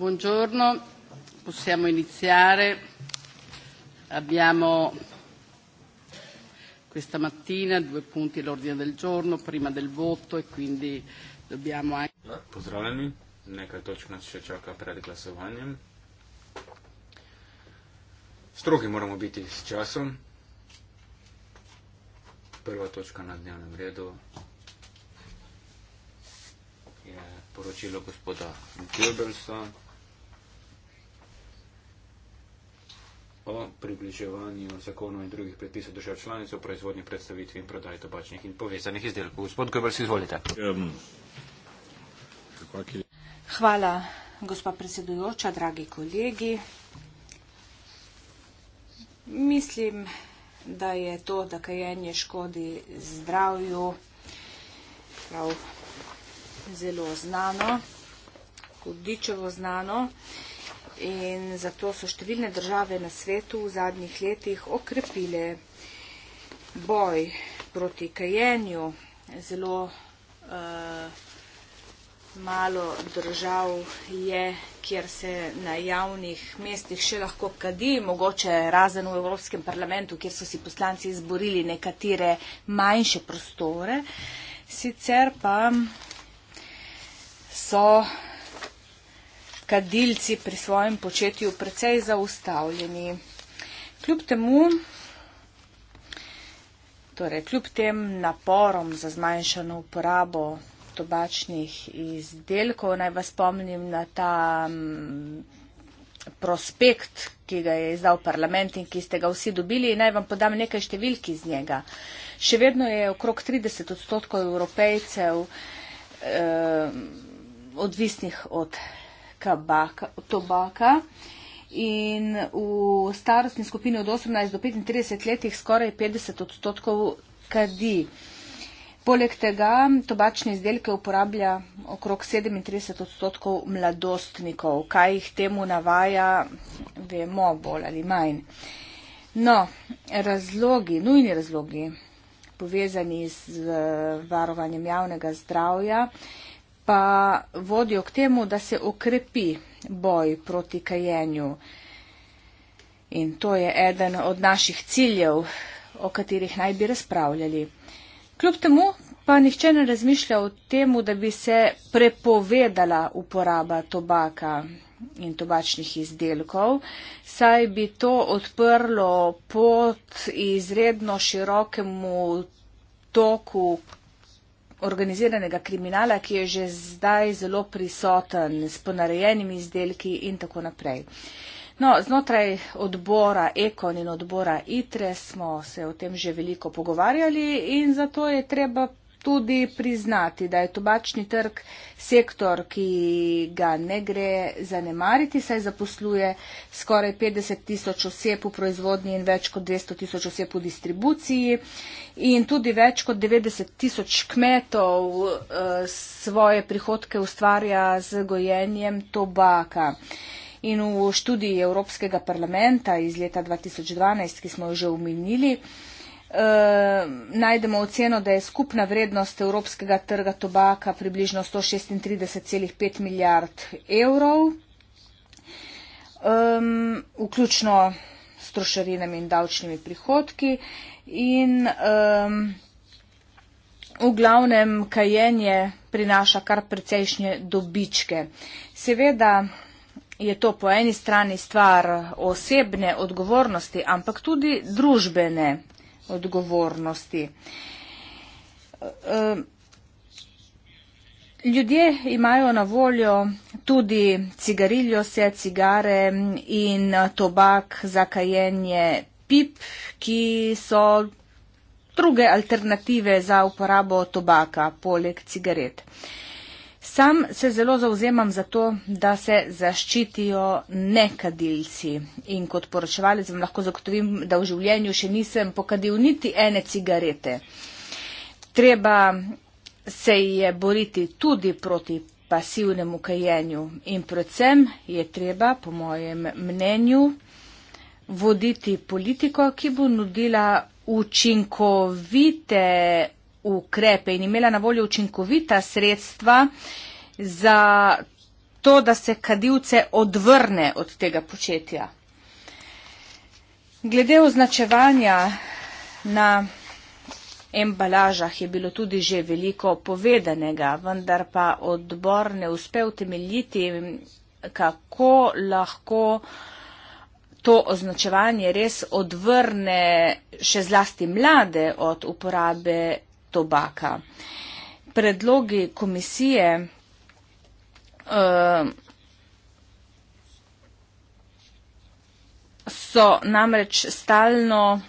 Buongiorno, possiamo iniziare. Abbiamo questa mattina due punti all'ordine del giorno prima del voto e quindi dobbiamo anche. Pozdravljeni, nekaj točk nas še čaka pred glasovanjem. Strogi moramo biti s časom. Prva točka na dnevnem redu je poročilo gospoda Goebbelsa. o približevanju zakonov in drugih predpisov držav članic o proizvodnji, predstavitvi in prodaji tobačnih in povezanih izdelkov. Gospod Goebbels, izvolite. Um, Hvala, gospa predsedujoča, dragi kolegi. Mislim, da je to, da kajenje škodi zdravju, prav zelo znano, hudičevo znano in zato so številne države na svetu v zadnjih letih okrepile boj proti kajenju. Zelo uh, malo držav je, kjer se na javnih mestih še lahko kadi, mogoče razen v Evropskem parlamentu, kjer so si poslanci izborili nekatere manjše prostore. Sicer pa so kadilci pri svojem početju precej zaustavljeni. Kljub temu, torej kljub tem naporom za zmanjšano uporabo tobačnih izdelkov, naj vas spomnim na ta mm, prospekt, ki ga je izdal parlament in ki ste ga vsi dobili in naj vam podam nekaj številk iz njega. Še vedno je okrog 30 odstotkov evropejcev eh, odvisnih od tobaka. In v starostni skupini od 18 do 35 let jih skoraj 50 odstotkov kadi. Poleg tega tobačne izdelke uporablja okrog 37 odstotkov mladostnikov. Kaj jih temu navaja, vemo bolj ali manj. No, razlogi, nujni razlogi, povezani z varovanjem javnega zdravja, uh, pa vodijo k temu, da se okrepi boj proti kajenju. In to je eden od naših ciljev, o katerih naj bi razpravljali. Kljub temu pa nihče ne razmišlja o tem, da bi se prepovedala uporaba tobaka in tobačnih izdelkov, saj bi to odprlo pot izredno širokemu toku organiziranega kriminala, ki je že zdaj zelo prisoten s ponarejenimi izdelki in tako naprej. No, znotraj odbora Ekon in odbora ITRE smo se o tem že veliko pogovarjali in zato je treba tudi priznati, da je tobačni trg sektor, ki ga ne gre zanemariti, saj zaposluje skoraj 50 tisoč oseb v proizvodnji in več kot 200 tisoč oseb v distribuciji in tudi več kot 90 tisoč kmetov eh, svoje prihodke ustvarja z gojenjem tobaka. In v študiji Evropskega parlamenta iz leta 2012, ki smo jo že omenili, Eh, najdemo oceno, da je skupna vrednost evropskega trga tobaka približno 136,5 milijard evrov, um, vključno s trošarinami in davčnimi prihodki. In um, v glavnem kajenje prinaša kar precejšnje dobičke. Seveda je to po eni strani stvar osebne odgovornosti, ampak tudi družbene odgovornosti. Ehm, ljudje imajo na voljo tudi cigarilijo, vse cigare in eh, tobak za kajenje pip, ki so druge alternative za uporabo tobaka poleg cigaret. Uh, Sam se zelo zauzemam za to, da se zaščitijo nekadilci in kot poročevalec vam lahko zagotovim, da v življenju še nisem pokadil niti ene cigarete. Treba se je boriti tudi proti pasivnemu kajenju in predvsem je treba, po mojem mnenju, voditi politiko, ki bo nudila učinkovite ukrepe in imela na voljo učinkovita sredstva za to, da se kadilce odvrne od tega početja. Glede označevanja na embalažah je bilo tudi že veliko povedanega, vendar pa odbor ne uspe utemeljiti, kako lahko to označevanje res odvrne še zlasti mlade od uporabe tobaka. Predlogi komisije uh, so namreč stalno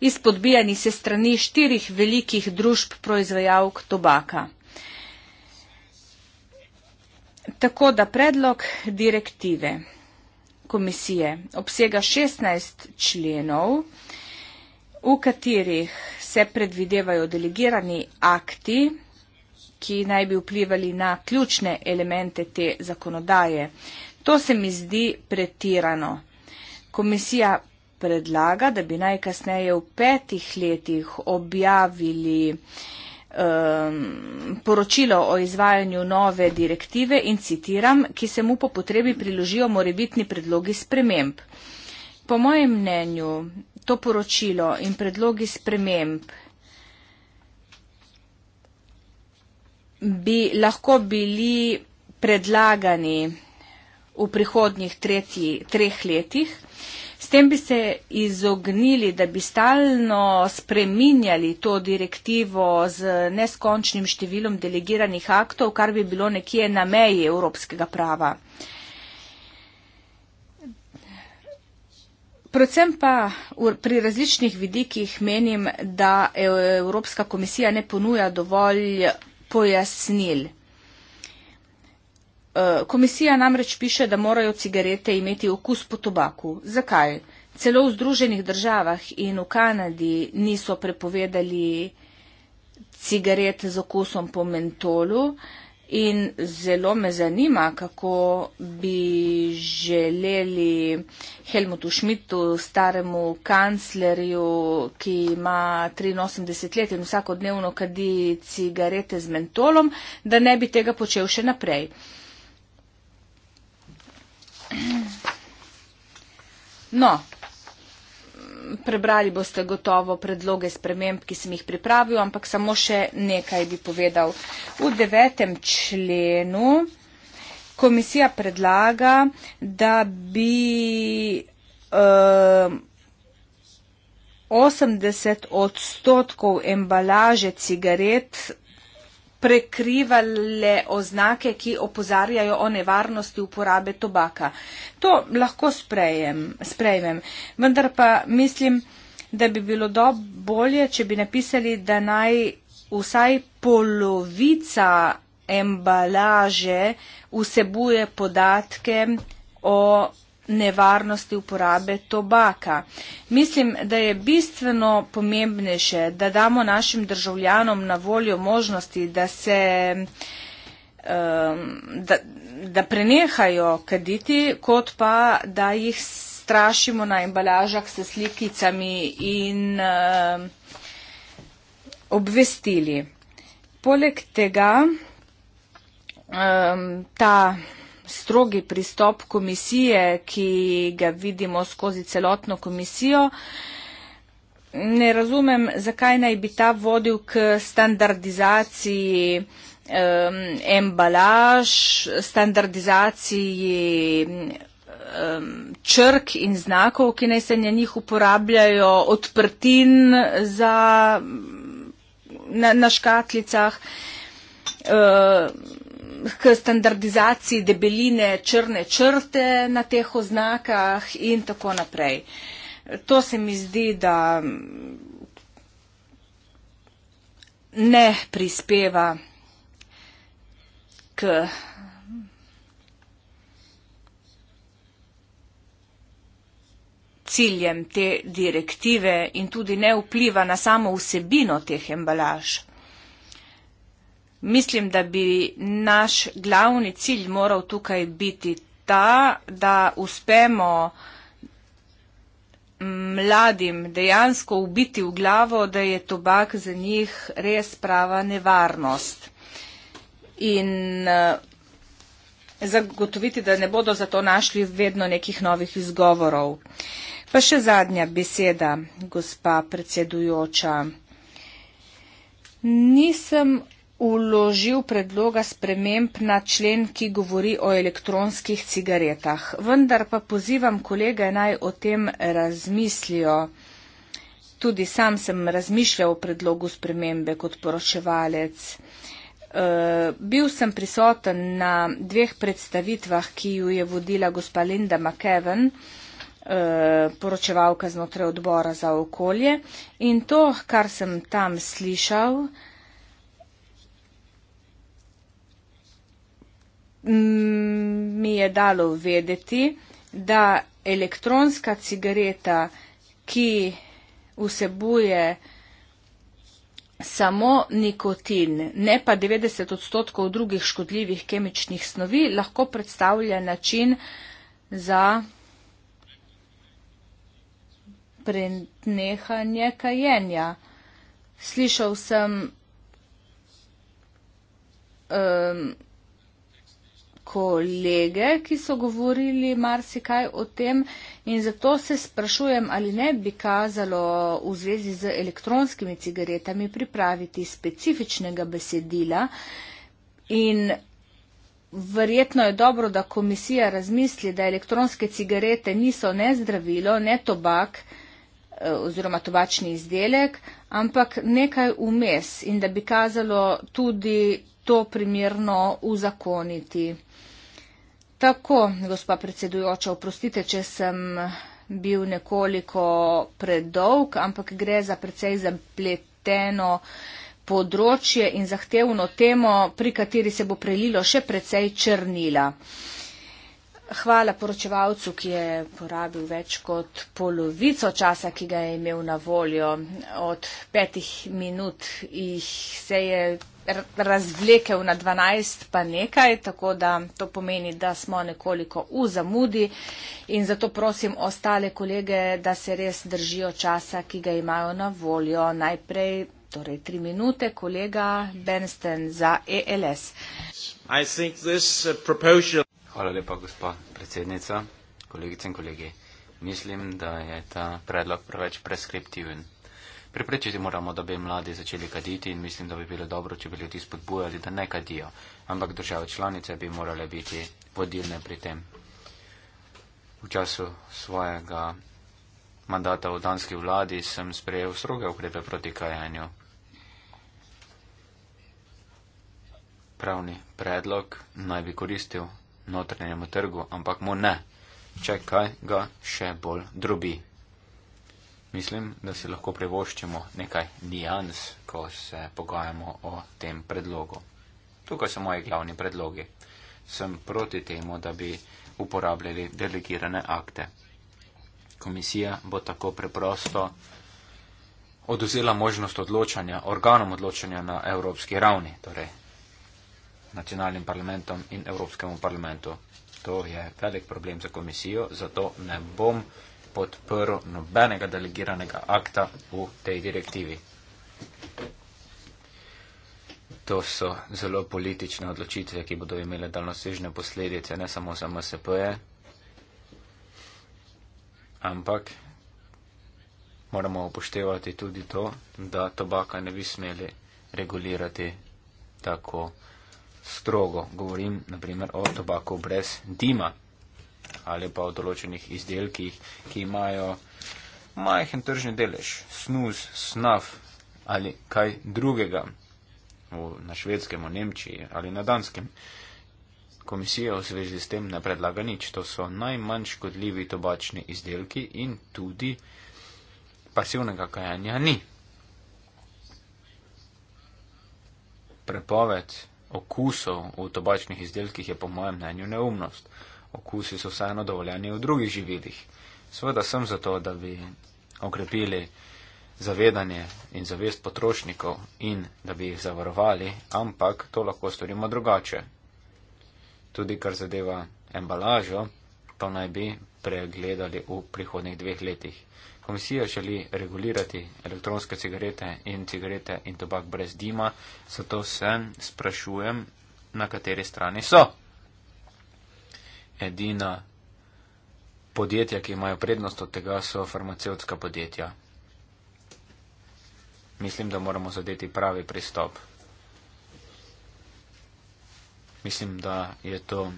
izpodbijani se strani štirih velikih družb proizvajalk tobaka. Tako da predlog direktive komisije obsega 16 členov, v katerih se predvidevajo delegirani akti, ki naj bi vplivali na ključne elemente te zakonodaje. To se mi zdi pretirano. Komisija predlaga, da bi najkasneje v petih letih objavili um, poročilo o izvajanju nove direktive in citiram, ki se mu po potrebi priložijo morebitni predlogi sprememb. Po mojem mnenju to poročilo in predlogi sprememb bi lahko bili predlagani v prihodnjih tretji, treh letih. S tem bi se izognili, da bi stalno spreminjali to direktivo z neskončnim številom delegiranih aktov, kar bi bilo nekje na meji evropskega prava. Predvsem pa pri različnih vidikih menim, da Evropska komisija ne ponuja dovolj pojasnil. E, komisija namreč piše, da morajo cigarete imeti okus po tobaku. Zakaj? Celo v Združenih državah in v Kanadi niso prepovedali cigaret z okusom po mentolu. Uh, In zelo me zanima, kako bi želeli Helmutu Schmidtu, staremu kanclerju, ki ima 83 let in vsakodnevno kadi cigarete z mentolom, da ne bi tega počel še naprej. No, prebrali boste gotovo predloge sprememb, ki sem jih pripravil, ampak samo še nekaj bi povedal. V devetem členu komisija predlaga, da bi uh, eh, 80 odstotkov embalaže cigaret prekrivale oznake, ki opozarjajo o nevarnosti uporabe tobaka. To lahko sprejem, sprejmem, vendar pa mislim, da bi bilo dobro bolje, če bi napisali, da naj vsaj polovica embalaže vsebuje podatke o nevarnosti uporabe tobaka. Mislim, da je bistveno pomembnejše, da damo našim državljanom na voljo možnosti, da se ehm, da, da prenehajo kaditi, kot pa da jih strašimo na embalažah s slikicami in ehm, obvestili. Poleg tega ehm, ta strogi pristop komisije, ki ga vidimo skozi celotno komisijo. Ne razumem, zakaj naj bi ta vodil k standardizaciji um, embalaž, standardizaciji um, črk in znakov, ki naj se na njih uporabljajo, odprtin za, na, na škatlicah. Um, k standardizaciji debeline črne črte na teh oznakah in tako naprej. To se mi zdi, da ne prispeva k ciljem te direktive in tudi ne vpliva na samo vsebino teh embalaž. Mislim, da bi naš glavni cilj moral tukaj biti ta, da uspemo mladim dejansko ubiti v glavo, da je tobak za njih res prava nevarnost. In eh, zagotoviti, da ne bodo zato našli vedno nekih novih izgovorov. Pa še zadnja beseda, gospa predsedujoča. Nisem uložil predloga sprememb na člen, ki govori o elektronskih cigaretah. Vendar pa pozivam kolege naj o tem razmislijo. Tudi sam sem razmišljal o predlogu spremembe kot poročevalec. E, bil sem prisoten na dveh predstavitvah, ki ju je vodila gospa Linda McKeven, e, eh, poročevalka znotraj odbora za okolje. In to, kar sem tam slišal, mi je dalo vedeti, da elektronska cigareta, ki vsebuje samo nikotin, ne pa 90 odstotkov drugih škodljivih kemičnih snovi, lahko predstavlja način za prenehanje kajenja. Slišal sem um, kolege, ki so govorili marsikaj o tem in zato se sprašujem, ali ne bi kazalo v zvezi z elektronskimi cigaretami pripraviti specifičnega besedila in verjetno je dobro, da komisija razmisli, da elektronske cigarete niso ne zdravilo, ne tobak eh, oziroma tobačni izdelek, ampak nekaj vmes in da bi kazalo tudi to primerno uzakoniti. Tako, gospa predsedujoča, oprostite, če sem bil nekoliko predolg, ampak gre za precej zapleteno področje in zahtevno temo, pri kateri se bo prelilo še precej črnila. Hvala poročevalcu, ki je porabil več kot polovico časa, ki ga je imel na voljo. Od petih minut jih se je razvlekel na 12 pa nekaj, tako da to pomeni, da smo nekoliko v zamudi in zato prosim ostale kolege, da se res držijo časa, ki ga imajo na voljo. Najprej, torej tri minute, kolega Bensten za ELS. Uh, proposal... Hvala lepa, gospa predsednica, kolegice in kolegi. Mislim, da je ta predlog preveč preskriptiven. Preprečiti moramo, da bi mladi začeli kaditi in mislim, da bi bilo dobro, če bi ljudi spodbujali, da ne kadijo. Ampak države članice bi morale biti vodilne pri tem. V času svojega mandata v danski vladi sem sprejel stroge ukrepe proti kajanju. Pravni predlog naj bi koristil notrnjemu trgu, ampak mu ne. Čekaj ga še bolj drobi. Mislim, da si lahko privoščimo nekaj nijans, ko se pogajamo o tem predlogu. Tukaj so moji glavni predlogi. Sem proti temu, da bi uporabljali delegirane akte. Komisija bo tako preprosto oduzela možnost odločanja organom odločanja na evropski ravni, torej nacionalnim parlamentom in evropskemu parlamentu. To je velik problem za komisijo, zato ne bom podprl nobenega delegiranega akta v tej direktivi. To so zelo politične odločitve, ki bodo imele daljnosežne posledice ne samo za MSP-je, ampak moramo upoštevati tudi to, da tobaka ne bi smeli regulirati tako strogo. Govorim naprimer o tobaku brez dima ali pa o določenih izdelkih, ki imajo majhen tržni delež, snus, snav ali kaj drugega na švedskem, v Nemčiji ali na danskem. Komisija v zvezi s tem ne predlaga nič, to so najmanj škodljivi tobačni izdelki in tudi pasivnega kajanja ni. Prepoved okusov v tobačnih izdelkih je po mojem mnenju neumnost okusi so vseeno dovoljeni v drugih živilih. Sveda sem zato, da bi okrepili zavedanje in zavest potrošnikov in da bi jih zavarovali, ampak to lahko storimo drugače. Tudi kar zadeva embalažo, to naj bi pregledali v prihodnih dveh letih. Komisija želi regulirati elektronske cigarete in cigarete in tobak brez dima, zato se sprašujem, na kateri strani so edina podjetja, ki imajo prednost od tega, so farmacevtska podjetja. Mislim, da moramo zadeti pravi pristop. Mislim, da je to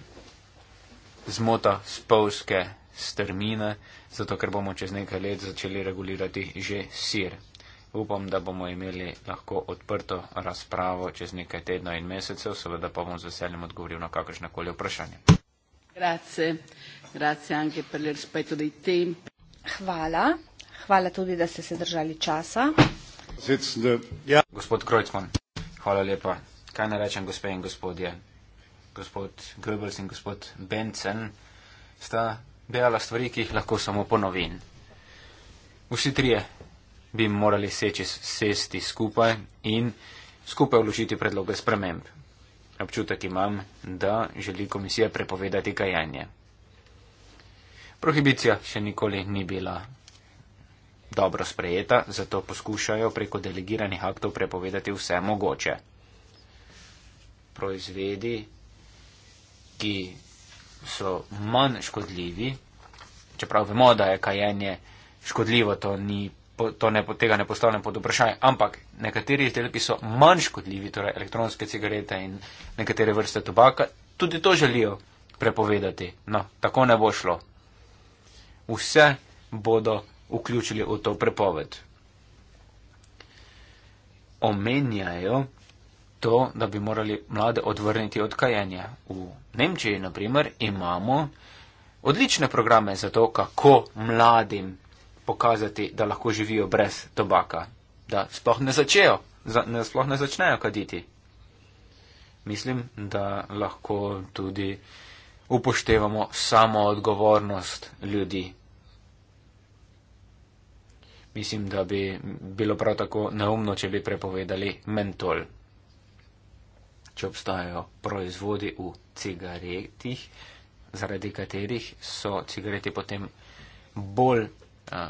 zmota spolske strmine, zato ker bomo čez nekaj let začeli regulirati že sir. Upam, da bomo imeli lahko odprto razpravo čez nekaj tednov in mesecev, seveda pa bom z veseljem odgovoril na kakršnekoli vprašanje. Hvala. Hvala tudi, da ste se držali časa. Ja. Gospod Krojcman, hvala lepa. Kaj naj rečem, gospe in gospodje? Gospod Goebbels in gospod Bencen sta delala stvari, ki jih lahko samo ponovim. Vsi trije bi morali seči, sesti skupaj in skupaj vložiti predloge sprememb občutek imam, da želi komisija prepovedati kajanje. Prohibicija še nikoli ni bila dobro sprejeta, zato poskušajo preko delegiranih aktov prepovedati vse mogoče. Proizvedi, ki so manj škodljivi, čeprav vemo, da je kajanje škodljivo, to ni ne, tega ne postavljam pod vprašanje, ampak nekateri izdelki so manj škodljivi, torej elektronske cigarete in nekatere vrste tobaka, tudi to želijo prepovedati. No, tako ne bo šlo. Vse bodo vključili v to prepoved. Omenjajo to, da bi morali mlade odvrniti od kajenja. V Nemčiji, na primer, imamo odlične programe za to, kako mladim pokazati, da lahko živijo brez tobaka, da sploh ne začnejo, da sploh ne začnejo kaditi. Mislim, da lahko tudi upoštevamo samo odgovornost ljudi. Mislim, da bi bilo prav tako neumno, če bi prepovedali mentol. Če obstajajo proizvodi v cigaretih, zaradi katerih so cigareti potem bolj Eh,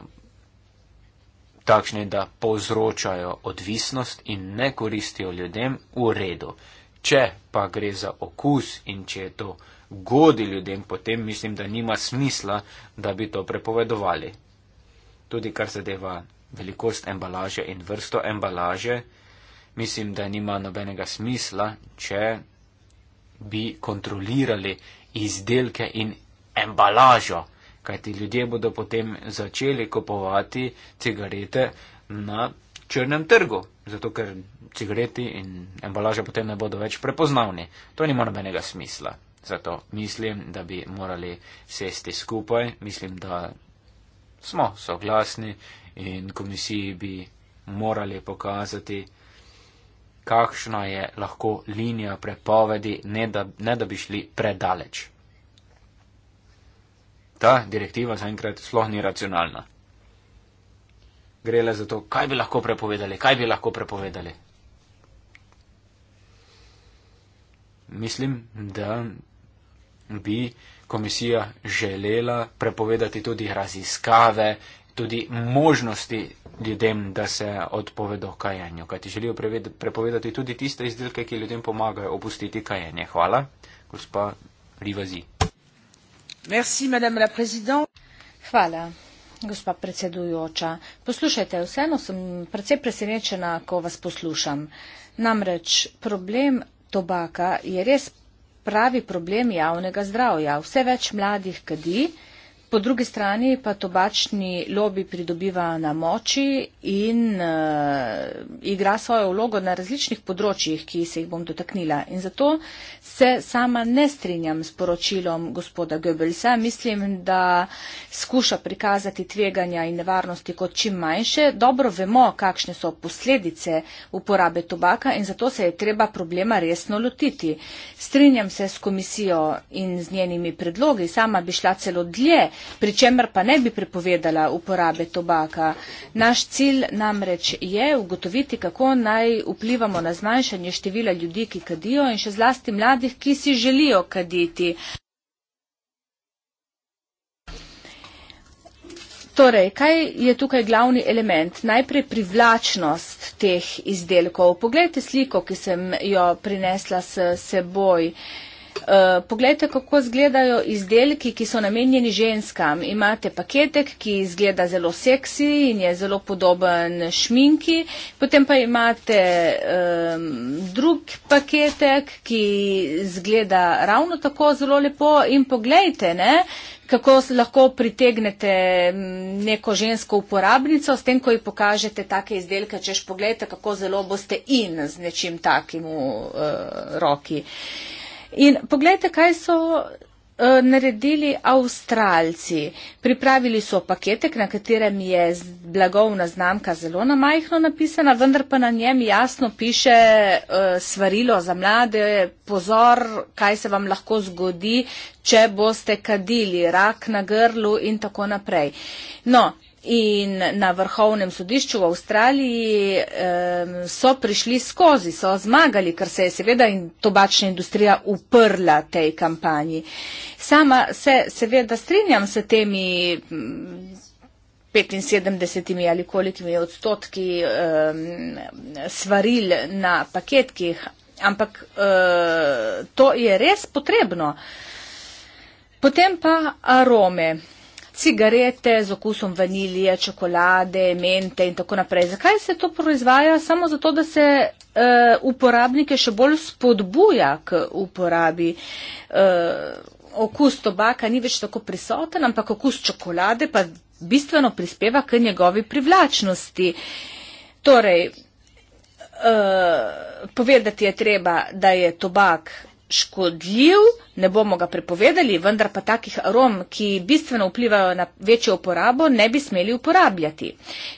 takšni, da povzročajo odvisnost in ne koristijo ljudem, v redu. Če pa gre za okus in če je to godi ljudem, potem mislim, da nima smisla, da bi to prepovedovali. Tudi kar zadeva velikost embalaže in vrsto embalaže, mislim, da nima nobenega smisla, če bi kontrolirali izdelke in embalažo kajti ljudje bodo potem začeli kupovati cigarete na črnem trgu, zato ker cigareti in embalaža potem ne bodo več prepoznavni. To nima nobenega smisla. Zato mislim, da bi morali sesti skupaj, mislim, da smo soglasni in komisiji bi morali pokazati, kakšna je lahko linija prepovedi, ne da, ne da bi šli predaleč ta direktiva zaenkrat sploh ni racionalna. Gre le za to, kaj bi lahko prepovedali, kaj bi lahko prepovedali. Mislim, da bi komisija želela prepovedati tudi raziskave, tudi možnosti ljudem, da se odpovedo kajanju. Kaj ti želijo prepovedati tudi tiste izdelke, ki ljudem pomagajo opustiti kajanje. Hvala, gospa Rivazi gospa predsedujoča poslušajte vseeno sem precej presenečena ko vas poslušam namreč problem tobaka je res pravi problem javnega zdravja vse več mladih kadi in to je tudi posledica Po drugi strani pa tobačni lobby pridobiva na moči in uh, igra svojo vlogo na različnih področjih, ki se jih bom dotaknila. In zato se sama ne strinjam s poročilom gospoda Goebbelsa. Mislim, da skuša prikazati tveganja in nevarnosti kot čim manjše. Dobro vemo, kakšne so posledice uporabe tobaka in zato se je treba problema resno lotiti. Strinjam se s komisijo in z njenimi predlogi. Sama bi šla celo dlje pri čemer pa ne bi prepovedala uporabe tobaka. Naš cilj namreč je ugotoviti, kako naj vplivamo na zmanjšanje števila ljudi, ki kadijo in še zlasti mladih, ki si želijo kaditi. Torej, kaj je tukaj glavni element? Najprej privlačnost teh izdelkov. Poglejte sliko, ki sem jo prinesla s seboj. Uh, Eh, poglejte, kako izgledajo izdelki, ki so namenjeni ženskam. Imate paketek, ki izgleda zelo seksi in je zelo podoben šminki, potem pa imate um, drug paketek, ki izgleda ravno tako zelo lepo in poglejte, ne, kako lahko pritegnete neko žensko uporabnico s tem, ko ji pokažete take izdelke, češ pogledajte, kako zelo boste in z nečim takim v uh, roki. In poglejte, kaj so eh, naredili Avstralci. Pripravili so paketek, na katerem je blagovna znamka zelo namajhno napisana, vendar pa na njem jasno piše uh, svarilo za mlade, pozor, kaj se vam lahko zgodi, če boste kadili, rak na grlu in tako naprej. No, In na vrhovnem sodišču v Avstraliji eh, so prišli skozi, so zmagali, ker se je seveda in tobačna industrija uprla tej kampanji. Sama se seveda strinjam s se temi 75 ali kolikimi odstotki eh, svaril na paketkih, ampak eh, to je res potrebno. Potem pa arome cigarete z okusom vanilije, čokolade, mente in tako naprej. Zakaj se to proizvaja? Samo zato, da se uh, uporabnike še bolj spodbuja k uporabi. Uh, okus tobaka ni več tako prisoten, ampak okus čokolade pa bistveno prispeva k njegovi privlačnosti. Torej, uh, povedati je treba, da je tobak uh, škodljiv, ne bomo ga prepovedali, vendar pa takih arom, ki bistveno vplivajo na večjo uporabo, ne bi smeli uporabljati.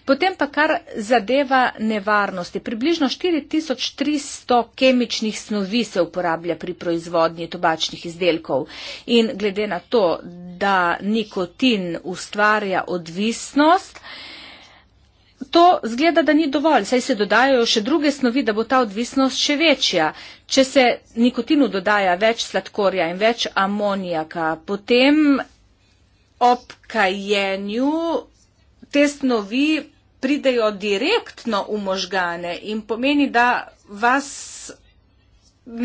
Potem pa kar zadeva nevarnosti. Približno 4300 kemičnih snovi se uporablja pri proizvodnji tobačnih izdelkov in glede na to, da nikotin ustvarja odvisnost, to zgleda, da ni dovolj, saj se dodajajo še druge snovi, da bo ta odvisnost še večja. Če se nikotinu dodaja več sladkorja in več amonijaka, potem ob kajenju te snovi pridejo direktno v možgane in pomeni, da vas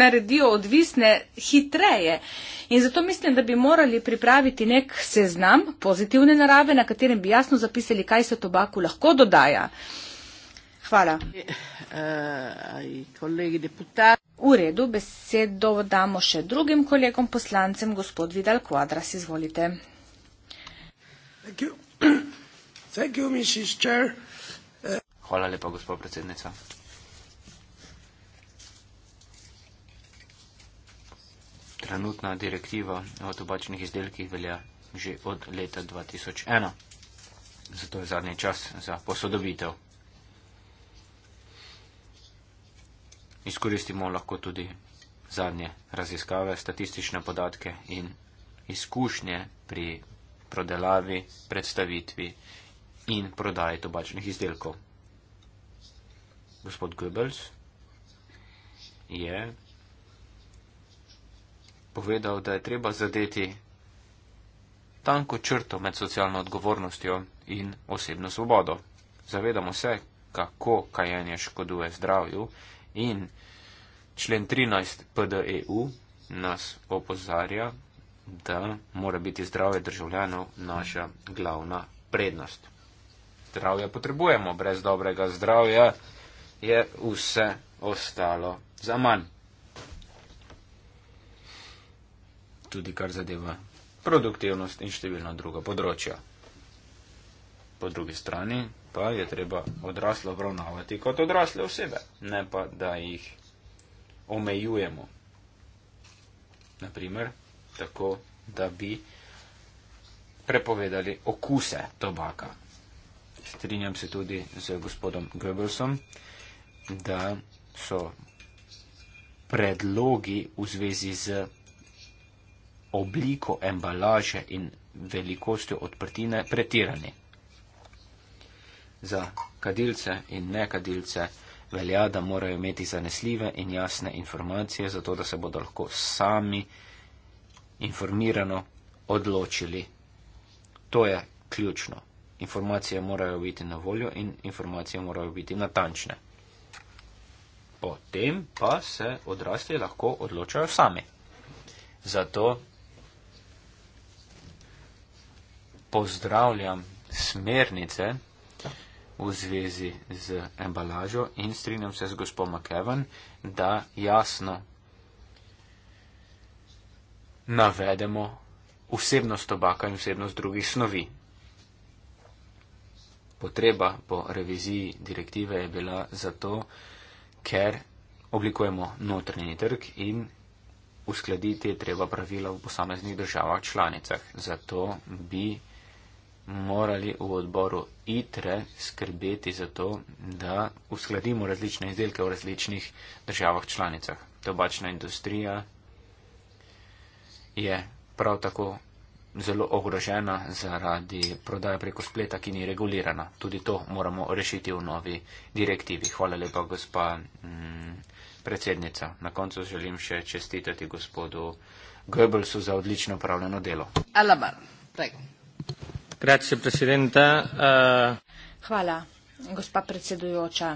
naredijo odvisne hitreje. Uh, In zato mislim, da bi morali pripraviti nek seznam pozitivne narave, na katerem bi jasno zapisali, kaj se tobaku lahko dodaja. Hvala. V redu, besedo damo še drugim kolegom poslancem, gospod Vidal Quadras, izvolite. Hvala lepa, gospod predsednica. trenutna direktiva o tobačnih izdelkih velja že od leta 2001. Zato je zadnji čas za posodobitev. Izkoristimo lahko tudi zadnje raziskave, statistične podatke in izkušnje pri prodelavi, predstavitvi in prodaji tobačnih izdelkov. Gospod Goebbels je povedal, da je treba zadeti tanko črto med socialno odgovornostjo in osebno svobodo. Zavedamo se, kako kajenje škoduje zdravju in člen 13 PDEU nas opozarja, da mora biti zdravje državljanov naša glavna prednost. Zdravje potrebujemo, brez dobrega zdravja je vse ostalo za manj. tudi kar zadeva produktivnost in številna druga področja. Po drugi strani pa je treba odraslo obravnavati kot odrasle osebe, ne pa da jih omejujemo. Naprimer, tako, da bi prepovedali okuse tobaka. Strinjam se tudi z gospodom Goebbelsom, da so predlogi v zvezi z obliko embalaže in velikostjo odprtine pretirani. Za kadilce in nekadilce velja, da morajo imeti zanesljive in jasne informacije, zato da se bodo lahko sami informirano odločili. To je ključno. Informacije morajo biti na voljo in informacije morajo biti natančne. Potem pa se odrasli lahko odločajo sami. Zato pozdravljam smernice v zvezi z embalažo in strinjam se z gospod McEwen, da jasno navedemo vsebnost tobaka in vsebnost drugih snovi. Potreba po reviziji direktive je bila zato, ker oblikujemo notrni trg in uskladiti je treba pravila v posameznih državah članicah. Zato bi morali v odboru ITRE skrbeti za to, da uskladimo različne izdelke v različnih državah članicah. Tobačna industrija je prav tako zelo ogrožena zaradi prodaje preko spleta, ki ni regulirana. Tudi to moramo rešiti v novi direktivi. Hvala lepa, gospa mm, predsednica. Na koncu želim še čestitati gospodu Goebbelsu za odlično upravljeno delo. Alabar, prego. Eh, Hvala, gospa predsedujoča.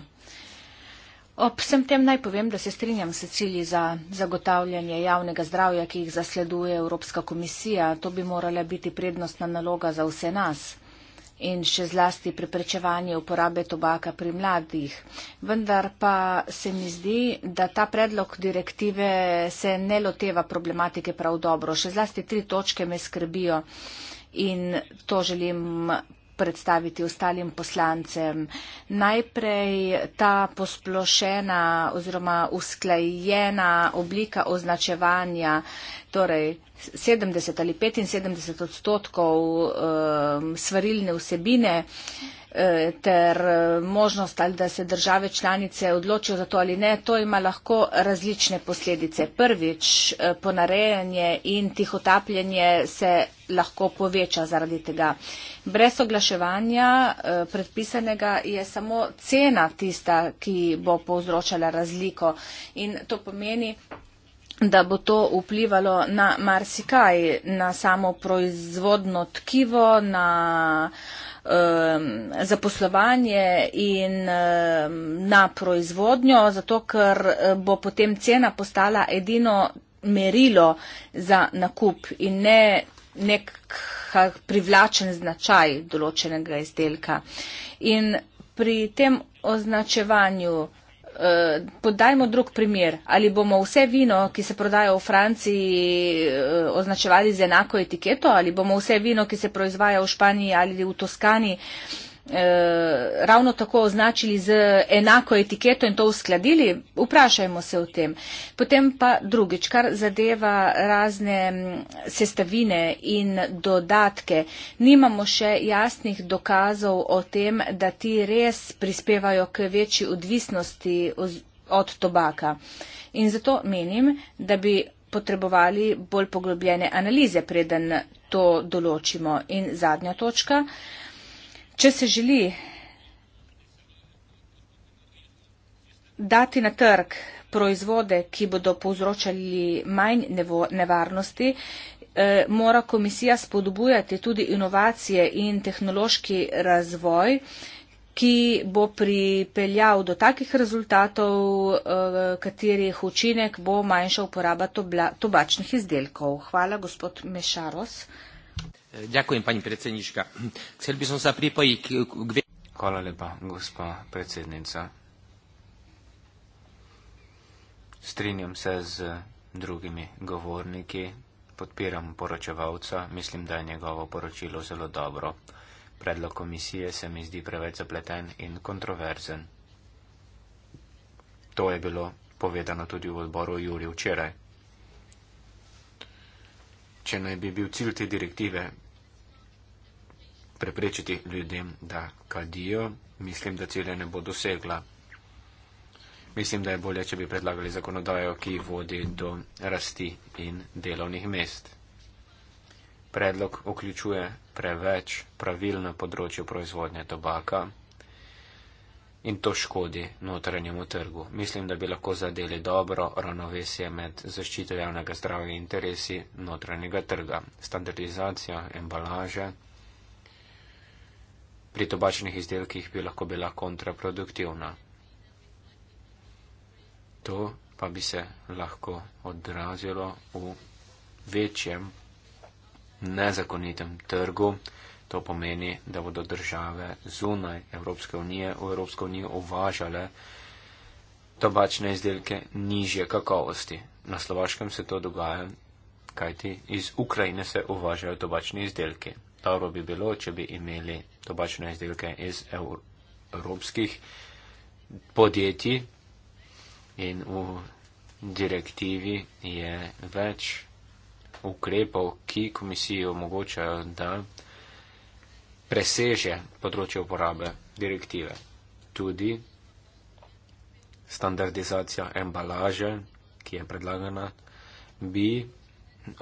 Ob vsem tem naj povem, da se strinjam s cilji za zagotavljanje javnega zdravja, ki jih zasleduje Evropska komisija. To bi morala biti prednostna naloga za vse nas in še zlasti preprečevanje uporabe tobaka pri mladih. Vendar pa se mi zdi, da ta predlog direktive se ne loteva problematike prav dobro. Še zlasti tri točke me skrbijo. Uh, in to želim predstaviti ostalim poslancem. Najprej ta posplošena oziroma usklajena oblika označevanja, torej 70 ali 75 odstotkov um, svarilne vsebine um, ter možnost ali da se države članice odločijo za to ali ne, to ima lahko različne posledice. Prvič, um, ponarejanje in tihotapljanje se lahko poveča zaradi tega. Brez oglaševanja eh, predpisanega je samo cena tista, ki bo povzročala razliko. In to pomeni, da bo to vplivalo na marsikaj, na samo proizvodno tkivo, na ehm, zaposlovanje in ehm, na proizvodnjo, zato ker eh, bo potem cena postala edino merilo za nakup in ne nek privlačen značaj določenega izdelka. In pri tem označevanju, eh, podajmo drug primer, ali bomo vse vino, ki se prodaja v Franciji, eh, označevali z enako etiketo, ali bomo vse vino, ki se proizvaja v Španiji ali v Toskani, Eh, ravno tako označili z enako etiketo in to uskladili, vprašajmo se o tem. Potem pa drugič, kar zadeva razne sestavine in dodatke, nimamo še jasnih dokazov o tem, da ti res prispevajo k večji odvisnosti od tobaka. In zato menim, da bi potrebovali bolj poglobljene analize, preden to določimo. In zadnja točka. Uh, Če se želi dati na trg proizvode, ki bodo povzročali manj nevarnosti, eh, mora komisija spodbujati tudi inovacije in tehnološki razvoj, ki bo pripeljal do takih rezultatov, eh, katerih učinek bo manjša uporaba tobačnih izdelkov. Hvala, gospod Mešaros. Ďakujem, pani predsednička. Chcel by som sa pripojiť k... Hvala lepa, gospa predsednica. Strinjam se z drugimi govorniki, podpiram poročevalca, mislim, da je njegovo poročilo zelo dobro. Predlog komisije se mi zdi preveč zapleten in kontroverzen. To je bilo povedano tudi v odboru Juri včeraj če naj bi bil cilj te direktive preprečiti ljudem, da kadijo, mislim, da cilje ne bo dosegla. Mislim, da je bolje, če bi predlagali zakonodajo, ki vodi do rasti in delovnih mest. Predlog vključuje preveč pravil na področju proizvodnje tobaka in to škodi notranjemu trgu. Mislim, da bi lahko zadeli dobro ravnovesje med zaščito javnega zdravja in interesi notranjega trga, standardizacijo embalaže. Pri tobačnih izdelkih bi lahko bila kontraproduktivna. To pa bi se lahko odrazilo v večjem nezakonitem trgu. To pomeni, da bodo države zunaj Evropske unije v Evropsko unijo uvažale tobačne izdelke nižje kakovosti. Na Slovaškem se to dogaja, kajti iz Ukrajine se uvažajo tobačni izdelki. Dobro bi bilo, če bi imeli tobačne izdelke iz evropskih podjetij in v direktivi je več ukrepov, ki komisijo omogočajo, da preseže področje uporabe direktive. Tudi standardizacija embalaže, ki je predlagana, bi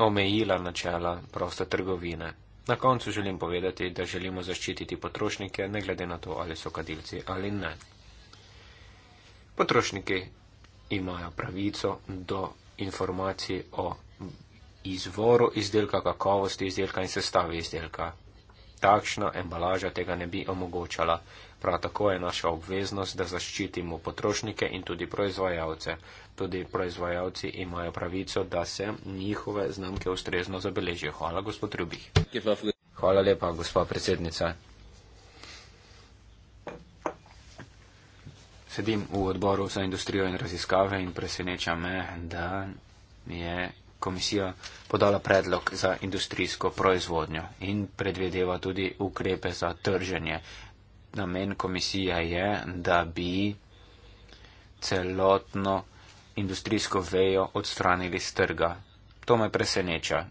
omejila načela proste trgovine. Na koncu želim povedati, da želimo zaščititi potrošnike, ne glede na to, ali so kadilci ali ne. Potrošniki imajo pravico do informacij o izvoru izdelka, kakovosti izdelka in sestavi izdelka. Takšna embalaža tega ne bi omogočala. Prav tako je naša obveznost, da zaščitimo potrošnike in tudi proizvajalce. Tudi proizvajalci imajo pravico, da se njihove znamke ustrezno zabeležijo. Hvala, gospod Rubih. Hvala lepa, gospa predsednica. Sedim v odboru za industrijo in raziskave in preseneča me, da je komisija podala predlog za industrijsko proizvodnjo in predvedeva tudi ukrepe za trženje. Namen komisije je, da bi celotno industrijsko vejo odstranili z trga. To me preseneča.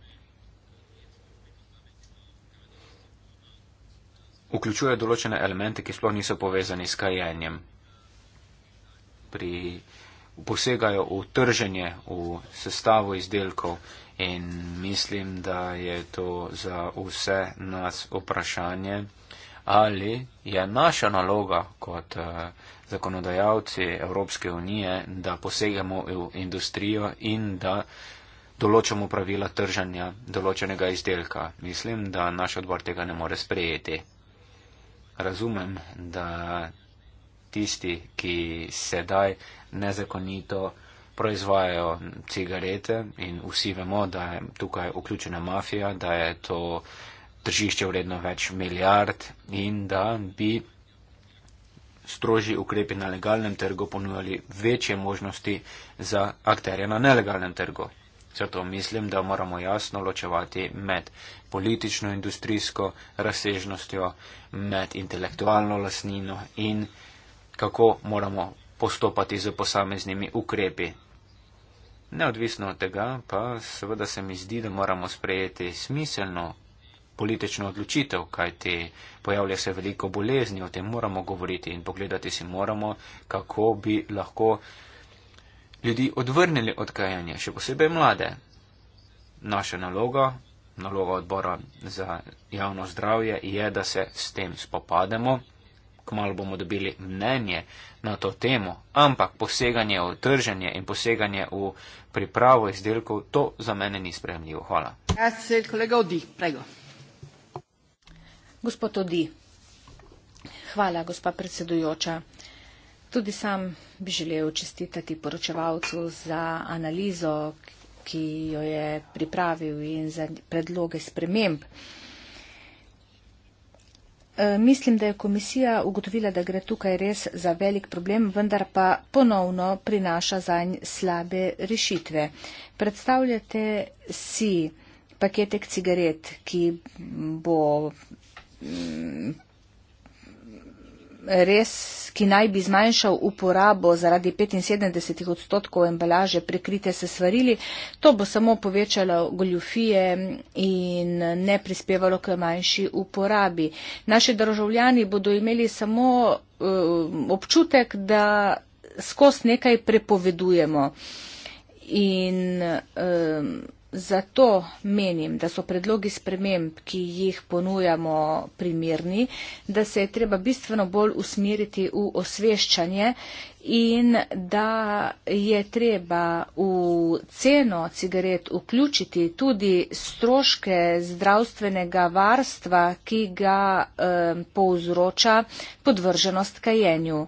Vključuje določene elemente, ki sploh niso povezani s kajenjem. Pri posegajo v trženje, v sestavo izdelkov in mislim, da je to za vse nas vprašanje, ali je naša naloga kot eh, zakonodajalci Evropske unije, da posegamo v industrijo in da določamo pravila trženja določenega izdelka. Mislim, da naš odbor tega ne more sprejeti. Razumem, da tisti, ki sedaj nezakonito proizvajajo cigarete in vsi vemo, da je tukaj vključena mafija, da je to držišče vredno več milijard in da bi strožji ukrepi na legalnem trgu ponujali večje možnosti za akterje na nelegalnem trgu. Zato mislim, da moramo jasno ločevati med politično industrijsko razsežnostjo, med intelektualno lasnino in kako moramo postopati z posameznimi ukrepi. Neodvisno od tega pa seveda se mi zdi, da moramo sprejeti smiselno politično odločitev, kajti pojavlja se veliko bolezni, o tem moramo govoriti in pogledati si moramo, kako bi lahko ljudi odvrnili od kajanja, še posebej mlade. Naša naloga, naloga odbora za javno zdravje je, da se s tem spopademo kmalo bomo dobili mnenje na to temo, ampak poseganje v trženje in poseganje v pripravo izdelkov, to za mene ni sprejemljivo. Hvala. Gospod Odi, hvala, gospa predsedujoča. Tudi sam bi želel čestitati poročevalcu za analizo, ki jo je pripravil in za predloge sprememb. Eh, mislim, da je komisija ugotovila, da gre tukaj res za velik problem, vendar pa ponovno prinaša za nj slabe rešitve. Predstavljate si paketek cigaret, ki bo mm, res, ki naj bi zmanjšal uporabo zaradi 75 odstotkov embalaže prekrite se svarili, to bo samo povečalo goljufije in ne prispevalo k manjši uporabi. Naši državljani bodo imeli samo uh, občutek, da skos nekaj prepovedujemo. In, uh, Zato menim, da so predlogi sprememb, ki jih ponujamo, primerni, da se je treba bistveno bolj usmeriti v osveščanje in da je treba v ceno cigaret vključiti tudi stroške zdravstvenega varstva, ki ga eh, povzroča podvrženost kajenju.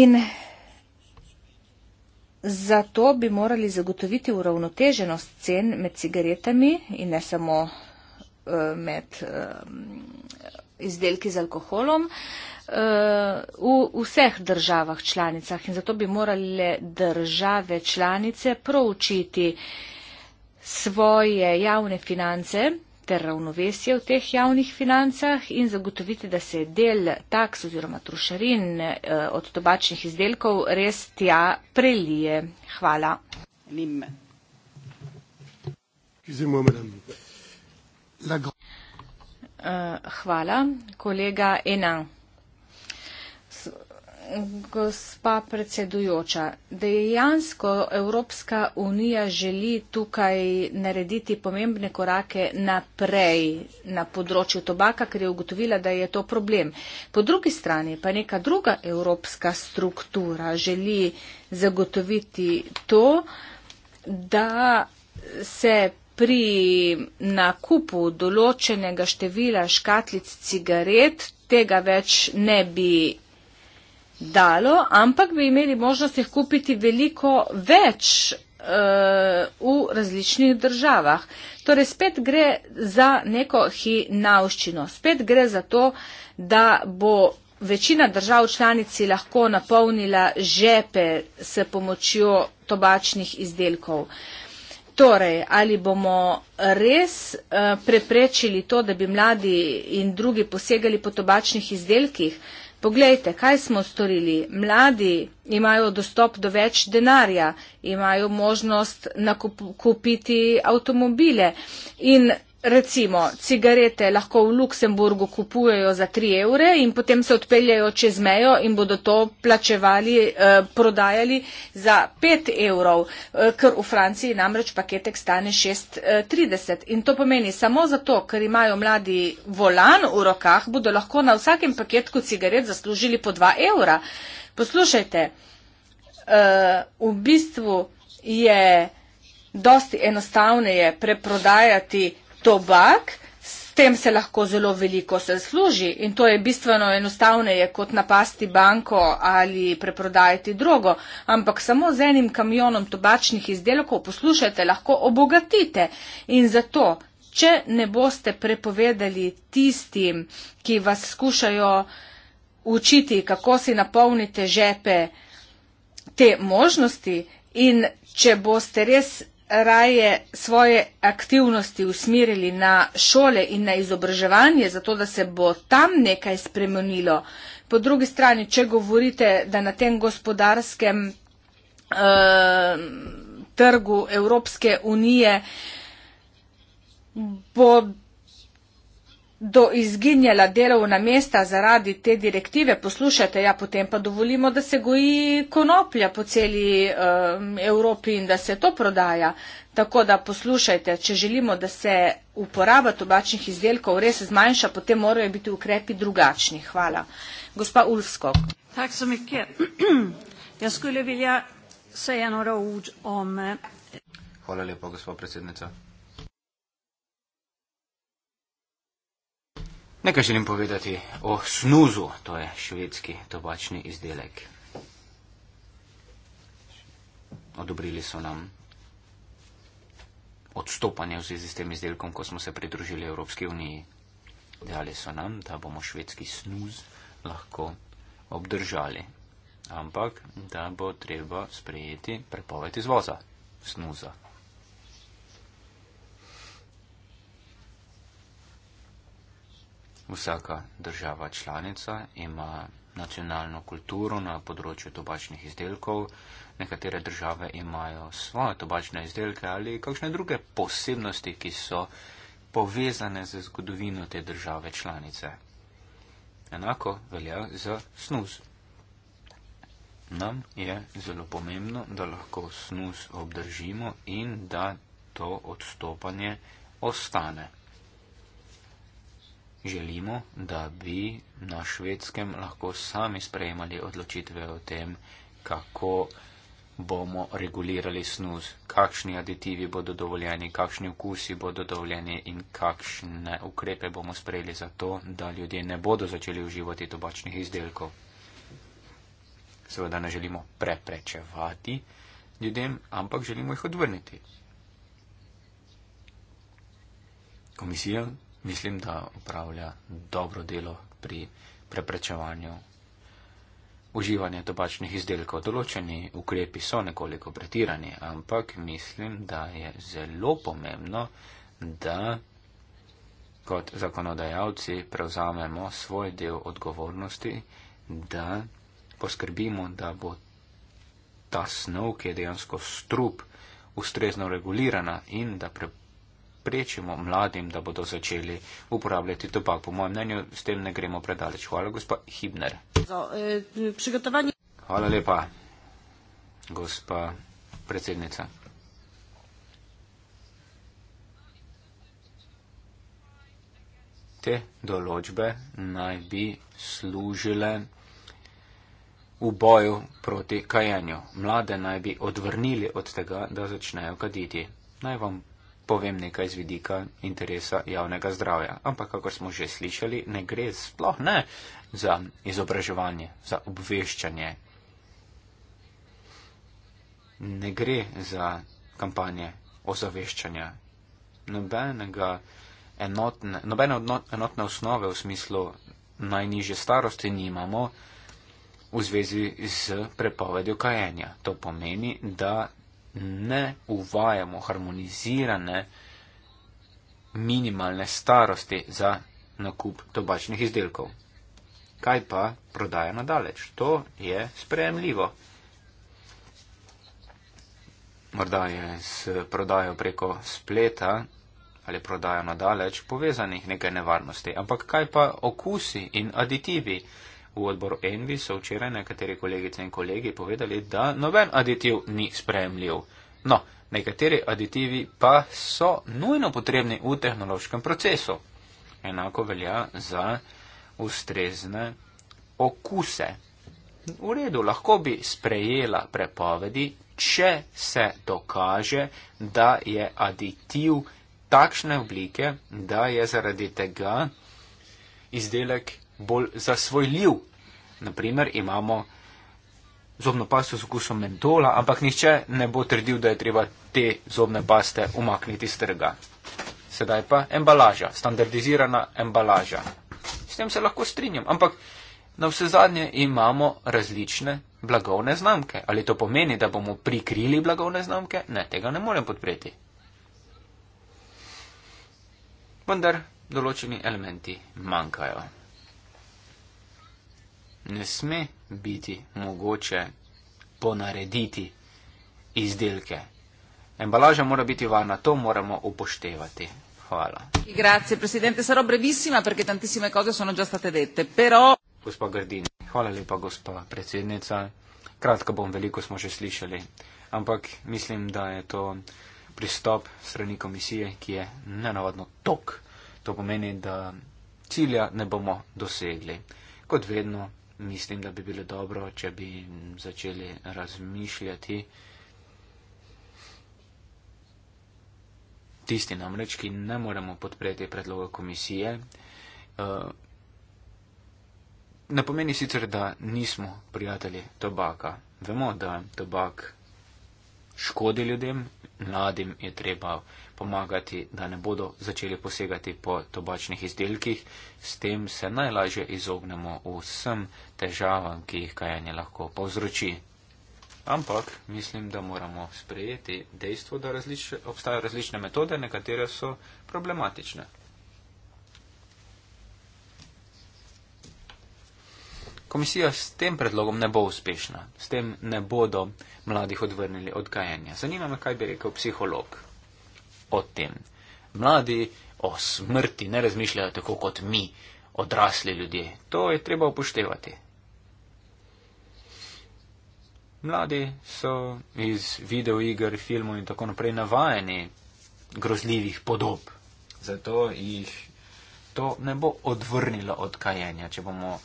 In Zato bi morali zagotoviti uravnoteženost cen med cigaretami in ne samo eh, med eh, izdelki z alkoholom eh, v vseh državah članicah. In zato bi morali države članice proučiti svoje javne finance ter ravnovesje v teh javnih financah in zagotoviti, da se del taks oziroma trošarin eh, od tobačnih izdelkov res tja prelije. Hvala. Eh, hvala, kolega Enan gospa predsedujoča, dejansko Evropska unija želi tukaj narediti pomembne korake naprej na področju tobaka, ker je ugotovila, da je to problem. Po drugi strani pa neka druga evropska struktura želi zagotoviti to, da se pri nakupu določenega števila škatlic cigaret tega več ne bi dalo, ampak bi imeli možnost jih kupiti veliko več uh, v različnih državah. Torej, spet gre za neko hinavščino, spet gre za to, da bo večina držav članici lahko napolnila žepe s pomočjo tobačnih izdelkov. Torej, ali bomo res uh, preprečili to, da bi mladi in drugi posegali po tobačnih izdelkih? Uh, Poglejte, kaj smo storili. Mladi imajo dostop do več denarja, imajo možnost nakupiti avtomobile in recimo, cigarete lahko v Luksemburgu kupujejo za 3 evre in potem se odpeljajo čez mejo in bodo to plačevali, eh, prodajali za 5 evrov, eh, ker v Franciji namreč paketek stane 6,30. Eh, in to pomeni, samo zato, ker imajo mladi volan v rokah, bodo lahko na vsakem paketku cigaret zaslužili po 2 evra. Poslušajte, eh, v bistvu je. Dosti enostavno je preprodajati tobak, s tem se lahko zelo veliko se služi in to je bistveno enostavneje kot napasti banko ali preprodajati drogo, ampak samo z enim kamionom tobačnih izdelkov poslušajte, lahko obogatite in zato, če ne boste prepovedali tistim, ki vas skušajo učiti, kako si napolnite žepe te možnosti in če boste res raje svoje aktivnosti usmerili na šole in na izobraževanje, zato da se bo tam nekaj spremenilo. Po drugi strani, če govorite, da na tem gospodarskem eh, trgu Evropske unije bo do izginjala delovna mesta zaradi te direktive, poslušajte, ja, potem pa dovolimo, da se goji konoplja po celi um, Evropi in da se to prodaja. Tako da poslušajte, če želimo, da se uporaba tobačnih izdelkov res zmanjša, potem morajo biti ukrepi drugačni. Hvala. Gospa Ulskog. Tak sem jih kje. Jaz skulje vilja se eno ra uč om. Eh. Hvala lepa, gospod predsednica. Nekaj želim povedati o snuzu, to je švedski tobačni izdelek. Odobrili so nam odstopanje v zvezi s tem izdelkom, ko smo se pridružili Evropski uniji. Dali so nam, da bomo švedski snuz lahko obdržali, ampak da bo treba sprejeti prepoved izvoza snuza Vsaka država članica ima nacionalno kulturo na področju tobačnih izdelkov, nekatere države imajo svoje tobačne izdelke ali kakšne druge posebnosti, ki so povezane z zgodovino te države članice. Enako velja za snus. Nam je zelo pomembno, da lahko snus obdržimo in da to odstopanje ostane želimo, da bi na švedskem lahko sami sprejemali odločitve o tem, kako bomo regulirali snus, kakšni aditivi bodo dovoljeni, kakšni vkusi bodo dovoljeni in kakšne ukrepe bomo sprejeli za to, da ljudje ne bodo začeli uživati tobačnih izdelkov. Seveda ne želimo preprečevati ljudem, ampak želimo jih odvrniti. Komisija mislim, da upravlja dobro delo pri preprečevanju uživanja tobačnih izdelkov. Določeni ukrepi so nekoliko pretirani, ampak mislim, da je zelo pomembno, da kot zakonodajalci prevzamemo svoj del odgovornosti, da poskrbimo, da bo ta snov, ki je dejansko strup, ustrezno regulirana in da preprečujemo preprečimo mladim, da bodo začeli uporabljati tobak. Po mojem mnenju s tem ne gremo predaleč. Hvala, gospa Hibner. E, Hvala lepa, gospa predsednica. Te določbe naj bi služile v boju proti kajenju. Mlade naj bi odvrnili od tega, da začnejo kaditi. Naj vam povem nekaj z vidika interesa javnega zdravja. Ampak, kako smo že slišali, ne gre sploh ne za izobraževanje, za obveščanje. Ne gre za kampanje ozaveščanja. Nobenega enotne, nobene enotne osnove v smislu najnižje starosti nimamo v zvezi z prepovedjo kajenja. To pomeni, da ne uvajamo harmonizirane minimalne starosti za nakup tobačnih izdelkov. Kaj pa prodaja na daleč? To je sprejemljivo. Morda je s prodajo preko spleta ali prodajo na daleč povezanih nekaj nevarnosti. Ampak kaj pa okusi in aditivi? V odboru Envi so včeraj nekateri kolegice in kolegi povedali, da noben aditiv ni spremljiv. No, nekateri aditivi pa so nujno potrebni v tehnološkem procesu. Enako velja za ustrezne okuse. V redu, lahko bi sprejela prepovedi, če se dokaže, da je aditiv takšne oblike, da je zaradi tega izdelek bolj zasvojljiv. Naprimer, imamo zobno pasto z okusom mentola, ampak nihče ne bo trdil, da je treba te zobne paste umakniti iz trga. Sedaj pa embalaža, standardizirana embalaža. S tem se lahko strinjam, ampak na vse zadnje imamo različne blagovne znamke. Ali to pomeni, da bomo prikrili blagovne znamke? Ne, tega ne morem podpreti. Vendar določeni elementi manjkajo ne sme biti mogoče ponarediti izdelke. Embalaža mora biti varna, to moramo upoštevati. Hvala. Grazie, presidente. Sarò brevissima perché tantissime cose sono già state dette, però... Gospa Gardini, hvala lepa, gospa predsednica. Kratko bom, veliko smo že slišali, ampak mislim, da je to pristop strani komisije, ki je nenavadno tok. To pomeni, da cilja ne bomo dosegli. Kot vedno, mislim, da bi bilo dobro, če bi začeli razmišljati. Tisti namreč, ki ne moremo podpreti predloga komisije, eh, ne pomeni sicer, da nismo prijatelji tobaka. Vemo, da tobak škodi ljudem, mladim je treba pomagati, da ne bodo začeli posegati po tobačnih izdelkih, s tem se najlažje izognemo vsem težavam, ki jih kajanje lahko povzroči. Ampak mislim, da moramo sprejeti dejstvo, da različ, obstajajo različne metode, nekatere so problematične. Komisija s tem predlogom ne bo uspešna, s tem ne bodo mladih odvrnili od kajanja. Zanima me, kaj bi rekel psiholog o tem. Mladi o smrti ne razmišljajo tako kot mi, odrasli ljudje. To je treba upoštevati. Mladi so iz videoiger, filmov in tako naprej navajeni grozljivih podob. Zato jih to ne bo odvrnilo od kajenja, če bomo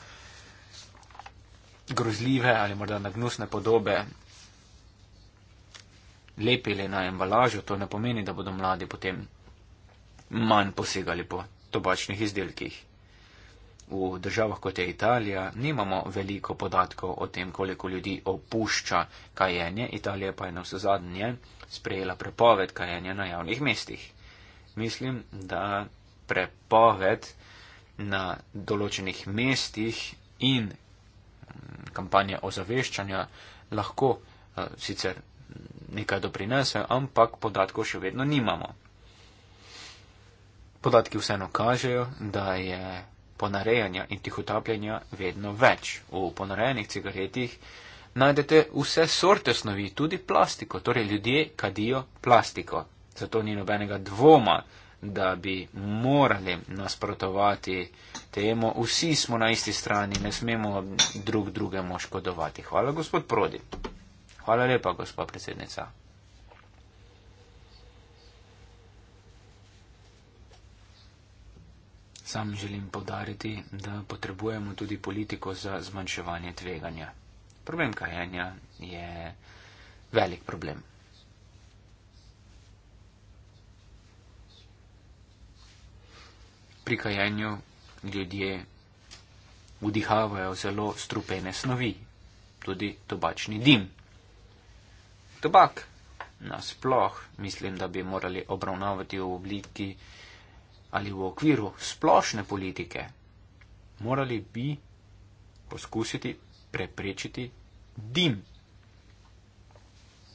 grozljive ali morda nagnusne podobe lepili na embalažo, to ne pomeni, da bodo mladi potem manj posegali po tobačnih izdelkih. V državah kot je Italija nimamo veliko podatkov o tem, koliko ljudi opušča kajenje, Italija pa je na vse zadnje sprejela prepoved kajenja na javnih mestih. Mislim, da prepoved na določenih mestih in mm, kampanje ozaveščanja lahko eh, sicer nekaj doprinese, ampak podatkov še vedno nimamo. Podatki vseeno kažejo, da je ponarejanja in tihotapljanja vedno več. V ponarejenih cigaretih najdete vse sorte snovi, tudi plastiko, torej ljudje kadijo plastiko. Zato ni nobenega dvoma, da bi morali nasprotovati temu. Vsi smo na isti strani, ne smemo drug drugemu škodovati. Hvala, gospod Prodi. Hvala lepa, gospod predsednica. Sam želim povdariti, da potrebujemo tudi politiko za zmanjševanje tveganja. Problem kajenja je velik problem. Pri kajenju ljudje vdihavajo zelo strupene snovi, tudi tobačni dim tobak. Nasploh mislim, da bi morali obravnavati v obliki ali v okviru splošne politike. Morali bi poskusiti preprečiti dim.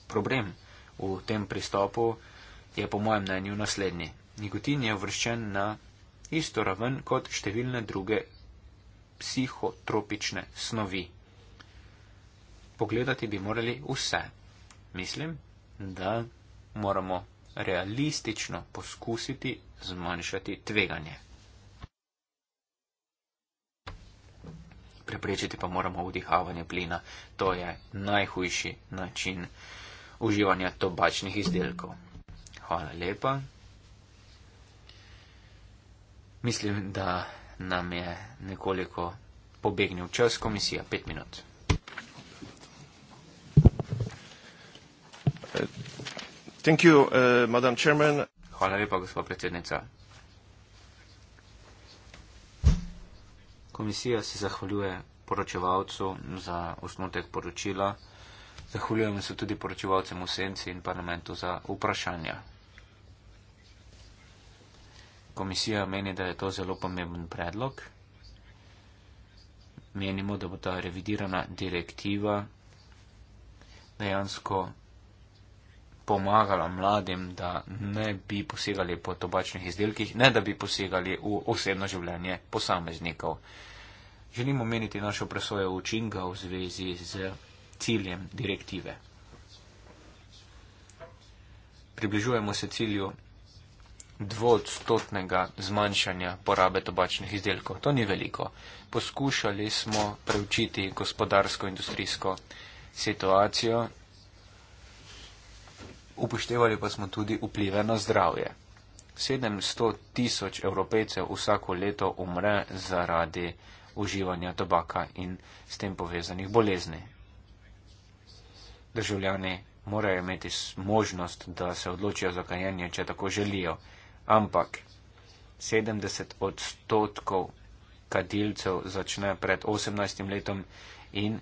Problem v tem pristopu je po mojem mnenju naslednji. Nikotin je vrščen na isto raven kot številne druge psihotropične snovi. Pogledati bi morali vse mislim, da moramo realistično poskusiti zmanjšati tveganje. Preprečiti pa moramo vdihavanje plina. To je najhujši način uživanja tobačnih izdelkov. Hvala lepa. Mislim, da nam je nekoliko pobegnil čas komisija. Pet minut. Uh, thank you, uh, Madam Chairman. Hvala lepa, gospod predsednica. Komisija se zahvaljuje poročevalcu za osnutek poročila. Zahvaljujem se tudi poročevalcem v senci in parlamentu za vprašanja. Komisija meni, da je to zelo pomemben predlog. Menimo, da bo ta revidirana direktiva dejansko pomagala mladim, da ne bi posegali po tobačnih izdelkih, ne da bi posegali v osebno življenje posameznikov. Želim omeniti našo presojo učinka v zvezi z ciljem direktive. Približujemo se cilju dvodstotnega zmanjšanja porabe tobačnih izdelkov. To ni veliko. Poskušali smo preučiti gospodarsko-industrijsko situacijo upoštevali pa smo tudi vplive na zdravje. 700 tisoč evropejcev vsako leto umre zaradi uživanja tobaka in s tem povezanih bolezni. Državljani morajo imeti možnost, da se odločijo za kajenje, če tako želijo, ampak 70 odstotkov kadilcev začne pred 18 letom in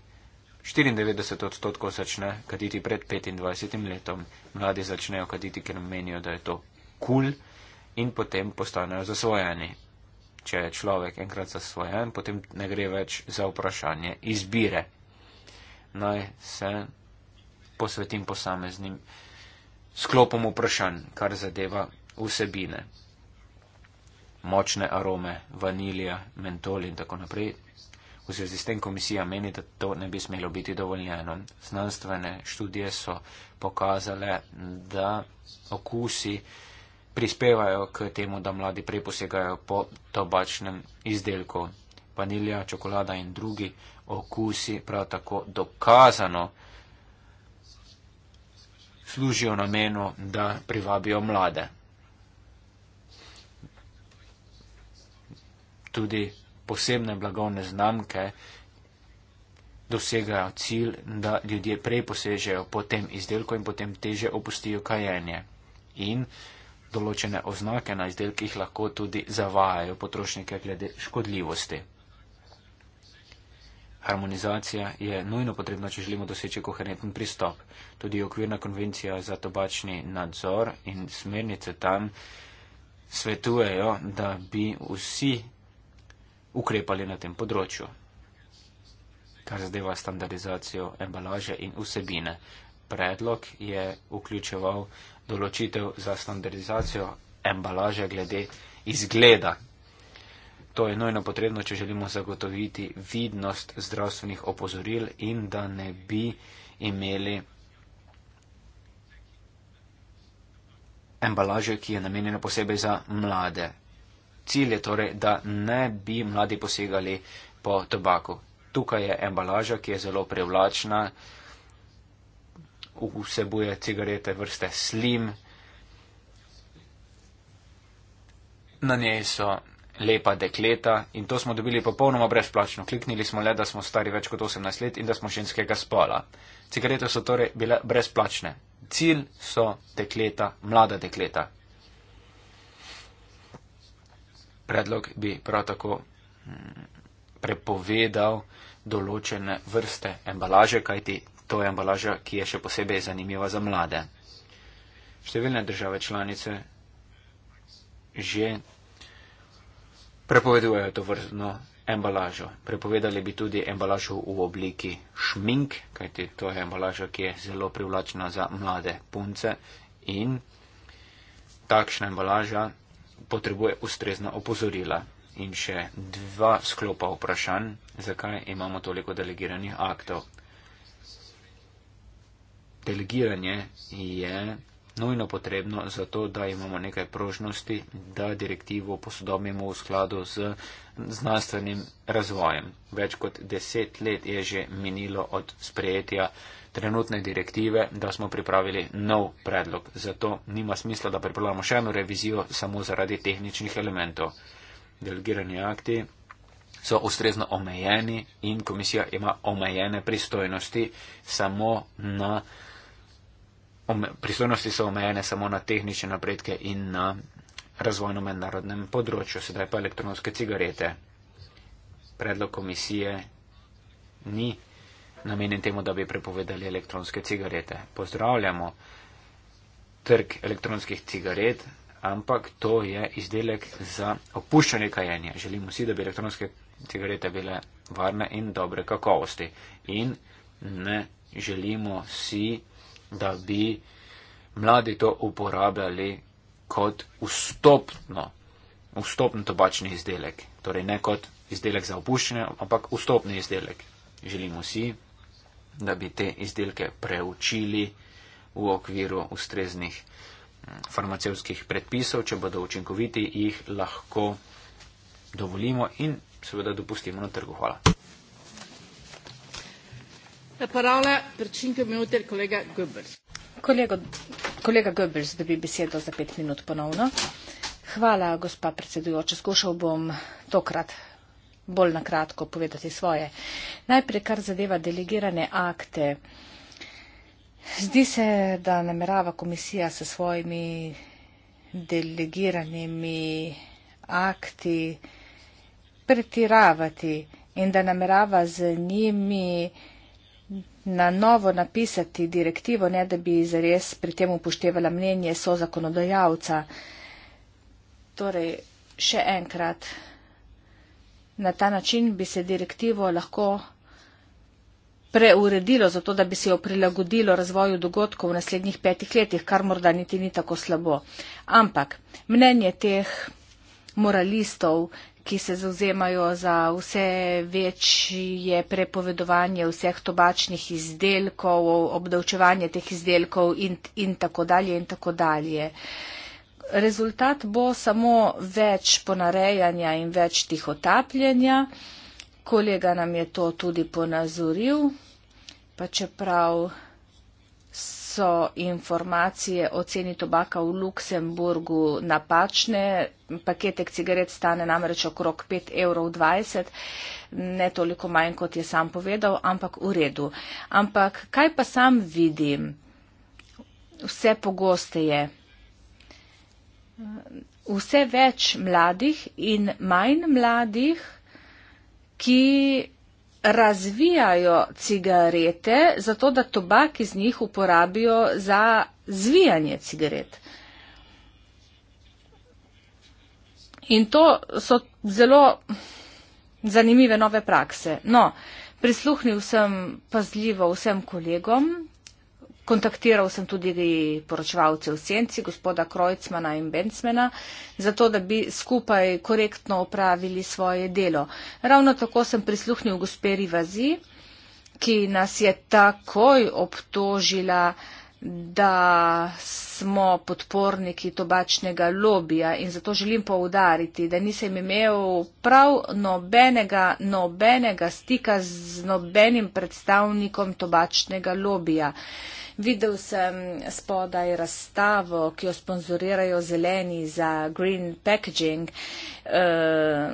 94 odstotkov začne kaditi pred 25 letom, mladi začnejo kaditi, ker menijo, da je to kul cool in potem postanejo zasvojeni. Če je človek enkrat zasvojen, potem ne gre več za vprašanje izbire. Naj se posvetim posameznim sklopom vprašanj, kar zadeva vsebine. Močne arome, vanilija, mentol in tako naprej, v zvezi s tem komisija meni, da to ne bi smelo biti dovoljeno. Znanstvene študije so pokazale, da okusi prispevajo k temu, da mladi prej posegajo po tobačnem izdelku. Vanilija, čokolada in drugi okusi prav tako dokazano služijo namenu, da privabijo mlade. Tudi posebne blagovne znamke dosegajo cilj, da ljudje prej posežejo po tem izdelku in potem teže opustijo kajenje. In določene oznake na izdelkih lahko tudi zavajajo potrošnike glede škodljivosti. Harmonizacija je nujno potrebna, če želimo doseči koherenten pristop. Tudi okvirna konvencija za tobačni nadzor in smernice tam svetujejo, da bi vsi ukrepali na tem področju, kar zadeva standardizacijo embalaže in vsebine. Predlog je vključeval določitev za standardizacijo embalaže glede izgleda. To je nojno potrebno, če želimo zagotoviti vidnost zdravstvenih opozoril in da ne bi imeli embalaže, ki je namenjena posebej za mlade cilj je torej, da ne bi mladi posegali po tobaku. Tukaj je embalaža, ki je zelo privlačna, vsebuje cigarete vrste slim, na njej so lepa dekleta in to smo dobili popolnoma brezplačno. Kliknili smo le, da smo stari več kot 18 let in da smo ženskega spola. Cigarete so torej bile brezplačne. Cilj so dekleta, mlada dekleta. Predlog bi prav tako hm, prepovedal določene vrste embalaže, kajti to je embalaža, ki je še posebej zanimiva za mlade. Številne države članice že prepovedujejo to vrstno embalažo. Prepovedali bi tudi embalažo v obliki šmink, kajti to je embalaža, ki je zelo privlačna za mlade punce in takšna embalaža potrebuje ustrezna opozorila. In še dva sklopa vprašanj, zakaj imamo toliko delegiranih aktov. Delegiranje je nujno potrebno zato, da imamo nekaj prožnosti, da direktivo posodobimo v skladu z znanstvenim razvojem. Več kot deset let je že minilo od sprejetja trenutne direktive, da smo pripravili nov predlog. Zato nima smisla, da pripravljamo še eno revizijo samo zaradi tehničnih elementov. Delegirani akti so ustrezno omejeni in komisija ima omejene pristojnosti samo na pristojnosti so omejene samo na tehnične napredke in na razvojno mednarodnem področju, sedaj pa elektronske cigarete. Predlog komisije ni namenjen temu, da bi prepovedali elektronske cigarete. Pozdravljamo trg elektronskih cigaret, ampak to je izdelek za opuščanje kajenja. Želimo si, da bi elektronske cigarete bile varne in dobre kakovosti. In ne želimo si da bi mladi to uporabljali kot vstopno, vstopni tobačni izdelek. Torej ne kot izdelek za opuščanje, ampak vstopni izdelek. Želimo si, da bi te izdelke preučili v okviru ustreznih mm, farmacevskih predpisov, če bodo učinkoviti, jih lahko dovolimo in seveda dopustimo na trgu. Hvala. La parola per 5 minuti al collega Goebbels. Kolego, kolega Goebbels dobi besedo za 5 minut ponovno. Hvala, gospa predsedujoča. Skušal bom tokrat bolj na kratko povedati svoje. Najprej, kar zadeva delegirane akte. Zdi se, da namerava komisija s svojimi delegiranimi akti pretiravati in da namerava z njimi na novo napisati direktivo, ne da bi zares pri tem upoštevala mnenje so zakonodajalca. Torej, še enkrat, na ta način bi se direktivo lahko preuredilo, zato da bi se jo prilagodilo razvoju dogodkov v naslednjih petih letih, kar morda niti ni tako slabo. Ampak mnenje teh moralistov, ki se zauzemajo za vse večje prepovedovanje vseh tobačnih izdelkov, obdavčevanje teh izdelkov in, in tako dalje in tako dalje. Rezultat bo samo več ponarejanja in več tihotapljenja. Kolega nam je to tudi ponazoril, pa čeprav so informacije o ceni tobaka v Luksemburgu napačne. Paketek cigaret stane namreč okrog 5,20 evrov, ne toliko manj, kot je sam povedal, ampak v redu. Ampak kaj pa sam vidim vse pogosteje? Vse več mladih in manj mladih, ki razvijajo cigarete, zato da tobak iz njih uporabijo za zvijanje cigaret. In to so zelo zanimive nove prakse. No, prisluhnil sem pazljivo vsem kolegom, Kontaktiral sem tudi poročevalce v senci, gospoda Krojcmana in Bencmana, zato da bi skupaj korektno opravili svoje delo. Ravno tako sem prisluhnil gosperi Vazi, ki nas je takoj obtožila, da smo podporniki tobačnega lobija in zato želim poudariti, da nisem imel prav nobenega, nobenega stika z nobenim predstavnikom tobačnega lobija. Videl sem spodaj razstavo, ki jo sponzorirajo zeleni za green packaging. Eh,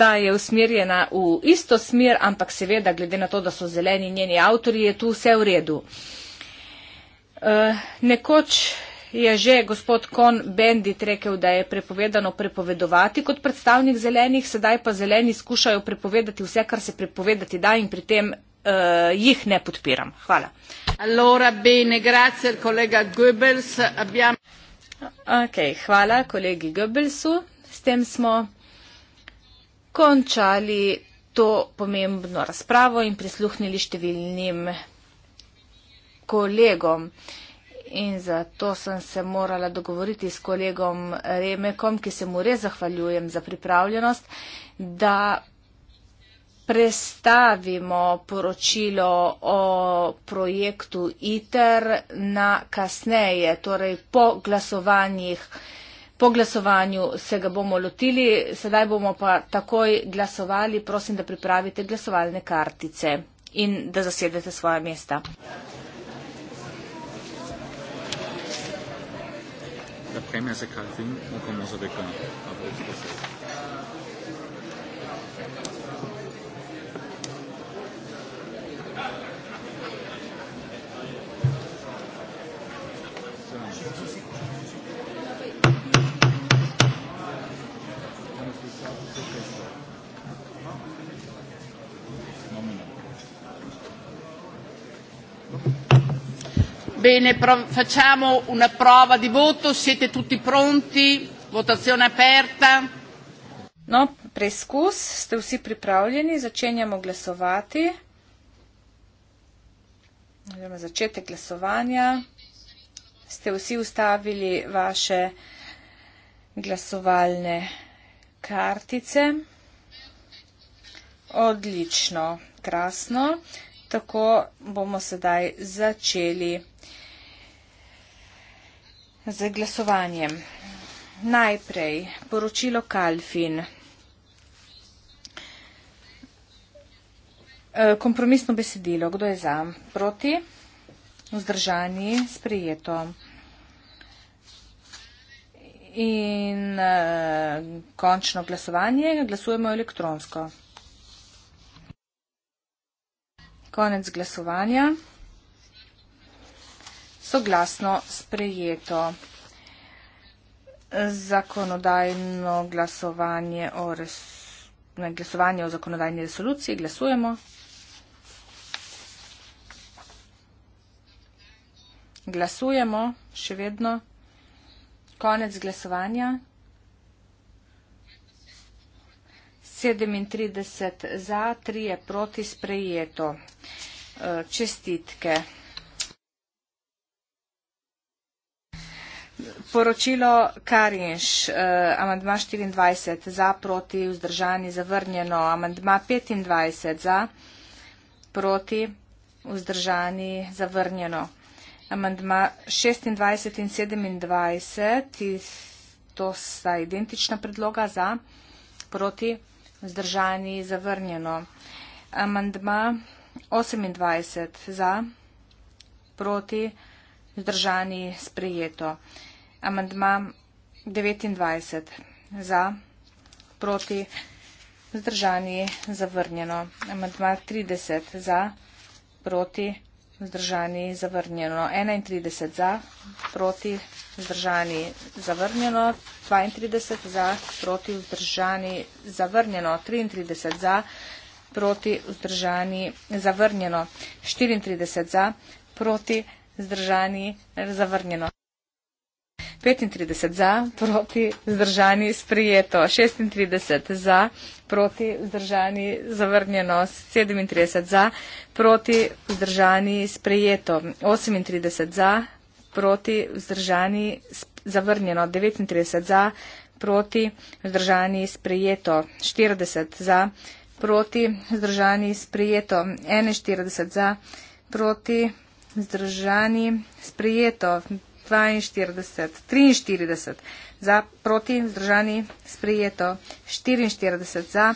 ta je usmerjena v isto smer, ampak seveda, glede na to, da so zeleni njeni avtori, je tu vse v redu. Eh, nekoč je že gospod Kon Bendit rekel, da je prepovedano prepovedovati kot predstavnik zelenih, sedaj pa zeleni skušajo prepovedati vse, kar se prepovedati da in pri tem eh, jih ne podpiram. Hvala. Allora bene, grazie al collega Goebbels. Abbiamo... Ok, hvala kolegi Goebbelsu. S tem smo končali to pomembno razpravo in prisluhnili številnim kolegom. In zato sem se morala dogovoriti s kolegom Remekom, ki se mu res zahvaljujem za pripravljenost, da prestavimo poročilo o projektu ITER na kasneje, torej po glasovanjih. Po glasovanju se ga bomo lotili, sedaj bomo pa takoj glasovali. Prosim, da pripravite glasovalne kartice in da zasedete svoje mesta. Da premijer se kaj zim, lahko mu zavekamo. Bene, facciamo una prova di voto. Siete tutti pronti? Votazione aperta. No, preskus. Ste vsi pripravljeni? Začenjamo glasovati. Začetek glasovanja. Ste vsi ustavili vaše glasovalne kartice? Odlično, krasno. Tako bomo sedaj začeli z glasovanjem. Najprej poročilo Kalfin. E, kompromisno besedilo. Kdo je za? Proti? Vzdržani? Sprijeto. In e, končno glasovanje. Glasujemo elektronsko. Konec glasovanja soglasno sprejeto. Zakonodajno glasovanje o, res, glasovanje o zakonodajni resoluciji glasujemo. Glasujemo še vedno. Konec glasovanja. 37 za, 3 je proti sprejeto. Čestitke. Poročilo Karinš, eh, amandma 24 za, proti, vzdržani, zavrnjeno, amandma 25 za, proti, vzdržani, zavrnjeno. Amandma 26 in 27, to sta identična predloga za, proti, vzdržani, zavrnjeno. Amandma 28 za, proti, vzdržani, sprejeto. Amandma 29. Za, proti, vzdržani, zavrnjeno. Amandma 30. Za, proti, vzdržani, zavrnjeno. 31. Za, proti, vzdržani, zavrnjeno. 32. Za, proti, vzdržani, zavrnjeno. 33. Za, proti, vzdržani, zavrnjeno. 34. Za, proti, vzdržani, zavrnjeno. 35 za, proti, zdržani, sprijeto, 36 za, proti, zdržani, zavrnjeno, 37 za, proti, zdržani, sprijeto, 38 za, proti, zdržani, zavrnjeno, 39 za, proti, zdržani, sprijeto, 40 za, proti, zdržani, sprijeto, 41 za, proti, zdržani, sprijeto, 42, 43 za, proti vzdržani sprejeto, 44 za,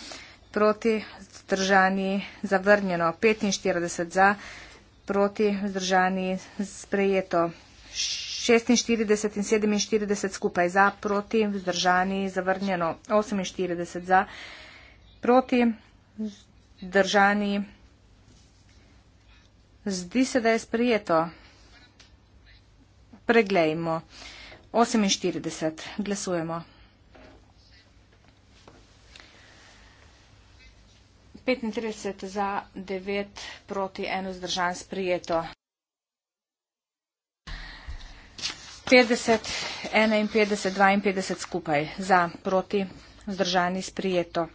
proti vzdržani zavrnjeno, 45 za, proti vzdržani sprejeto, 46 in 47 skupaj za, proti vzdržani zavrnjeno, 48 za, proti vzdržani. Zdi se, da je sprejeto. Preglejmo. 48. Glasujemo. 35 za 9 proti 1 zdržan sprijeto. 50, 51, 52 skupaj za proti zdržani sprijeto.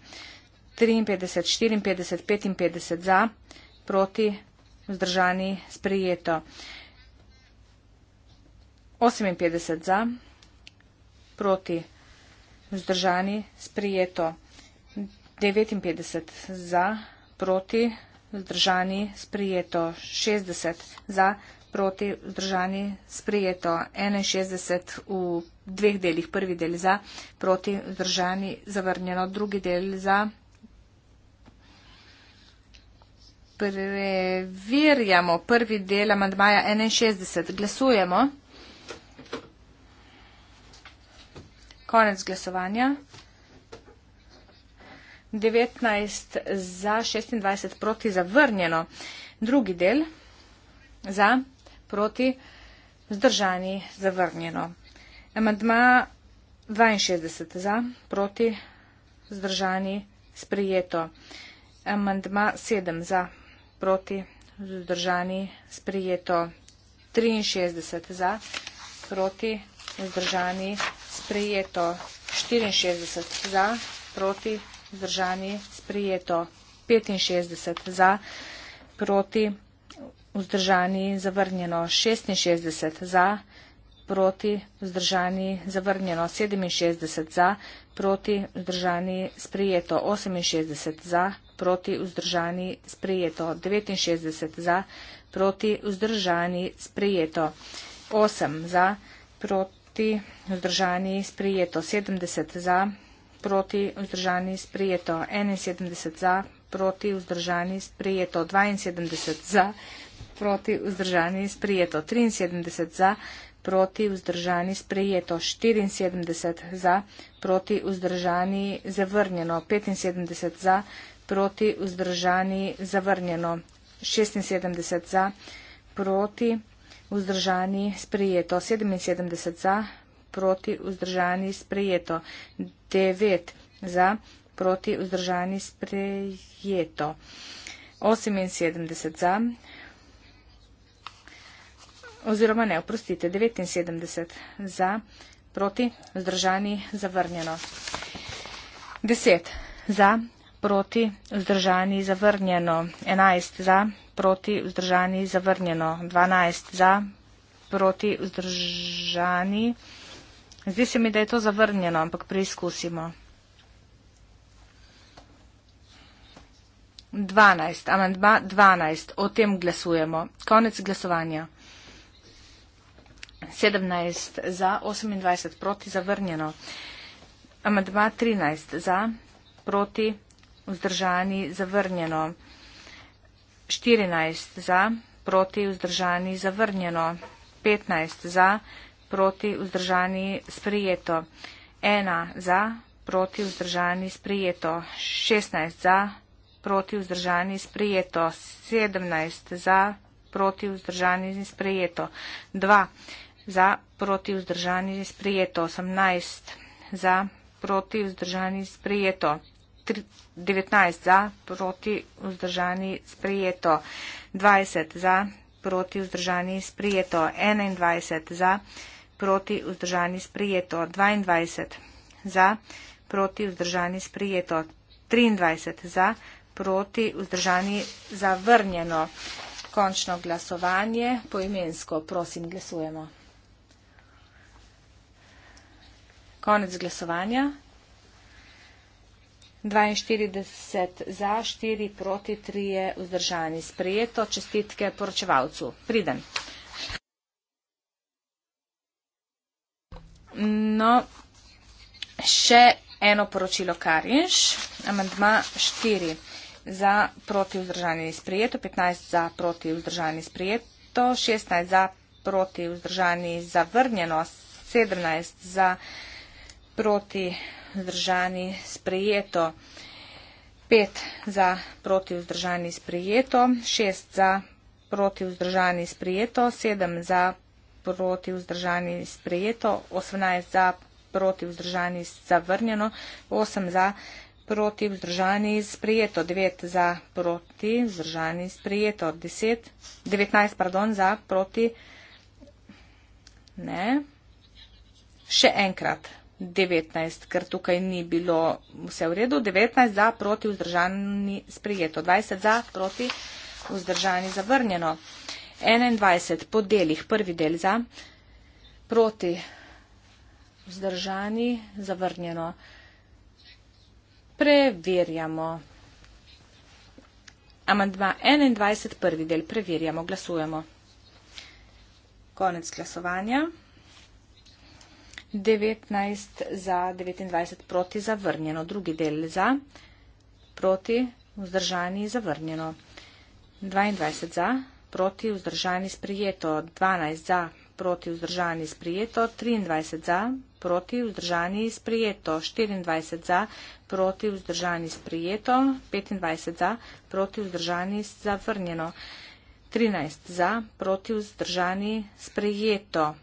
53, 54, 55 za proti zdržani sprijeto. 58 za, proti vzdržani, sprijeto 59 za, proti vzdržani, sprijeto 60 za, proti vzdržani, sprijeto 61 v dveh delih, prvi del za, proti vzdržani, zavrnjeno drugi del za. Preverjamo prvi del amandmaja 61. Glasujemo. Konec glasovanja. 19 za, 26 proti zavrnjeno. Drugi del za, proti zdržani zavrnjeno. Amandma 62 za, proti zdržani sprijeto. Amandma 7 za, proti zdržani sprijeto. 63 za, proti zdržani sprijeto sprejeto 64 za, proti vzdržani sprejeto 65 za, proti vzdržani zavrnjeno 66 za, proti vzdržani zavrnjeno 67 za, proti vzdržani sprejeto 68 za, proti vzdržani sprejeto 69 za, proti vzdržani sprejeto 8 za, proti proti, vzdržani sprijeto, 70 za, proti, vzdržani sprijeto, 71 za, proti, vzdržani sprijeto, 72 za, proti, vzdržani sprijeto, 73 za, proti, vzdržani sprijeto, 74 za, proti, vzdržani zavrnjeno, 75 za, proti, vzdržani zavrnjeno, 76 za, proti, vzdržani zavrnjeno vzdržani sprejeto 77 za, proti vzdržani sprejeto 9 za, proti vzdržani sprejeto 78 za, oziroma ne, oprostite, 79 za, proti vzdržani zavrnjeno 10 za, proti vzdržani zavrnjeno 11 za, proti vzdržani zavrnjeno, 12 za proti vzdržani. Zdi se mi, da je to zavrnjeno, ampak preizkusimo. 12, amandma 12, o tem glasujemo. Konec glasovanja. 17 za, 28 proti zavrnjeno. Amandma 13 za, proti vzdržani zavrnjeno. 14 za, proti vzdržani zavrnjeno, 15 za, proti vzdržani sprijeto, 1 za, proti vzdržani sprijeto, 16 za, proti vzdržani sprijeto, 17 za, proti vzdržani sprijeto, 2 za, proti vzdržani sprijeto, 18 za, proti vzdržani sprijeto, 19 za, proti vzdržani sprejeto. 20 za, proti vzdržani sprejeto. 21 za, proti vzdržani sprejeto. 22 za, proti vzdržani sprejeto. 23 za, proti vzdržani zavrnjeno. Končno glasovanje. Poimensko, prosim, glasujemo. Konec glasovanja. 42 za, 4 proti, 3 je vzdržani. Sprejeto, čestitke poročevalcu. Priden. No, še eno poročilo Karinš, amandma 4 za proti vzdržanje sprejeto, 15 za proti vzdržanje sprejeto, 16 za proti vzdržanje zavrnjeno, 17 za proti vzdržani sprejeto, 5 za proti vzdržani sprejeto, 6 za proti vzdržani sprejeto, 7 za proti vzdržani sprejeto, 18 za proti vzdržani zavrnjeno, 8 za proti vzdržani sprejeto, 9 za proti vzdržani sprejeto, 10, 19 pardon, za proti ne. Še enkrat 19, ker tukaj ni bilo vse v redu. 19 za, proti, vzdržani, sprijeto. 20 za, proti, vzdržani, zavrnjeno. 21 po delih, prvi del za, proti, vzdržani, zavrnjeno. Preverjamo. Amandma 21, prvi del, preverjamo, glasujemo. Konec glasovanja. 19 za, 29 proti, zavrnjeno. Drugi del za, proti, vzdržani, zavrnjeno. 22 za, proti, vzdržani, sprijeto. 12 za, proti, vzdržani, sprijeto. 23 za, proti, vzdržani, sprijeto. 24 za, proti, vzdržani, sprijeto. 25 za, proti, vzdržani, zavrnjeno. 13 za, proti, vzdržani, sprijeto.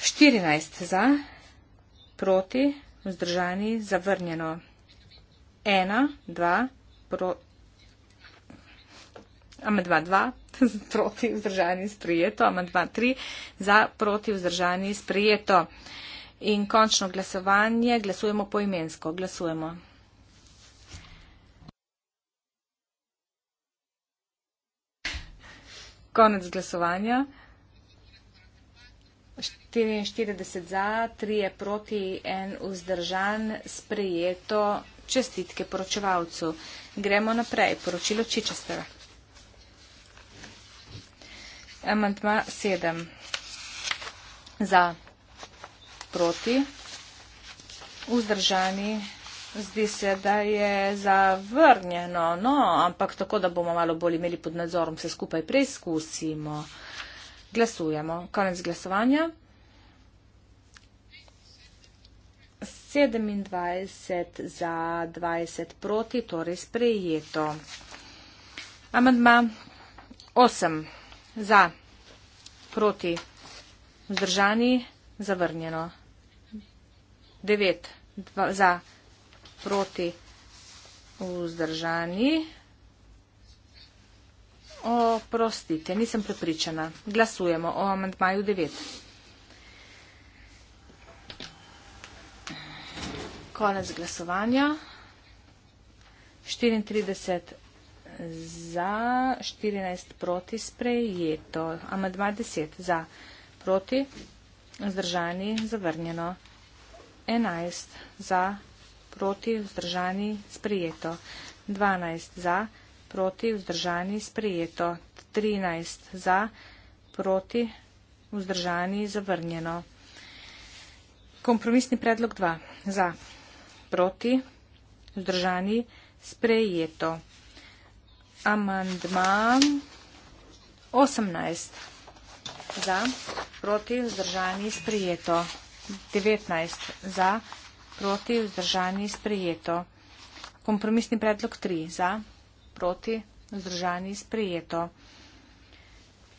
14 za, proti, vzdržani, zavrnjeno. 1, 2, 2, proti, vzdržani, sprijeto. 2, 3 za, proti, vzdržani, sprijeto. In končno glasovanje, glasujemo poimensko, glasujemo. Konec glasovanja. 44 za, 3 proti, 1 vzdržan, sprejeto čestitke poročevalcu. Gremo naprej. Poročilo Čičestera. Amantma 7. Za, proti, vzdržani. Zdi se, da je zavrnjeno, no, ampak tako, da bomo malo bolj imeli pod nadzorom, se skupaj preizkusimo. Glasujemo. Konec glasovanja. 27 za 20 proti, torej sprejeto. Amandma 8 za proti vzdržani zavrnjeno. 9 dva, za proti vzdržani. Oprostite, nisem prepričana. Glasujemo o amandmaju 9. konec glasovanja. 34 za, 14 proti sprejeto. Amadma 10 za, proti, vzdržani, zavrnjeno. 11 za, proti, vzdržani, sprejeto. 12 za, proti, vzdržani, sprejeto. 13 za, proti, vzdržani, zavrnjeno. Kompromisni predlog 2 za proti, vzdržani, sprejeto. Amandma 18. Za, proti, vzdržani, sprejeto. 19. Za, proti, vzdržani, sprejeto. Kompromisni predlog 3. Za, proti, vzdržani, sprejeto.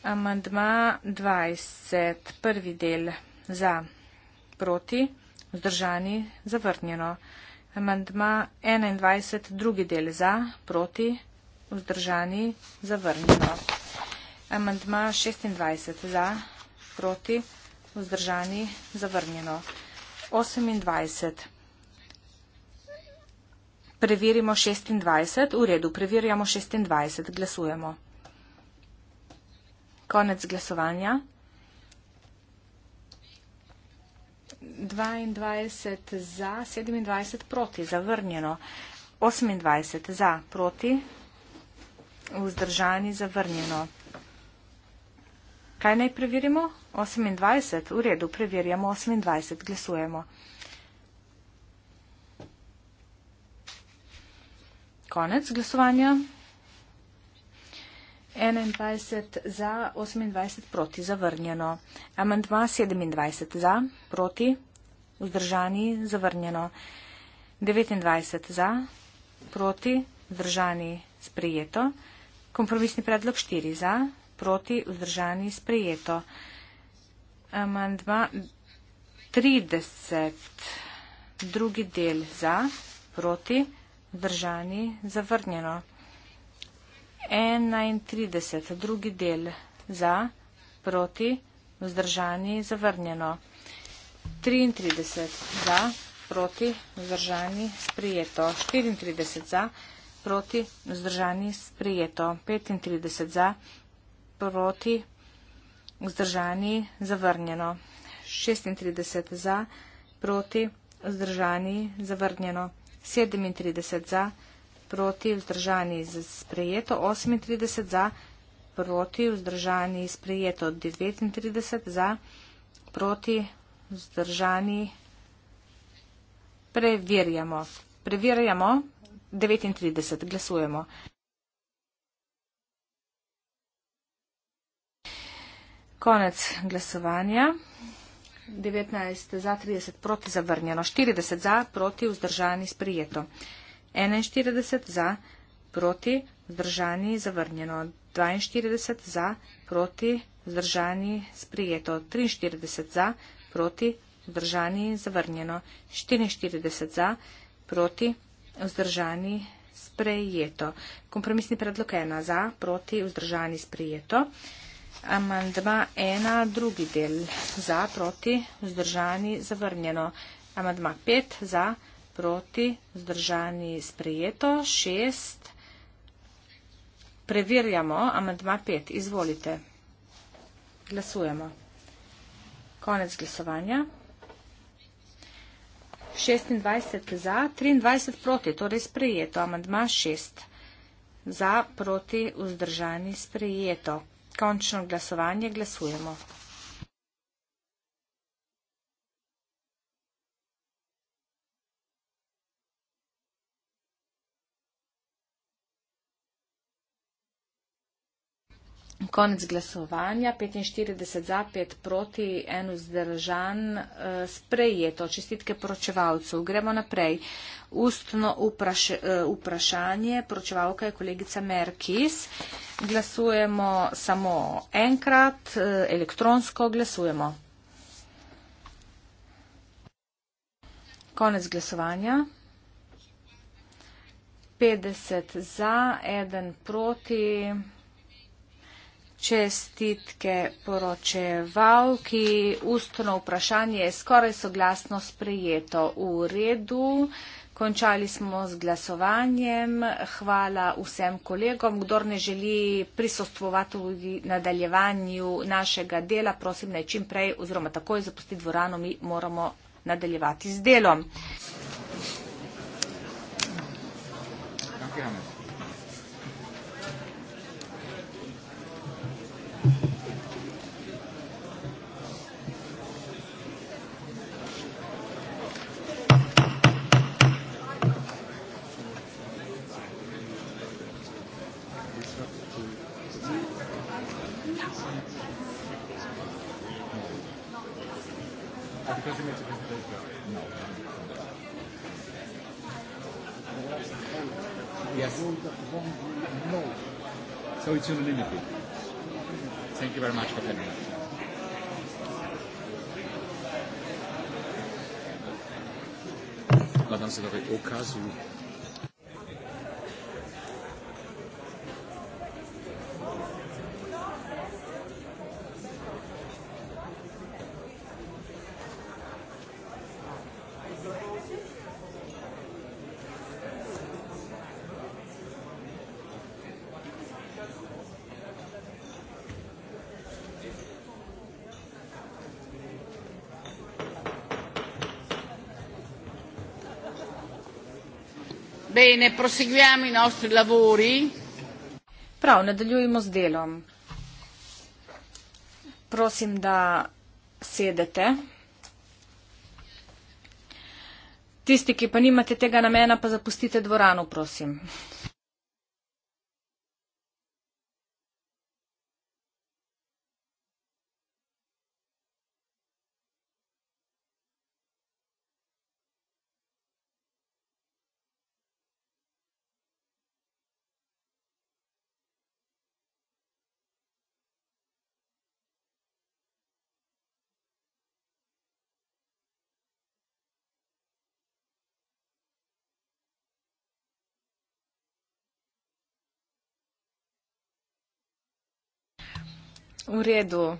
Amandma 20. Prvi del. Za, proti, vzdržani, zavrnjeno. Amandma 21, drugi del za, proti, vzdržani, zavrnjeno. Amandma 26 za, proti, vzdržani, zavrnjeno. 28. Preverimo 26, v redu, preverjamo 26, glasujemo. Konec glasovanja. 22 za, 27 proti, zavrnjeno. 28 za, proti, vzdržani, zavrnjeno. Kaj naj preverimo? 28, v redu, preverjamo 28, glasujemo. Konec glasovanja. 21 za, 28 proti, zavrnjeno. Amandma 27 za, proti, vzdržani, zavrnjeno. 29 za, proti, vzdržani, sprejeto. Kompromisni predlog 4 za, proti, vzdržani, sprejeto. Amandma 30, drugi del za, proti, vzdržani, zavrnjeno. 31, drugi del za, proti, vzdržani, zavrnjeno. 33 za, proti, vzdržani, sprijeto. 34 za, proti, vzdržani, sprijeto. 35 za, proti, vzdržani, zavrnjeno. 36 za, proti, vzdržani, zavrnjeno. 37 za, proti, vzdržani, sprijeto. 38 za, proti, vzdržani, sprijeto. 39 za, proti, vzdržani. Preverjamo. Preverjamo. 39. Glasujemo. Konec glasovanja. 19 za, 30 proti zavrnjeno. 40 za, proti vzdržani sprijeto. 41 za, proti vzdržani zavrnjeno. 42 za, proti vzdržani sprijeto. 43 za, proti, vzdržani zavrnjeno, 44 za, proti, vzdržani sprejeto. Kompromisni predlog ena za, proti, vzdržani sprejeto. Amandma ena, drugi del, za, proti, vzdržani zavrnjeno. Amandma pet, za, proti, vzdržani sprejeto. Šest, preverjamo, amandma pet, izvolite. Glasujemo. Konec glasovanja. 26 za, 23 proti, torej sprejeto. Amandma 6 za, proti, vzdržani, sprejeto. Končno glasovanje glasujemo. Konec glasovanja, 45 za, 5 proti, en vzdržan, eh, sprejeto, čestitke poročevalcev. Gremo naprej. Ustno vpraš eh, vprašanje, poročevalka je kolegica Merkis. Glasujemo samo enkrat, eh, elektronsko glasujemo. Konec glasovanja. 50 za, 1 proti čestitke poročevalki. Ustno vprašanje je skoraj soglasno sprejeto v redu. Končali smo z glasovanjem. Hvala vsem kolegom. Kdor ne želi prisostvovati v nadaljevanju našega dela, prosim naj čim prej oziroma takoj zapusti dvorano, mi moramo nadaljevati z delom. Thank you. Bene, proseguiamo i nostri lavori. Prav, nadaljujemo z delom. Prosim, da sedete. Tisti, ki pa nimate tega namena, pa zapustite dvorano, prosim. V redu.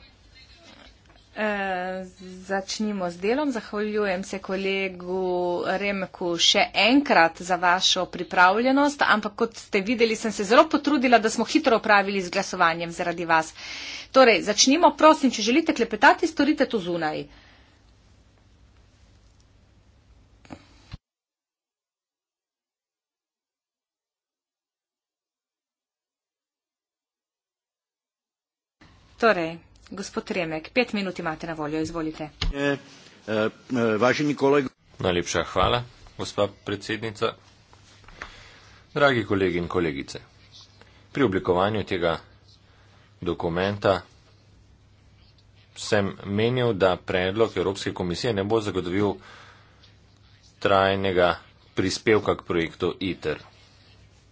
E, začnimo z delom. Zahvaljujem se kolegu Remeku še enkrat za vašo pripravljenost, ampak kot ste videli, sem se zelo potrudila, da smo hitro opravili z glasovanjem zaradi vas. Torej, začnimo, prosim, če želite klepetati, storite to zunaj. E, Torej, gospod Remek, pet minut imate na voljo, izvolite. E, e, Najlepša hvala, gospa predsednica. Dragi kolegi in kolegice, pri oblikovanju tega dokumenta sem menil, da predlog Evropske komisije ne bo zagotovil trajnega prispevka k projektu ITER.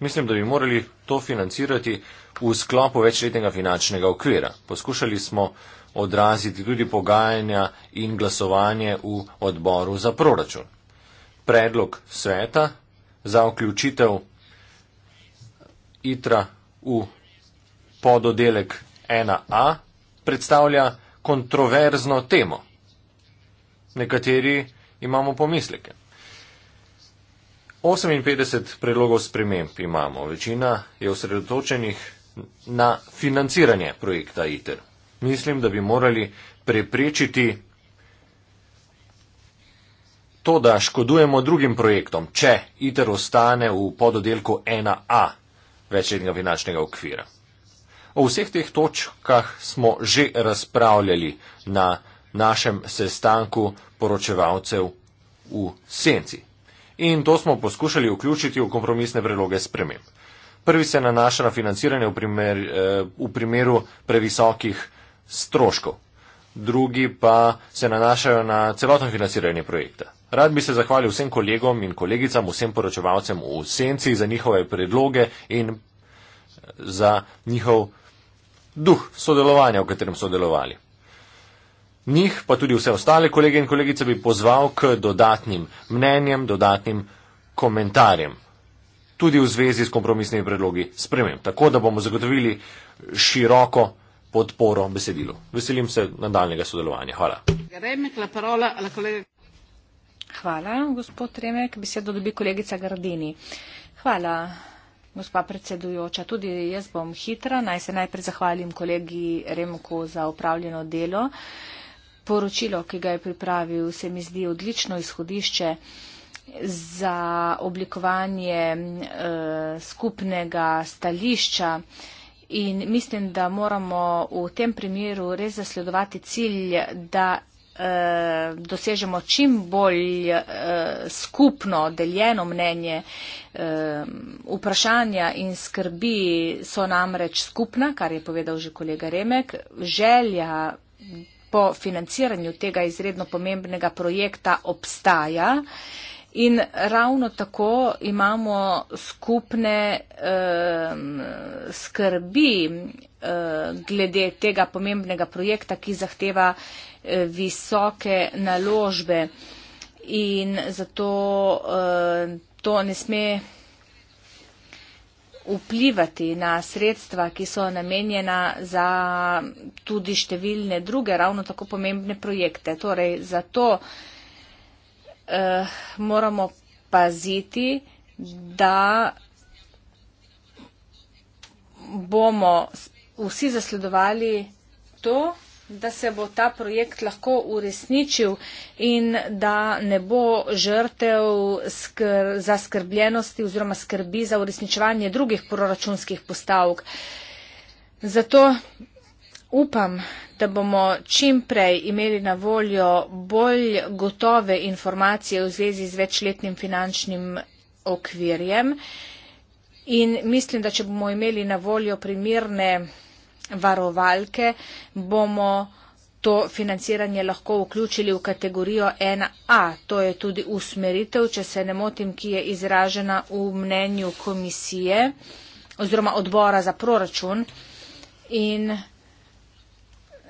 Mislim, da bi morali to financirati v sklopu večletnega finančnega okvira. Poskušali smo odraziti tudi pogajanja in glasovanje v odboru za proračun. Predlog sveta za vključitev ITRA v pododelek 1A predstavlja kontroverzno temo. Nekateri imamo pomisleke. 58 predlogov sprememb imamo. Večina je osredotočenih na financiranje projekta ITER. Mislim, da bi morali preprečiti to, da škodujemo drugim projektom, če ITER ostane v pododelku 1A večletnega finančnega okvira. O vseh teh točkah smo že razpravljali na našem sestanku poročevalcev v senci in to smo poskušali vključiti v kompromisne predloge sprememb. Prvi se nanaša na financiranje v, primer, eh, v primeru previsokih stroškov, drugi pa se nanašajo na celotno financiranje projekta. Rad bi se zahvalil vsem kolegom in kolegicam, vsem poročevalcem v senci za njihove predloge in eh, za njihov duh sodelovanja, v katerem so delovali. Njih, pa tudi vse ostale kolege in kolegice, bi pozval k dodatnim mnenjem, dodatnim komentarjem. Tudi v zvezi s kompromisnimi predlogi spremem. Tako, da bomo zagotovili široko podporo besedilu. Veselim se nadaljnega sodelovanja. Hvala. Hvala, gospod Remek. Besedo dobi kolegica Gardini. Hvala, gospa predsedujoča. Tudi jaz bom hitra. Naj se najprej zahvalim kolegi Remku za upravljeno delo. Uh, poročilo, ki ga je pripravil, se mi zdi odlično izhodišče za oblikovanje eh, skupnega stališča in mislim, da moramo v tem primeru res zasledovati cilj, da eh, dosežemo čim bolj eh, skupno deljeno mnenje. Eh, vprašanja in skrbi so namreč skupna, kar je povedal že kolega Remek. Želja po financiranju tega izredno pomembnega projekta obstaja. In ravno tako imamo skupne eh, skrbi eh, glede tega pomembnega projekta, ki zahteva eh, visoke naložbe. In zato eh, to ne sme vplivati na sredstva, ki so namenjena za tudi številne druge ravno tako pomembne projekte. Torej, zato eh, moramo paziti, da bomo vsi zasledovali to, da se bo ta projekt lahko uresničil in da ne bo žrtev skr za skrbljenosti oziroma skrbi za uresničevanje drugih proračunskih postavk. Zato upam, da bomo čim prej imeli na voljo bolj gotove informacije v zvezi z večletnim finančnim okvirjem in mislim, da če bomo imeli na voljo primirne informacije, varovalke, bomo to financiranje lahko vključili v kategorijo 1A. To je tudi usmeritev, če se ne motim, ki je izražena v mnenju komisije oziroma odbora za proračun. In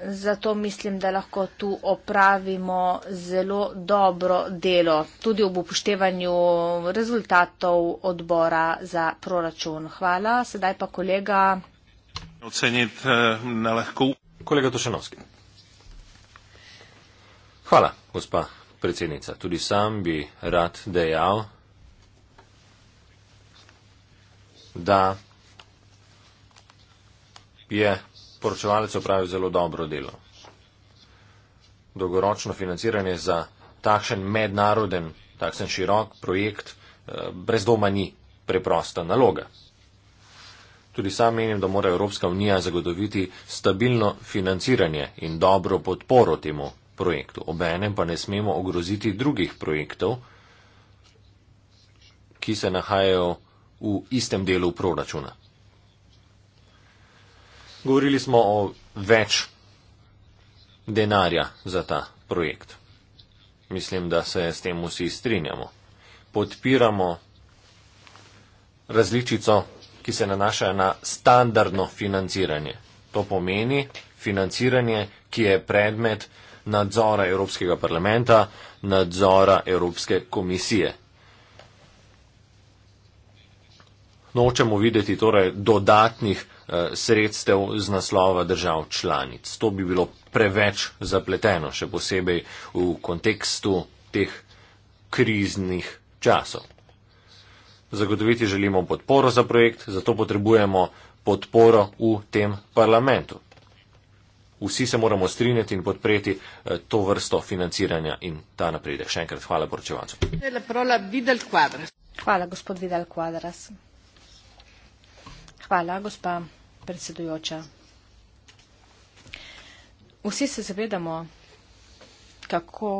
zato mislim, da lahko tu opravimo zelo dobro delo, tudi ob upoštevanju rezultatov odbora za proračun. Hvala. Sedaj pa kolega oceniti eh, na lahko. Kolega Tošanovski. Hvala, gospa predsednica. Tudi sam bi rad dejal, da je poročevalec opravil zelo dobro delo. Dolgoročno financiranje za takšen mednaroden, takšen širok projekt eh, brez doma ni preprosta naloga. Tudi sam menim, da mora Evropska unija zagotoviti stabilno financiranje in dobro podporo temu projektu. Obenem pa ne smemo ogroziti drugih projektov, ki se nahajajo v istem delu proračuna. Govorili smo o več denarja za ta projekt. Mislim, da se s tem vsi strinjamo. Podpiramo različico ki se nanašajo na standardno financiranje. To pomeni financiranje, ki je predmet nadzora Evropskega parlamenta, nadzora Evropske komisije. Nočemo videti torej dodatnih eh, sredstev z naslova držav članic. To bi bilo preveč zapleteno, še posebej v kontekstu teh kriznih časov. Zagotoviti želimo podporo za projekt, zato potrebujemo podporo v tem parlamentu. Vsi se moramo strinjati in podpreti eh, to vrsto financiranja in ta napredek. Še enkrat hvala poročevalcu. Hvala, gospod Vidal Quadras. Hvala, gospa predsedujoča. Vsi se zavedamo, kako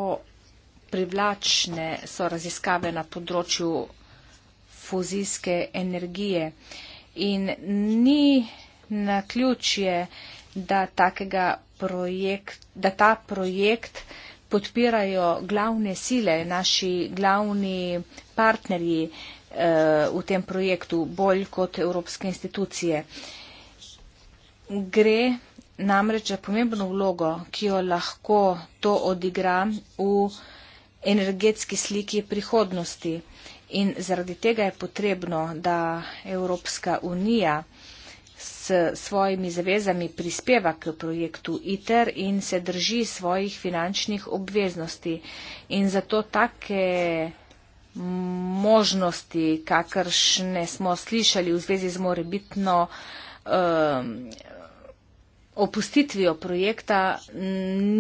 privlačne so raziskave na področju fuzijske energije. In ni na ključje, da, takega projekt, da ta projekt podpirajo glavne sile, naši glavni partnerji eh, v tem projektu, bolj kot evropske institucije. Gre namreč za pomembno vlogo, ki jo lahko to odigra v energetski sliki prihodnosti. In zaradi tega je potrebno, da Evropska unija s svojimi zavezami prispeva k projektu ITER in se drži svojih finančnih obveznosti. In zato take možnosti, kakršne smo slišali v zvezi z morebitno um, opustitvijo projekta,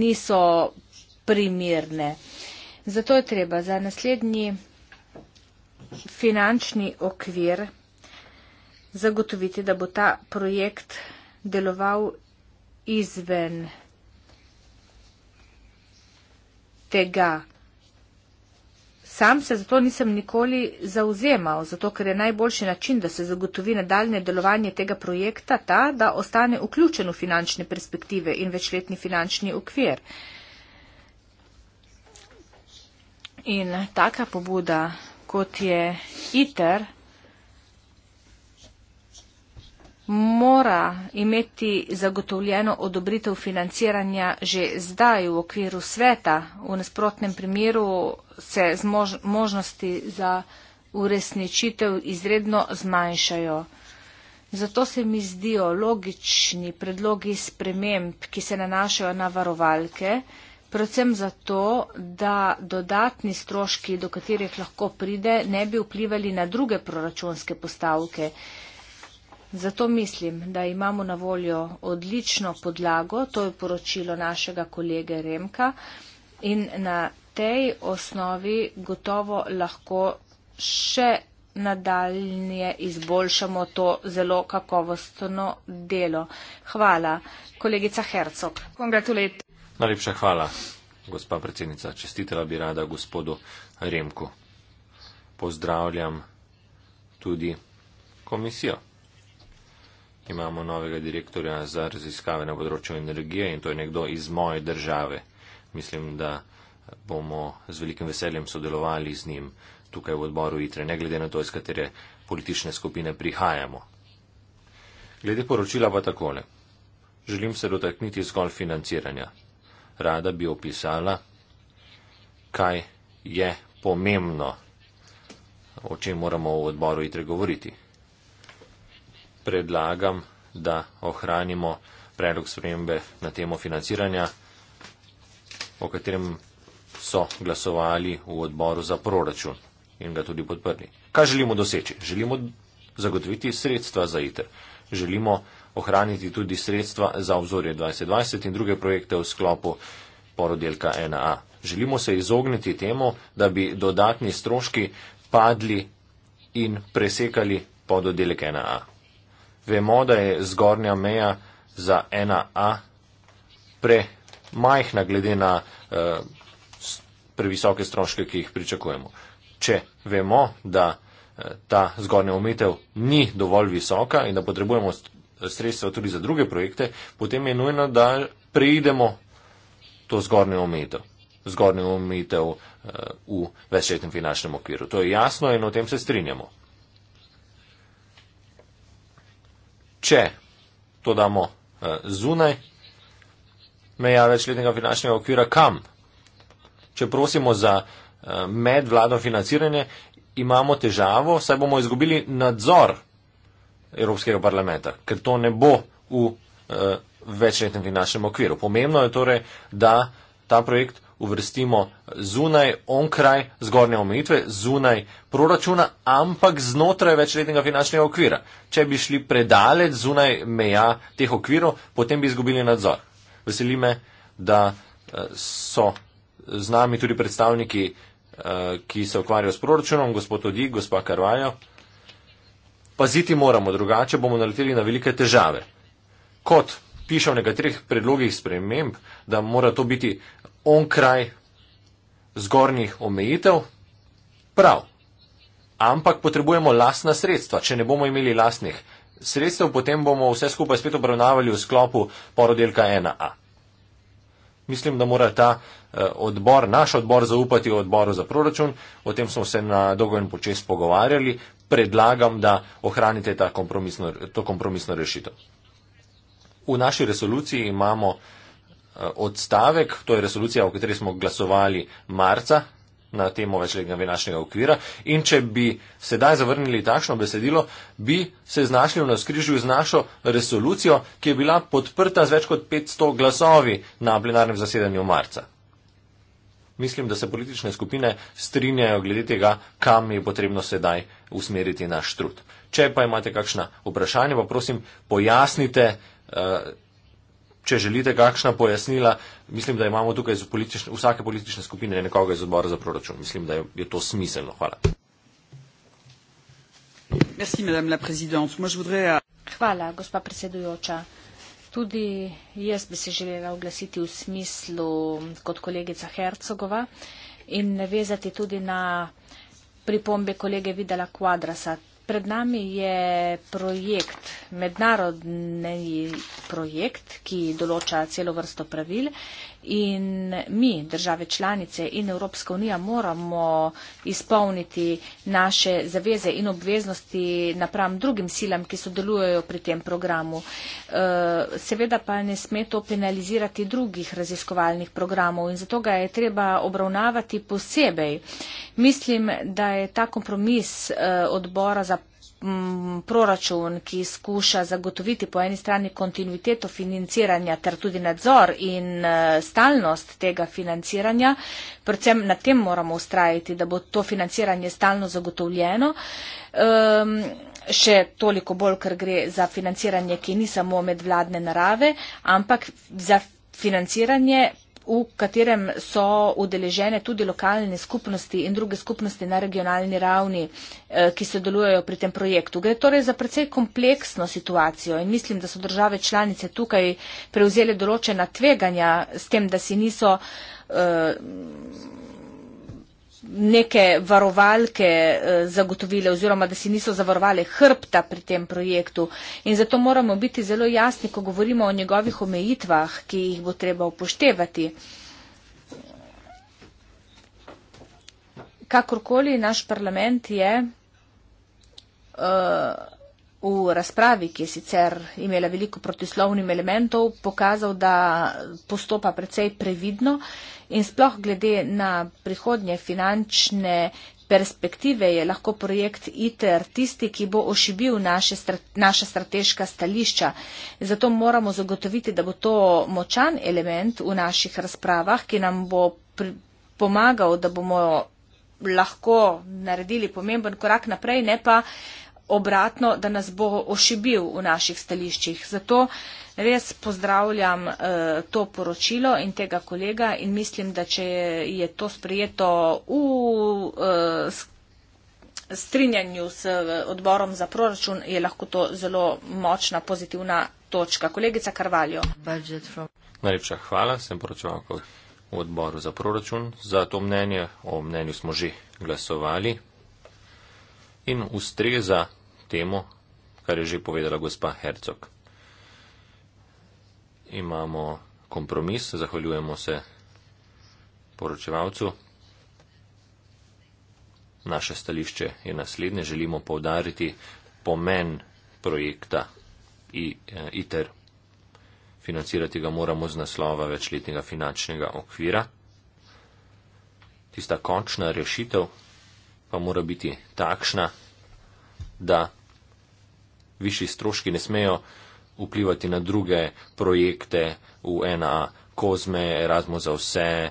niso primirne. Zato je treba za naslednji finančni okvir, zagotoviti, da bo ta projekt deloval izven tega. Sam se zato nisem nikoli zauzemal, zato ker je najboljši način, da se zagotovi nadaljne delovanje tega projekta ta, da ostane vključen v finančne perspektive in večletni finančni okvir. In taka pobuda kot je ITER, mora imeti zagotovljeno odobritev financiranja že zdaj v okviru sveta. V nasprotnem primeru se zmož, možnosti za uresničitev izredno zmanjšajo. Zato se mi zdijo logični predlogi sprememb, ki se nanašajo na varovalke, predvsem zato, da dodatni stroški, do katerih lahko pride, ne bi vplivali na druge proračunske postavke. Zato mislim, da imamo na voljo odlično podlago, to je poročilo našega kolege Remka in na tej osnovi gotovo lahko še nadaljnje izboljšamo to zelo kakovostno delo. Hvala, kolegica Hercog. Congratulate. Najlepša hvala, gospa predsednica. Čestitela bi rada gospodu Remku. Pozdravljam tudi komisijo. Imamo novega direktorja za raziskave na področju energije in to je nekdo iz moje države. Mislim, da bomo z velikim veseljem sodelovali z njim tukaj v odboru ITRE, ne glede na to, iz katere politične skupine prihajamo. Glede poročila pa takole. Želim se dotakniti zgolj financiranja rada bi opisala, kaj je pomembno, o čem moramo v odboru itre govoriti. Predlagam, da ohranimo predlog spremembe na temo financiranja, o katerem so glasovali v odboru za proračun in ga tudi podprli. Kaj želimo doseči? Želimo zagotoviti sredstva za ITER. Želimo ohraniti tudi sredstva za obzorje 2020 in druge projekte v sklopu porodelka 1A. Želimo se izogniti temu, da bi dodatni stroški padli in presekali pododelek 1A. Vemo, da je zgornja meja za 1A premajhna glede na eh, previsoke stroške, ki jih pričakujemo. Če vemo, da eh, ta zgornja omitev ni dovolj visoka in da potrebujemo sredstva tudi za druge projekte, potem je nujno, da preidemo to zgornjo omejitev, zgornjo omejitev eh, v večletnem finančnem okviru. To je jasno in o tem se strinjamo. Če to damo eh, zunaj meja večletnega finančnega okvira, kam? Če prosimo za eh, medvladno financiranje, imamo težavo, saj bomo izgubili nadzor Evropskega parlamenta, ker to ne bo v eh, večletnem finančnem okviru. Pomembno je torej, da ta projekt uvrstimo zunaj, onkraj zgornje omejitve, zunaj proračuna, ampak znotraj večletnega finančnega okvira. Če bi šli predalec zunaj meja teh okvirov, potem bi izgubili nadzor. Veseli me, da eh, so z nami tudi predstavniki, eh, ki se ukvarjajo s proračunom, gospod Odi, gospa Karvajo paziti moramo, drugače bomo naleteli na velike težave. Kot piše v nekaterih predlogih sprememb, da mora to biti on kraj zgornjih omejitev, prav. Ampak potrebujemo lasna sredstva. Če ne bomo imeli lasnih sredstev, potem bomo vse skupaj spet obravnavali v sklopu porodelka 1A. Mislim, da mora ta eh, odbor, naš odbor, zaupati odboru za proračun. O tem smo se na dolgo in počest pogovarjali predlagam, da ohranite kompromisno, to kompromisno rešitev. V naši resoluciji imamo eh, odstavek, to je resolucija, o kateri smo glasovali marca na temo večletnega finančnega okvira in če bi sedaj zavrnili takšno besedilo, bi se znašli v naskrižju z našo resolucijo, ki je bila podprta z več kot 500 glasovi na plenarnem zasedanju marca mislim, da se politične skupine strinjajo glede tega, kam je potrebno sedaj usmeriti naš trud. Če pa imate kakšna vprašanja, pa prosim pojasnite, eh, če želite kakšna pojasnila. Mislim, da imamo tukaj iz politične, vsake politične skupine nekoga iz odbora za proračun. Mislim, da je to smiselno. Hvala. Merci, euh, Hvala, gospa predsedujoča. Tudi jaz bi se želela oglasiti v smislu kot kolegica Hercogova in navezati tudi na pripombe kolege Videla Quadrasa. Pred nami je projekt, mednarodni projekt, ki določa celo vrsto pravil In mi, države članice in Evropska unija, moramo izpolniti naše zaveze in obveznosti napram drugim silam, ki sodelujejo pri tem programu. Eh, seveda pa ne sme to penalizirati drugih raziskovalnih programov in zato ga je treba obravnavati posebej. Mislim, da je ta kompromis eh, odbora za Mm, proračun, ki skuša zagotoviti po eni strani kontinuiteto financiranja ter tudi nadzor in eh, stalnost tega financiranja, predvsem na tem moramo ustrajiti, da bo to financiranje stalno zagotovljeno. Um, Še toliko bolj, ker gre za financiranje, ki ni samo medvladne narave, ampak za financiranje v katerem so udeležene tudi lokalne skupnosti in druge skupnosti na regionalni ravni, eh, ki se delujejo pri tem projektu. Gre torej za precej kompleksno situacijo in mislim, da so države članice tukaj prevzeli določena tveganja s tem, da si niso. Uh, neke varovalke eh, zagotovile oziroma, da si niso zavarovali hrbta pri tem projektu. In zato moramo biti zelo jasni, ko govorimo o njegovih omejitvah, ki jih bo treba upoštevati. Kakorkoli naš parlament je eh, v razpravi, ki je sicer imela veliko protislovnim elementov, pokazal, da postopa precej previdno in sploh glede na prihodnje finančne perspektive je lahko projekt ITER tisti, ki bo ošibil naše, naša strateška stališča. Zato moramo zagotoviti, da bo to močan element v naših razpravah, ki nam bo pri, pomagal, da bomo lahko naredili pomemben korak naprej, ne pa obratno, da nas bo ošibil v naših stališčih. Zato res pozdravljam eh, to poročilo in tega kolega in mislim, da če je to sprejeto v eh, strinjanju s eh, odborom za proračun, je lahko to zelo močna pozitivna točka. Kolegica Karvaljo. Najlepša hvala, sem poročal v odboru za proračun za to mnenje. O mnenju smo že glasovali in ustreza temu, kar je že povedala gospa Hercog. Imamo kompromis, zahvaljujemo se poročevalcu. Naše stališče je naslednje. Želimo povdariti pomen projekta eh, ITER. Financirati ga moramo z naslova večletnega finančnega okvira. Tista končna rešitev pa mora biti takšna, da višji stroški ne smejo vplivati na druge projekte v NA, Kozme, Erasmus za vse,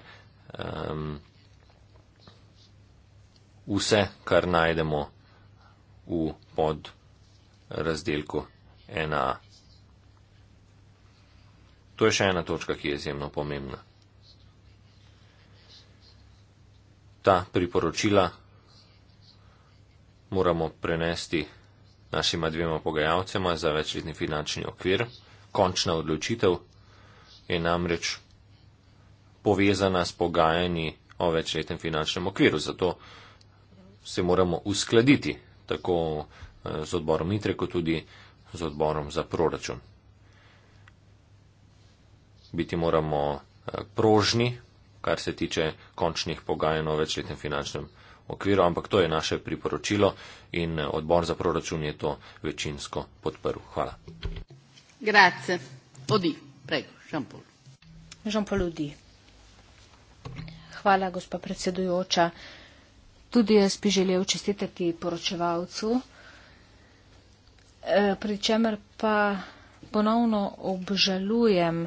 um, vse, kar najdemo v pod razdelku NA. To je še ena točka, ki je izjemno pomembna. Ta priporočila moramo prenesti našima dvema pogajalcema za večletni finančni okvir, končna odločitev je namreč povezana s pogajanji o večletnem finančnem okviru, zato se moramo uskladiti tako eh, z odborom Mitre, kot tudi z odborom za proračun. Biti moramo eh, prožni, kar se tiče končnih pogajanj o večletnem finančnem okviru okviru, ampak to je naše priporočilo in eh, odbor za proračun je to večinsko podprl. Hvala. Grazie. Odi, prej, Žampol. Žampol, odi. Hvala, gospa predsedujoča. Tudi jaz bi želel čestitati poročevalcu, eh, pri čemer pa ponovno obžalujem,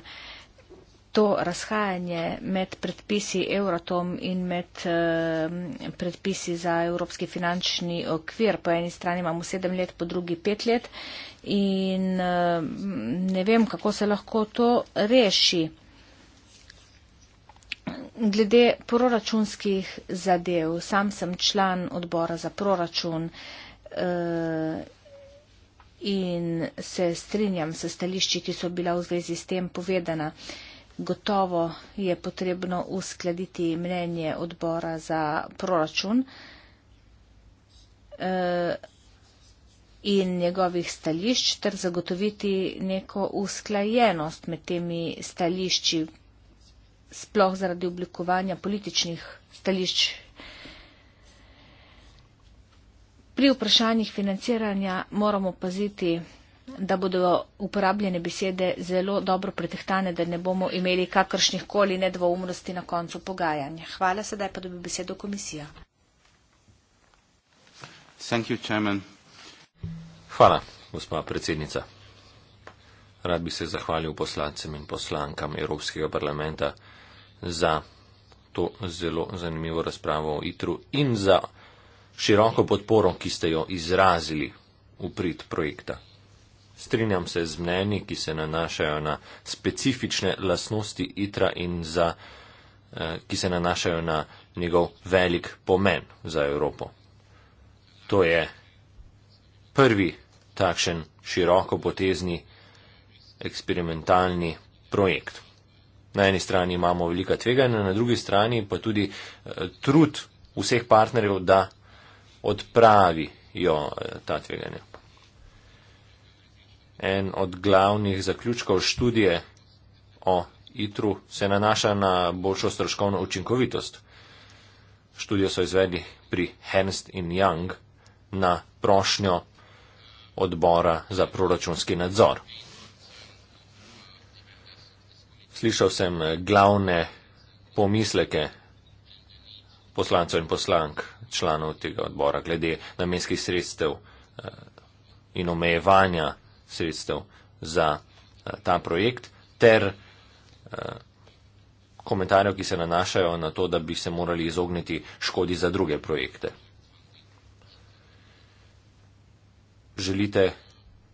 to razhajanje med predpisi Euratom in med ehm, predpisi za Evropski finančni okvir. Po eni strani imamo sedem let, po drugi pet let in ehm, ne vem, kako se lahko to reši. Glede proračunskih zadev, sam sem član odbora za proračun ehm, in se strinjam s stališči, ki so bila v zvezi s tem povedana gotovo je potrebno uskladiti mnenje odbora za proračun eh, in njegovih stališč ter zagotoviti neko usklajenost med temi stališči, sploh zaradi oblikovanja političnih stališč. Pri vprašanjih financiranja moramo paziti da bodo uporabljene besede zelo dobro pretehtane, da ne bomo imeli kakršnih koli nedvoumnosti na koncu pogajanja. Hvala, sedaj pa dobi besedo komisija. You, Hvala, gospa predsednica. Rad bi se zahvalil poslancem in poslankam Evropskega parlamenta za to zelo zanimivo razpravo o ITRU in za široko podporo, ki ste jo izrazili v prid projekta. Strinjam se z mneni, ki se nanašajo na specifične lastnosti itra in za, eh, ki se nanašajo na njegov velik pomen za Evropo. To je prvi takšen široko potezni eksperimentalni projekt. Na eni strani imamo velika tveganja, na drugi strani pa tudi eh, trud vseh partnerjev, da odpravijo eh, ta tveganja en od glavnih zaključkov študije o ITRU se nanaša na boljšo stroškovno učinkovitost. Študijo so izvedli pri Ernst in Young na prošnjo odbora za proračunski nadzor. Slišal sem glavne pomisleke poslancev in poslank članov tega odbora glede namenskih sredstev eh, in omejevanja sredstev za eh, ta projekt ter eh, komentarjev, ki se nanašajo na to, da bi se morali izogniti škodi za druge projekte. Želite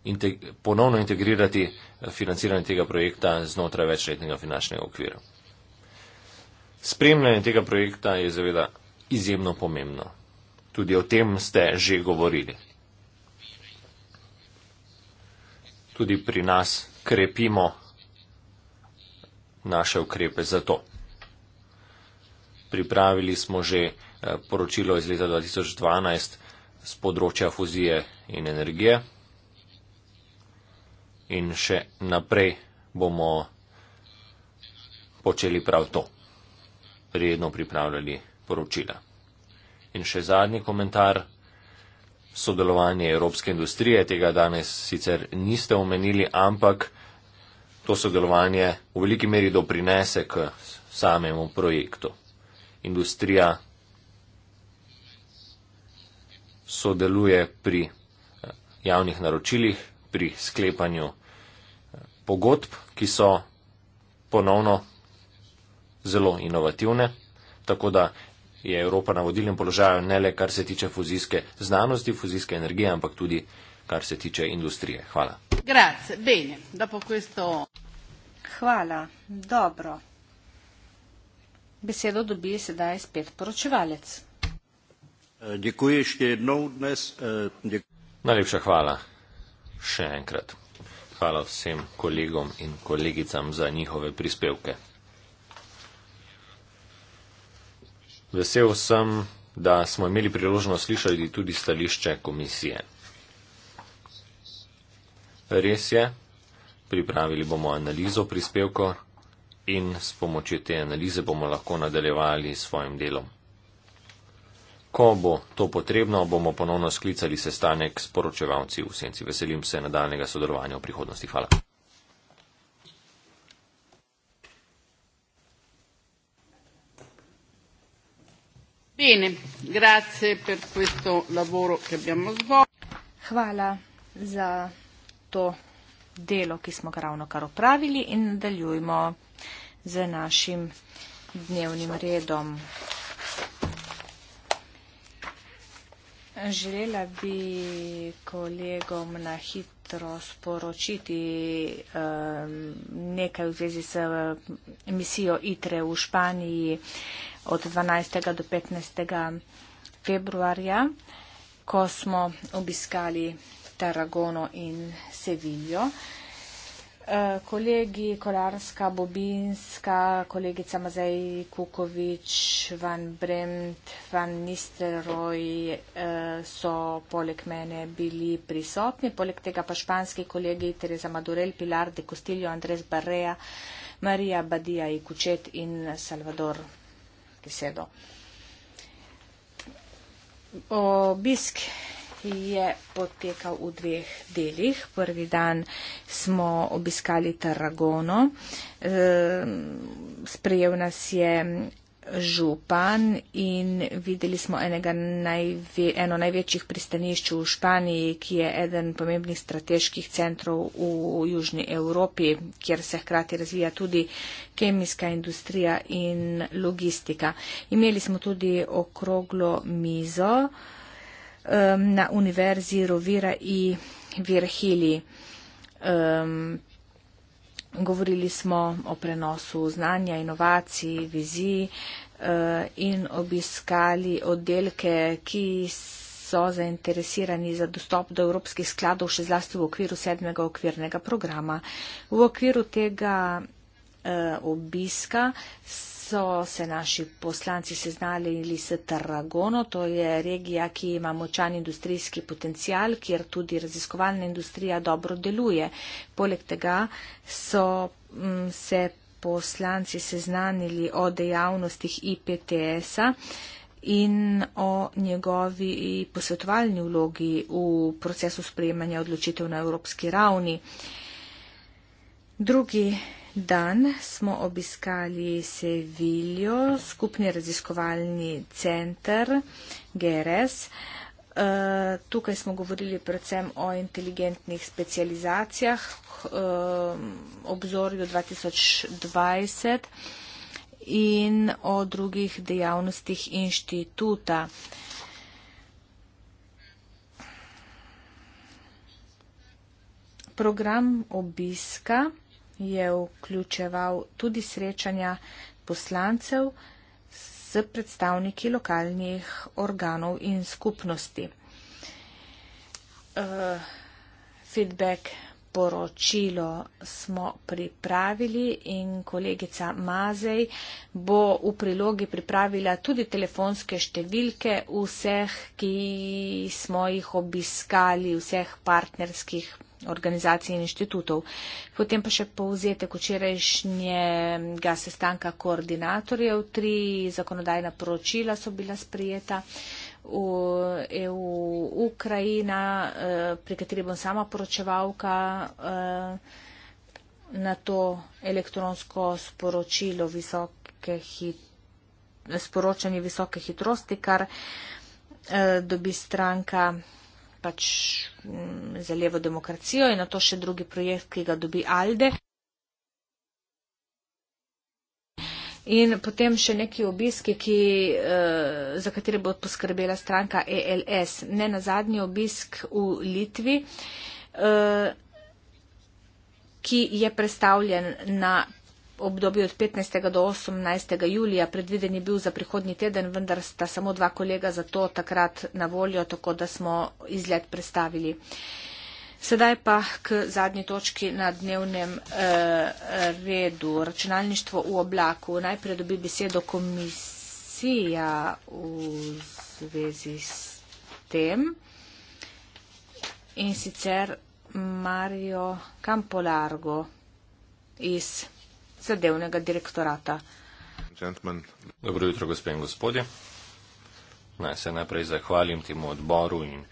integ ponovno integrirati eh, financiranje tega projekta znotraj večletnega finančnega okvira. Spremljanje tega projekta je zaveda izjemno pomembno. Tudi o tem ste že govorili. tudi pri nas krepimo naše ukrepe za to. Pripravili smo že eh, poročilo iz leta 2012 z področja fuzije in energije in še naprej bomo počeli prav to, redno pripravljali poročila. In še zadnji komentar sodelovanje evropske industrije, tega danes sicer niste omenili, ampak to sodelovanje v veliki meri doprinese k samemu projektu. Industrija sodeluje pri eh, javnih naročilih, pri sklepanju eh, pogodb, ki so ponovno zelo inovativne, tako da je Evropa na vodilnem položaju ne le kar se tiče fuzijske znanosti, fuzijske energije, ampak tudi kar se tiče industrije. Hvala. Grazie, bene, dopo questo... Hvala, dobro. Besedo dobi sedaj spet poročevalec. Eh, eh, Najlepša hvala še enkrat. Hvala vsem kolegom in kolegicam za njihove prispevke. Vesel sem, da smo imeli priložnost slišati tudi stališče komisije. Res je, pripravili bomo analizo prispevko in s pomočjo te analize bomo lahko nadaljevali s svojim delom. Ko bo to potrebno, bomo ponovno sklicali sestanek s poročevalci v senci. Veselim se nadaljnega sodelovanja v prihodnosti. Hvala. Hvala za to delo, ki smo ga ravno kar opravili in nadaljujmo z našim dnevnim redom. Želela bi kolegom na hitro sporočiti um, nekaj v zvezi z uh, misijo ITRE v Španiji. Um, od 12. do 15. februarja, ko smo obiskali Tarragono in Sevilijo. Eh, kolegi Kolarska, Bobinska, kolegica Mazej Kukovič, Van Bremt, Van Nistelrooy eh, so poleg mene bili prisotni, poleg tega pa španski kolegi Teresa Madurel, Pilar de Costillo, Andres Barrea, Marija Badija Ikučet in Salvador besedo. Obisk je potekal v dveh delih. Prvi dan smo obiskali Tarragono. Ehm, sprejel nas je župan in videli smo najve, eno največjih pristanišč v Španiji, ki je eden pomembnih strateških centrov v Južni Evropi, kjer se hkrati razvija tudi kemijska industrija in logistika. Imeli smo tudi okroglo mizo um, na univerzi Rovira in Virhili. Um, Govorili smo o prenosu znanja, inovacij, viziji eh, in obiskali oddelke, ki so zainteresirani za dostop do evropskih skladov, še zlasti v okviru sedmega okvirnega programa. V okviru tega eh, obiska so se naši poslanci seznanili s Tarragono, to je regija, ki ima močan industrijski potencial, kjer tudi raziskovalna industrija dobro deluje. Poleg tega so m, mm, se poslanci seznanili o dejavnostih IPTS-a in o njegovi posvetovalni vlogi v procesu sprejemanja odločitev na evropski ravni. Drugi dan smo obiskali Sevilijo, skupni raziskovalni center GRS. Eh, tukaj smo govorili predvsem o inteligentnih specializacijah, eh, obzorju 2020 in o drugih dejavnostih inštituta. Program obiska je vključeval tudi srečanja poslancev s predstavniki lokalnih organov in skupnosti. Uh, feedback poročilo smo pripravili in kolegica Mazej bo v prilogi pripravila tudi telefonske številke vseh, ki smo jih obiskali, vseh partnerskih organizacij in inštitutov. Potem pa še povzete kočerajšnjega sestanka koordinatorjev, tri zakonodajna poročila so bila sprijeta v, v e Ukrajina, eh, pri kateri bom sama poročevalka, eh, na to elektronsko sporočilo visoke hit, sporočanje visoke hitrosti, kar eh, dobi stranka pač mm, za levo demokracijo in na to še drugi projekt, ki ga dobi Alde. In potem še neki obiski, ki, eh, za katere bo poskrbela stranka ELS. Ne na zadnji obisk v Litvi, eh, ki je predstavljen na obdobju od 15. do 18. julija. Predviden je bil za prihodni teden, vendar sta samo dva kolega za to takrat na voljo, tako da smo izgled predstavili. Sedaj pa k zadnji točki na dnevnem eh, redu. Računalništvo v oblaku. Najprej dobi besedo komisija v zvezi s tem. In sicer Mario Campolargo iz zadevnega direktorata. Gentlemen. Dobro jutro, gospe in gospodje. Naj se najprej zahvalim temu odboru in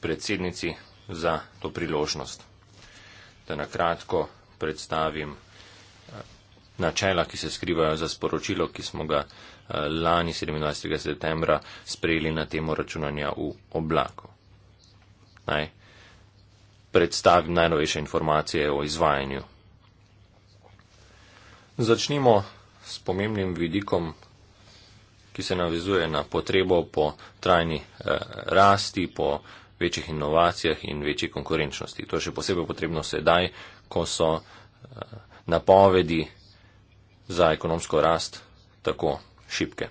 predsednici za to priložnost, da na kratko predstavim eh, načela, ki se skrivajo za sporočilo, ki smo ga eh, lani 27. septembra sprejeli na temo računanja v oblaku. Naj predstavim najnovejše informacije o izvajanju. Začnimo s pomembnim vidikom, ki se navezuje na potrebo po trajni eh, rasti, po večjih inovacijah in večji konkurenčnosti. To je še posebej potrebno sedaj, ko so eh, napovedi za ekonomsko rast tako šibke.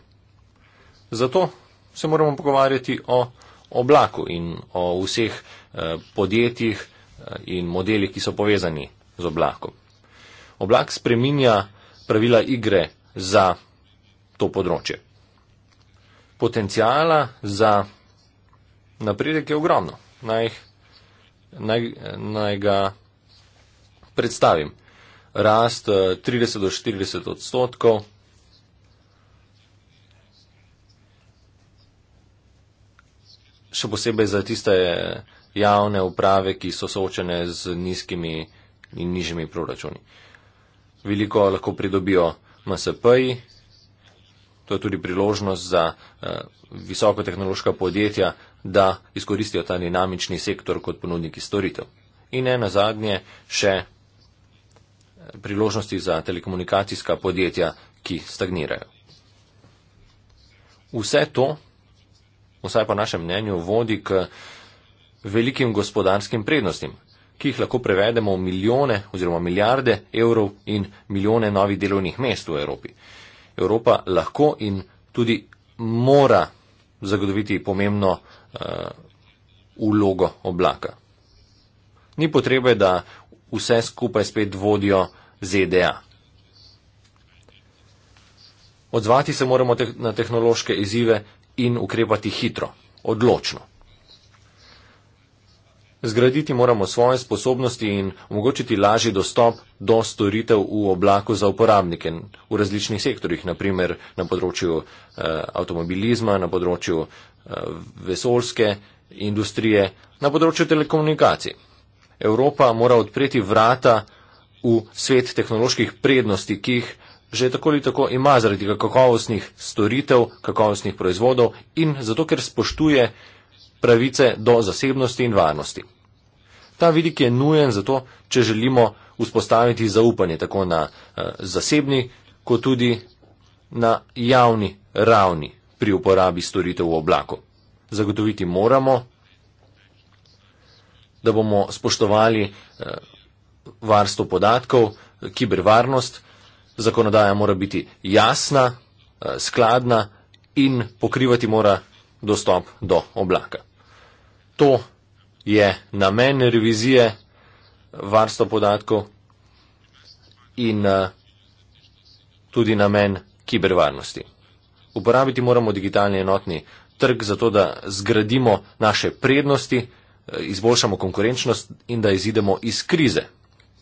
Zato se moramo pogovarjati o oblaku in o vseh eh, podjetjih eh, in modelih, ki so povezani z oblakom. Oblak spreminja pravila igre za to področje. Potencijala za Napredek je ogromno. Naj, naj, naj ga predstavim. Rast 30 eh, do 40 odstotkov. Še posebej za tiste javne uprave, ki so soočene z nizkimi in nižjimi proračuni. Veliko lahko pridobijo MSP-ji, to je tudi priložnost za uh, eh, visokotehnološka podjetja, da izkoristijo ta dinamični sektor kot ponudniki storitev. In ena zadnje še priložnosti za telekomunikacijska podjetja, ki stagnirajo. Vse to, vsaj po našem mnenju, vodi k velikim gospodarskim prednostim, ki jih lahko prevedemo v milijone oziroma milijarde evrov in milijone novih delovnih mest v Evropi. Evropa lahko in tudi mora zagotoviti pomembno Eh, vlogo oblaka. Ni potrebe, da vse skupaj spet vodijo ZDA. Odzvati se moramo te na tehnološke izzive in ukrepati hitro, odločno. Zgraditi moramo svoje sposobnosti in omogočiti lažji dostop do storitev v oblaku za uporabnike v različnih sektorjih, naprimer na področju eh, avtomobilizma, na področju Eh, vesoljske industrije, na področju telekomunikacij. Evropa mora odpreti vrata v svet tehnoloških prednosti, ki jih že tako ali tako ima zaradi kakovostnih storitev, kakovostnih proizvodov in zato, ker spoštuje pravice do zasebnosti in varnosti. Ta vidik je nujen zato, če želimo vzpostaviti zaupanje tako na eh, zasebni, kot tudi na javni ravni pri uporabi storitev v oblaku. Zagotoviti moramo, da bomo spoštovali eh, varstvo podatkov, kibervarnost, zakonodaja mora biti jasna, eh, skladna in pokrivati mora dostop do oblaka. To je namen revizije varstva podatkov in eh, tudi namen kibervarnosti uporabiti moramo digitalni enotni trg zato, da zgradimo naše prednosti, eh, izboljšamo konkurenčnost in da izidemo iz krize,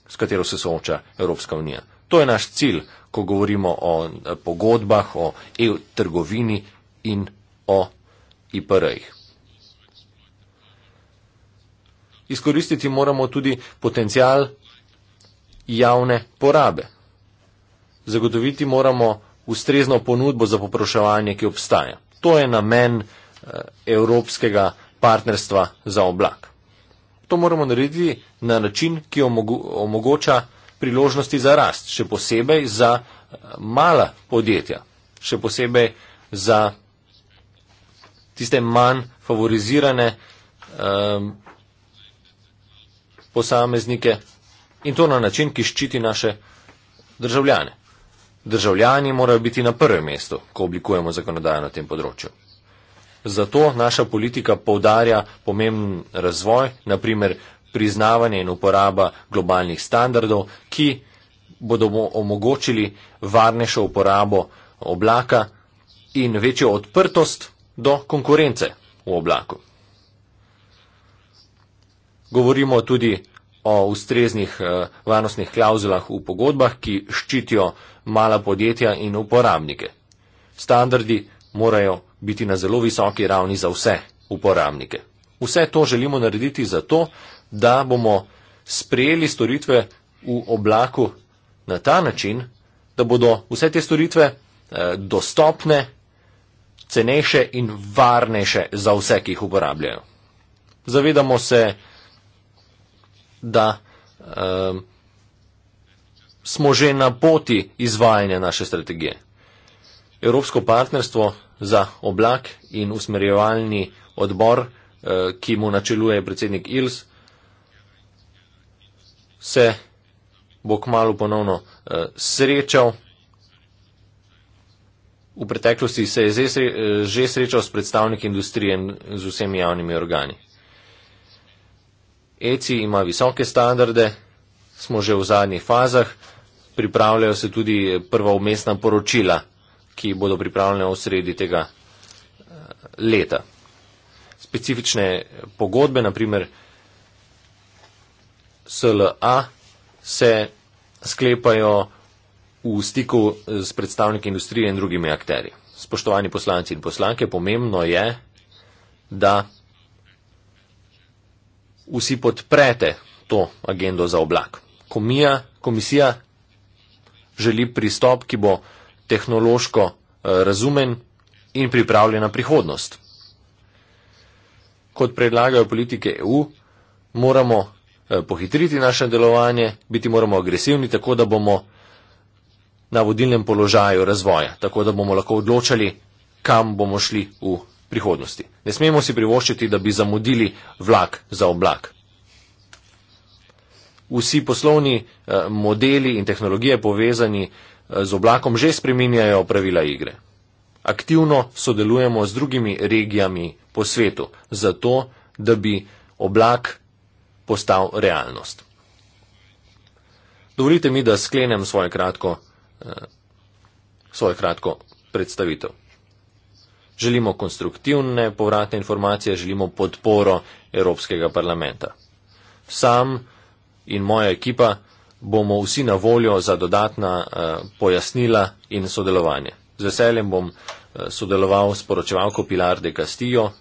s katero se sooča Evropska unija. To je naš cilj, ko govorimo o eh, pogodbah, o e-trgovini in o IPR-jih. Izkoristiti moramo tudi potencial javne porabe. Zagotoviti moramo, da ustrezno ponudbo za poprašovanje, ki obstaja. To je namen eh, evropskega partnerstva za oblak. To moramo narediti na način, ki omogoča priložnosti za rast, še posebej za eh, mala podjetja, še posebej za tiste manj favorizirane um, posameznike in to na način, ki ščiti naše državljane. Državljani morajo biti na prvem mestu, ko oblikujemo zakonodajo na tem področju. Zato naša politika povdarja pomemben razvoj, naprimer priznavanje in uporaba globalnih standardov, ki bodo omogočili varnejšo uporabo oblaka in večjo odprtost do konkurence v oblaku. Govorimo tudi o ustreznih eh, varnostnih klauzulah v pogodbah, ki ščitijo mala podjetja in uporabnike. Standardi morajo biti na zelo visoki ravni za vse uporabnike. Vse to želimo narediti zato, da bomo sprejeli storitve v oblaku na ta način, da bodo vse te storitve eh, dostopne, cenejše in varnejše za vse, ki jih uporabljajo. Zavedamo se, da um, smo že na poti izvajanja naše strategije. Evropsko partnerstvo za oblak in usmerjevalni odbor, eh, ki mu načeluje predsednik ILS, se bo kmalo ponovno eh, srečal. V preteklosti se je eh, že srečal s predstavniki industrije in z vsemi javnimi organi. ECI ima visoke standarde, smo že v zadnjih fazah pripravljajo se tudi prva umestna poročila, ki bodo pripravljena v sredi tega eh, leta. Specifične pogodbe, naprimer SLA, se sklepajo v stiku eh, s predstavniki industrije in drugimi akteri. Spoštovani poslanci in poslanke, pomembno je, da vsi podprete to agendo za oblak. Komija, komisija želi pristop, ki bo tehnološko eh, razumen in pripravljen na prihodnost. Kot predlagajo politike EU, moramo eh, pohitriti naše delovanje, biti moramo agresivni, tako da bomo na vodilnem položaju razvoja, tako da bomo lahko odločali, kam bomo šli v prihodnosti. Ne smemo si privoščiti, da bi zamudili vlak za oblak vsi poslovni eh, modeli in tehnologije povezani eh, z oblakom že spreminjajo pravila igre. Aktivno sodelujemo z drugimi regijami po svetu, zato da bi oblak postal realnost. Dovolite mi, da sklenem svoje kratko, eh, svoje kratko predstavitev. Želimo konstruktivne povratne informacije, želimo podporo Evropskega parlamenta. Sam uh, in moja ekipa bomo vsi na voljo za dodatna eh, pojasnila in sodelovanje. Z veseljem bom eh, sodeloval s poročevalko Pilar de Castillo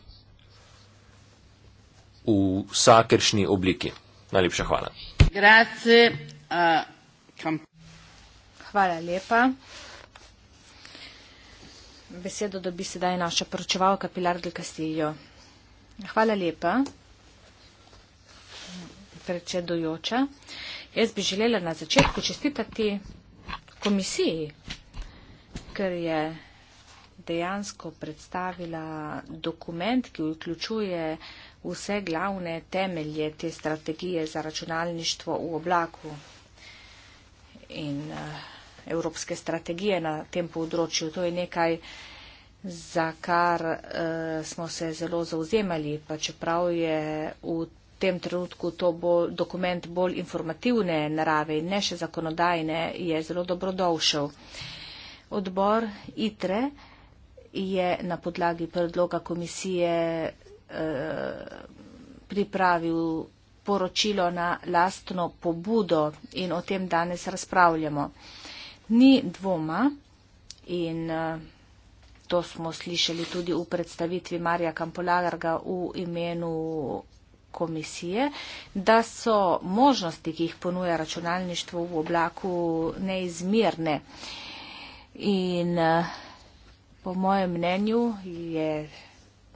v vsakršni obliki. Najlepša hvala. Grazie, uh, hvala lepa. Besedo dobi sedaj naša poročevalka Pilar de Castillo. Hvala lepa predsedujoča. Jaz bi želela na začetku čestitati komisiji, ker je dejansko predstavila dokument, ki vključuje vse glavne temelje te strategije za računalništvo v oblaku in eh, evropske strategije na tem področju. To je nekaj, za kar uh, smo se zelo zauzemali, pa čeprav je v tem trenutku to bo dokument bolj informativne narave in ne še zakonodajne, je zelo dobro došel. Odbor ITRE je na podlagi predloga komisije eh, pripravil poročilo na lastno pobudo in o tem danes razpravljamo. Ni dvoma in eh, to smo slišali tudi v predstavitvi Marija Kampolagarga v imenu komisije, da so možnosti, ki jih ponuja računalništvo v oblaku, neizmirne. In eh, po mojem mnenju je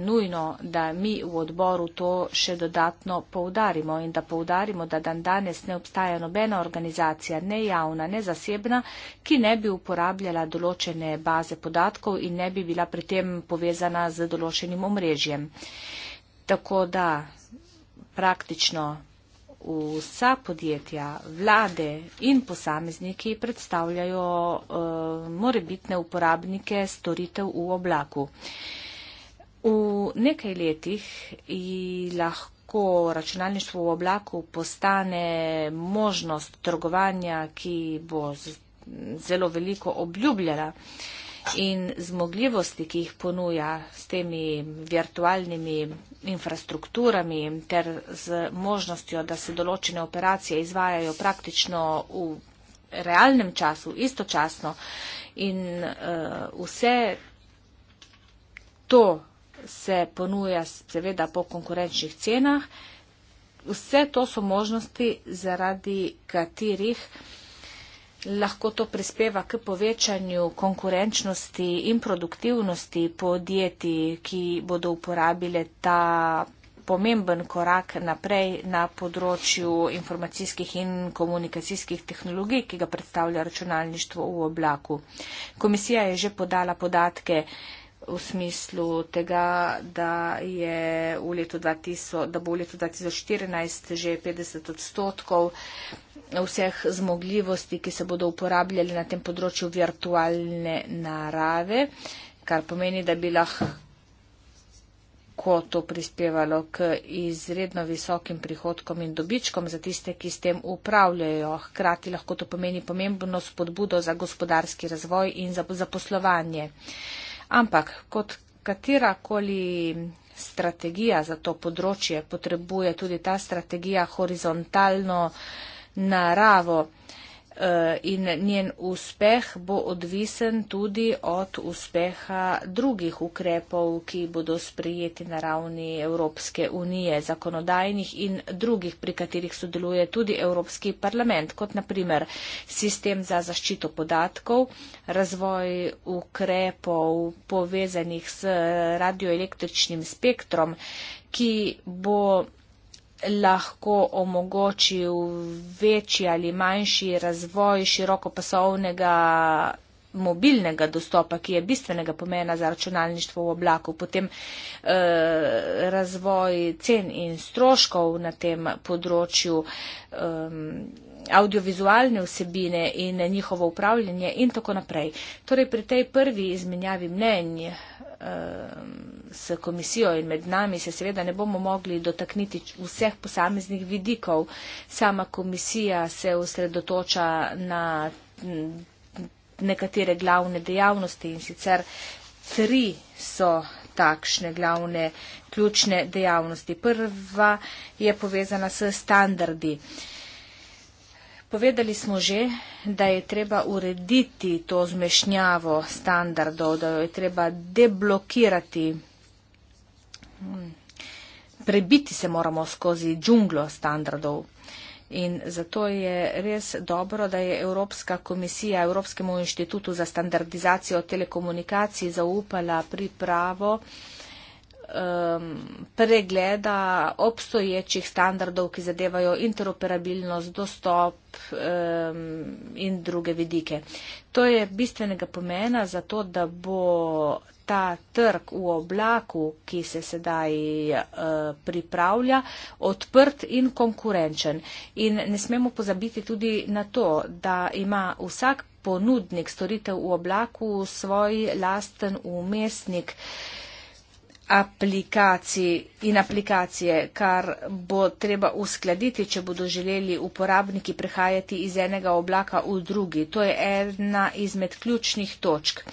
nujno, da mi v odboru to še dodatno poudarimo in da poudarimo, da dan danes ne obstaja nobena organizacija, ne javna, ne zasebna, ki ne bi uporabljala določene baze podatkov in ne bi bila pri tem povezana z določenim omrežjem. Tako da praktično vsa podjetja, vlade in posamezniki predstavljajo eh, morebitne uporabnike storitev v oblaku. V nekaj letih lahko računalništvo v oblaku postane možnost trgovanja, ki bo zelo veliko obljubljala. Uh, in zmogljivosti, ki jih ponuja s temi virtualnimi infrastrukturami ter z možnostjo, da se določene operacije izvajajo praktično v realnem času, istočasno in uh, vse to se ponuja seveda po konkurenčnih cenah. Vse to so možnosti, zaradi katerih uh, lahko to prispeva k povečanju konkurenčnosti in produktivnosti podjetij, ki bodo uporabile ta pomemben korak naprej na področju informacijskih in komunikacijskih tehnologij, ki ga predstavlja računalništvo v oblaku. Komisija je že podala podatke v smislu tega, da, je v 2000, da bo v letu 2014 že 50 odstotkov vseh zmogljivosti, ki se bodo uporabljali na tem področju virtualne narave, kar pomeni, da bi lahko to prispevalo k izredno visokim prihodkom in dobičkom za tiste, ki s tem upravljajo. Hkrati lahko to pomeni pomembno spodbudo za gospodarski razvoj in za zaposlovanje. Ampak kot katerakoli strategija za to področje potrebuje tudi ta strategija horizontalno naravo. Eh, in njen uspeh bo odvisen tudi od uspeha drugih ukrepov, ki bodo sprejeti na ravni Evropske unije, zakonodajnih in drugih, pri katerih sodeluje tudi Evropski parlament, kot naprimer sistem za zaščito podatkov, razvoj ukrepov povezanih s radioelektričnim spektrom, ki bo lahko omogočil večji ali manjši razvoj širokopasovnega mobilnega dostopa, ki je bistvenega pomena za računalništvo v oblaku, potem eh, razvoj cen in stroškov na tem področju. Eh, audiovizualne vsebine in njihovo upravljanje in tako naprej. Torej pri tej prvi izmenjavi mnenj eh, Eh, s komisijo in med nami se seveda ne bomo mogli dotakniti vseh posameznih vidikov. Sama komisija se osredotoča na mm, nekatere glavne dejavnosti in sicer tri so takšne glavne ključne dejavnosti. Prva je povezana s standardi. Uh, Povedali smo že, da je treba urediti to zmešnjavo standardov, da je treba deblokirati, hmm. prebiti se moramo skozi džunglo standardov. In zato je res dobro, da je Evropska komisija Evropskemu inštitutu za standardizacijo telekomunikacij zaupala pripravo um, pregleda obstoječih standardov, ki zadevajo interoperabilnost, dostop um, in druge vidike. To je bistvenega pomena za to, da bo ta trg v oblaku, ki se sedaj uh, pripravlja, odprt in konkurenčen. In ne smemo pozabiti tudi na to, da ima vsak ponudnik storitev v oblaku svoj lasten umestnik. Uh, aplikacij in aplikacije, kar bo treba uskladiti, če bodo želeli uporabniki prehajati iz enega oblaka v drugi. To je ena izmed ključnih točk.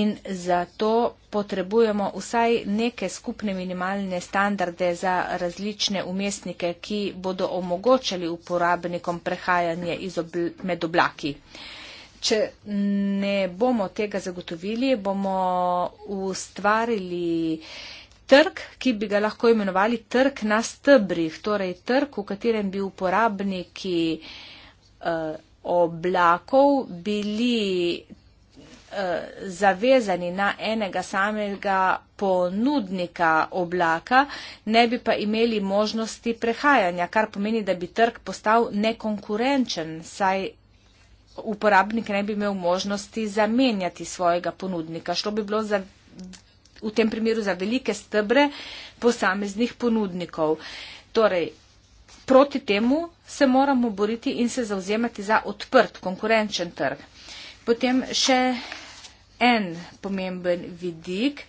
In zato potrebujemo vsaj neke skupne minimalne standarde za različne umestnike, ki bodo omogočali uporabnikom prehajanje obl med oblaki. Uh, Če ne bomo tega zagotovili, bomo ustvarili trg, ki bi ga lahko imenovali trg na stebrih, torej trg, v katerem bi uporabniki eh, oblakov bili eh, zavezani na enega samega ponudnika oblaka, ne bi pa imeli možnosti prehajanja, kar pomeni, da bi trg postal nekonkurenčen, saj uporabnik ne bi imel možnosti zamenjati svojega ponudnika. Što bi bilo za, v tem primeru za velike stebre posameznih ponudnikov. Torej, proti temu se moramo boriti in se zauzemati za odprt, konkurenčen trg. Potem še en pomemben vidik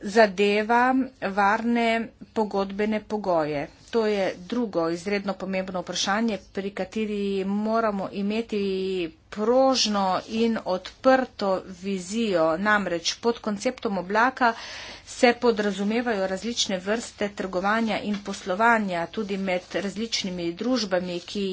zadeva varne pogodbene pogoje. To je drugo izredno pomembno vprašanje, pri kateri moramo imeti prožno in odprto vizijo. Namreč pod konceptom oblaka se podrazumevajo različne vrste trgovanja in poslovanja tudi med različnimi družbami, ki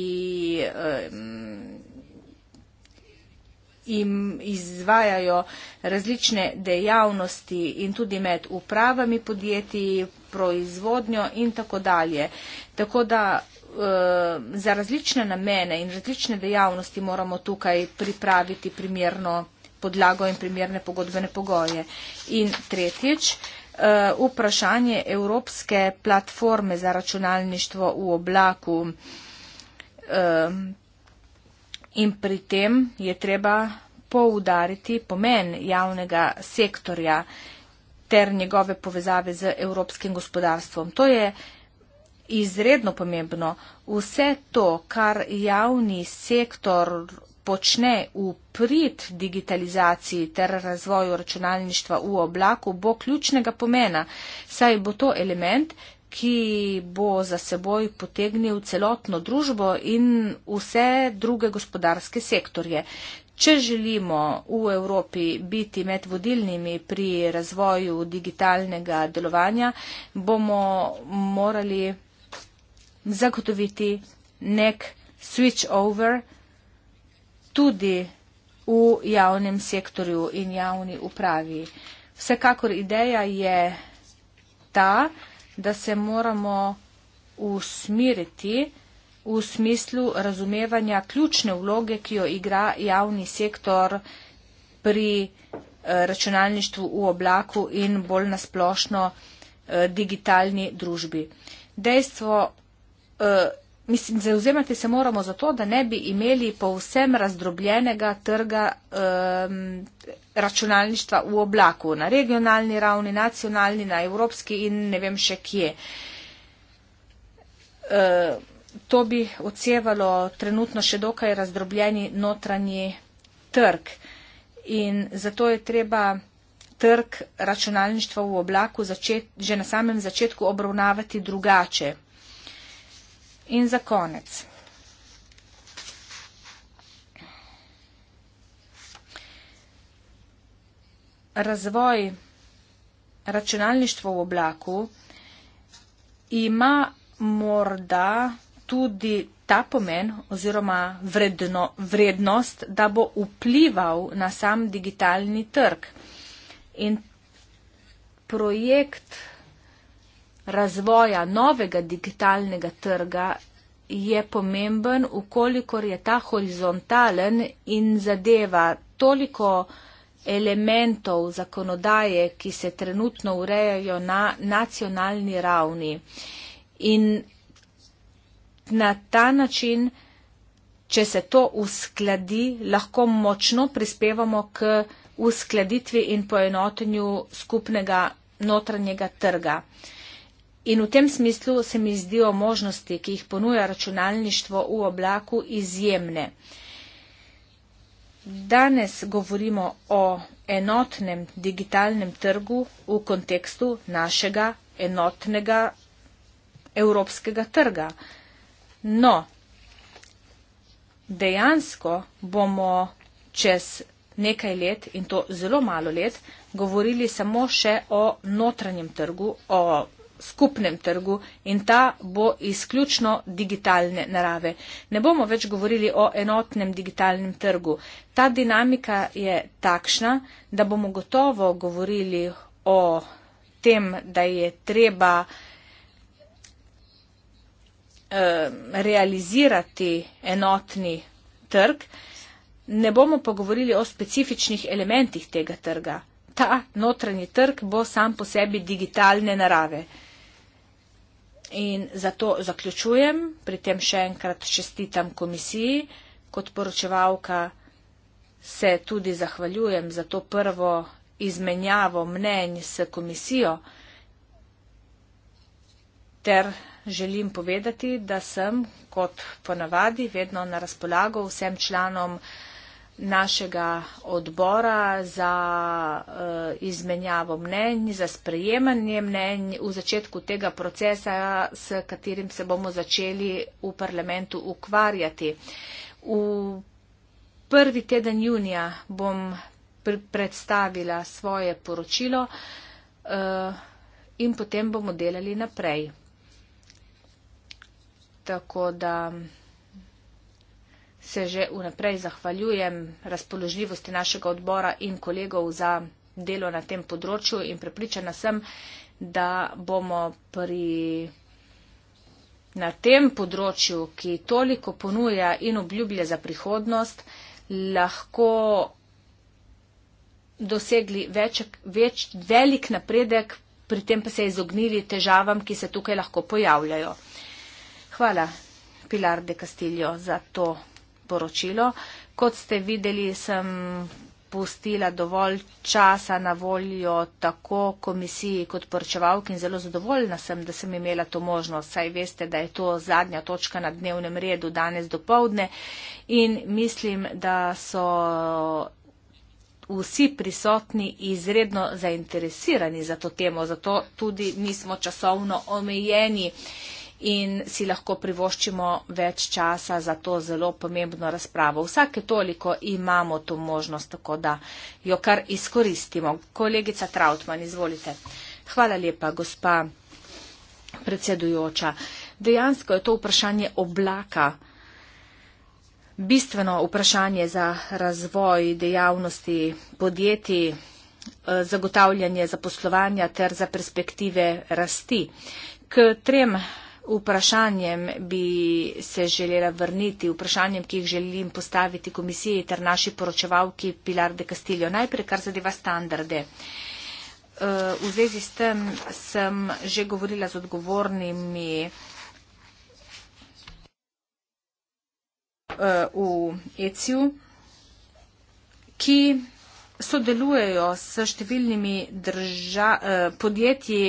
jim izvajajo različne dejavnosti in tudi med upravami podjetij proizvodnjo in tako dalje. Tako da e, za različne namene in različne dejavnosti moramo tukaj pripraviti primerno podlago in primerne pogodbene pogoje. In tretjič, e, vprašanje Evropske platforme za računalništvo v oblaku. E, in pri tem je treba poudariti pomen javnega sektorja ter njegove povezave z evropskim gospodarstvom. To je izredno pomembno. Vse to, kar javni sektor počne v prid digitalizaciji ter razvoju računalništva v oblaku, bo ključnega pomena, saj bo to element, ki bo za seboj potegnil celotno družbo in vse druge gospodarske sektorje. Če želimo v Evropi biti med vodilnimi pri razvoju digitalnega delovanja, bomo morali zagotoviti nek switch over tudi v javnem sektorju in javni upravi. Vsekakor ideja je ta, da se moramo usmeriti, v smislu razumevanja ključne vloge, ki jo igra javni sektor pri eh, računalništvu v oblaku in bolj nasplošno eh, digitalni družbi. Dejstvo, eh, mislim, zauzemati se moramo za to, da ne bi imeli povsem razdrobljenega trga računalništva v oblaku na regionalni ravni, nacionalni, na evropski in ne vem še kje to bi odsevalo trenutno še dokaj razdrobljeni notranji trg. In zato je treba trg računalništva v oblaku začet, že na samem začetku obravnavati drugače. In za konec. Razvoj računalništva v oblaku ima morda tudi ta pomen oziroma vredno, vrednost, da bo vplival na sam digitalni trg. In projekt razvoja novega digitalnega trga je pomemben, ukolikor je ta horizontalen in zadeva toliko elementov zakonodaje, ki se trenutno urejajo na nacionalni ravni. In na ta način, če se to uskladi, lahko močno prispevamo k uskladitvi in poenotenju skupnega notranjega trga. In v tem smislu se mi zdijo možnosti, ki jih ponuja računalništvo v oblaku, izjemne. Danes govorimo o enotnem digitalnem trgu v kontekstu našega enotnega evropskega trga. No, dejansko bomo čez nekaj let in to zelo malo let govorili samo še o notranjem trgu, o skupnem trgu in ta bo izključno digitalne narave. Ne bomo več govorili o enotnem digitalnem trgu. Ta dinamika je takšna, da bomo gotovo govorili o tem, da je treba uh, Eh, realizirati enotni trg, ne bomo pogovorili o specifičnih elementih tega trga. Ta notranji trg bo sam po sebi digitalne narave. In zato zaključujem, pri tem še enkrat čestitam komisiji, kot poročevalka se tudi zahvaljujem za to prvo izmenjavo mnenj s komisijo ter želim povedati, da sem kot ponavadi vedno na razpolago vsem članom našega odbora za uh, izmenjavo mnenj, za sprejemanje mnenj v začetku tega procesa, s katerim se bomo začeli v parlamentu ukvarjati. V prvi teden junija bom pr predstavila svoje poročilo uh, in potem bomo delali naprej tako da se že unaprej zahvaljujem razpoložljivosti našega odbora in kolegov za delo na tem področju in prepričana sem, da bomo pri na tem področju, ki toliko ponuja in obljublja za prihodnost, lahko dosegli več, več, velik napredek, pri tem pa se izognili težavam, ki se tukaj lahko pojavljajo. Hvala, Pilar de Castillo, za to poročilo. Kot ste videli, sem pustila dovolj časa na voljo tako komisiji kot poročevalki in zelo zadovoljna sem, da sem imela to možnost. Saj veste, da je to zadnja točka na dnevnem redu danes do povdne in mislim, da so vsi prisotni izredno zainteresirani za to temo, zato tudi nismo časovno omejeni. Uh, in si lahko privoščimo več časa za to zelo pomembno razpravo. Vsake toliko imamo to možnost, tako da jo kar izkoristimo. Kolegica Trautman, izvolite. Hvala lepa, gospa predsedujoča. Dejansko je to vprašanje oblaka. Bistveno vprašanje za razvoj dejavnosti podjetij, zagotavljanje zaposlovanja ter za perspektive rasti. K trem vprašanjem bi se želela vrniti, vprašanjem, ki jih želim postaviti komisiji ter naši poročevalki Pilar de Castillo. Najprej, kar zadeva standarde. Eh, v zvezi s tem sem že govorila z odgovornimi eh, v ECU, ki sodelujejo s številnimi eh, podjetji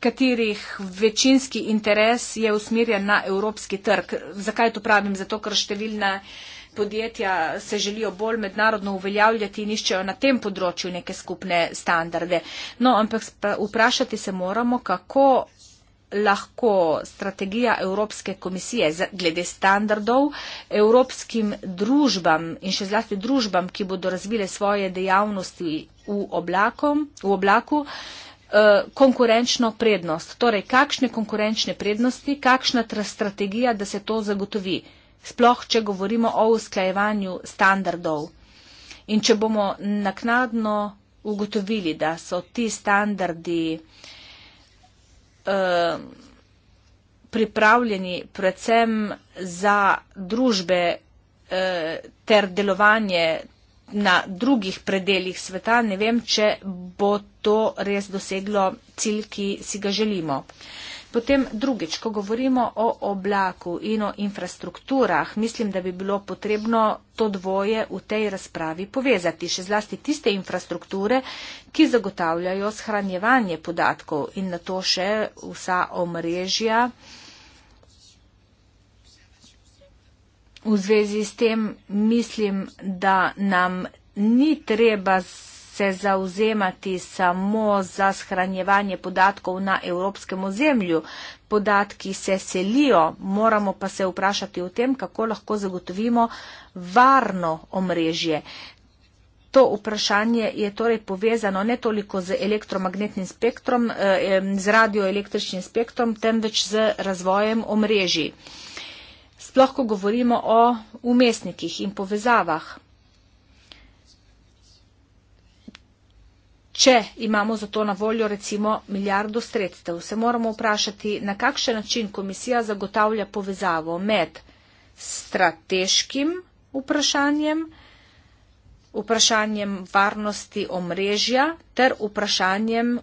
katerih večinski interes je usmerjen na evropski trg. Zakaj to pravim? Zato, ker številne podjetja se želijo bolj mednarodno uveljavljati in iščejo na tem področju neke skupne standarde. No, ampak vprašati se moramo, kako lahko strategija Evropske komisije glede standardov evropskim družbam in še zlasti družbam, ki bodo razvile svoje dejavnosti v, oblakom, v oblaku, Eh, konkurenčno prednost. Torej, kakšne konkurenčne prednosti, kakšna strategija, da se to zagotovi, sploh če govorimo o usklajevanju standardov. In če bomo naknadno ugotovili, da so ti standardi eh, pripravljeni predvsem za družbe eh, ter delovanje na drugih predeljih sveta. Ne vem, če bo to res doseglo cilj, ki si ga želimo. Potem drugič, ko govorimo o oblaku in o infrastrukturah, mislim, da bi bilo potrebno to dvoje v tej razpravi povezati, še zlasti tiste infrastrukture, ki zagotavljajo shranjevanje podatkov in na to še vsa omrežja. v zvezi s tem mislim, da nam ni treba se zauzemati samo za shranjevanje podatkov na evropskem ozemlju. Podatki se selijo, moramo pa se vprašati o tem, kako lahko zagotovimo varno omrežje. To vprašanje je torej povezano ne toliko z elektromagnetnim spektrom, eh, z radioelektričnim spektrom, temveč z razvojem omrežij sploh, ko govorimo o umestnikih in povezavah. Če imamo za to na voljo recimo milijardo sredstev, se moramo vprašati, na kakšen način komisija zagotavlja povezavo med strateškim vprašanjem, vprašanjem varnosti omrežja ter vprašanjem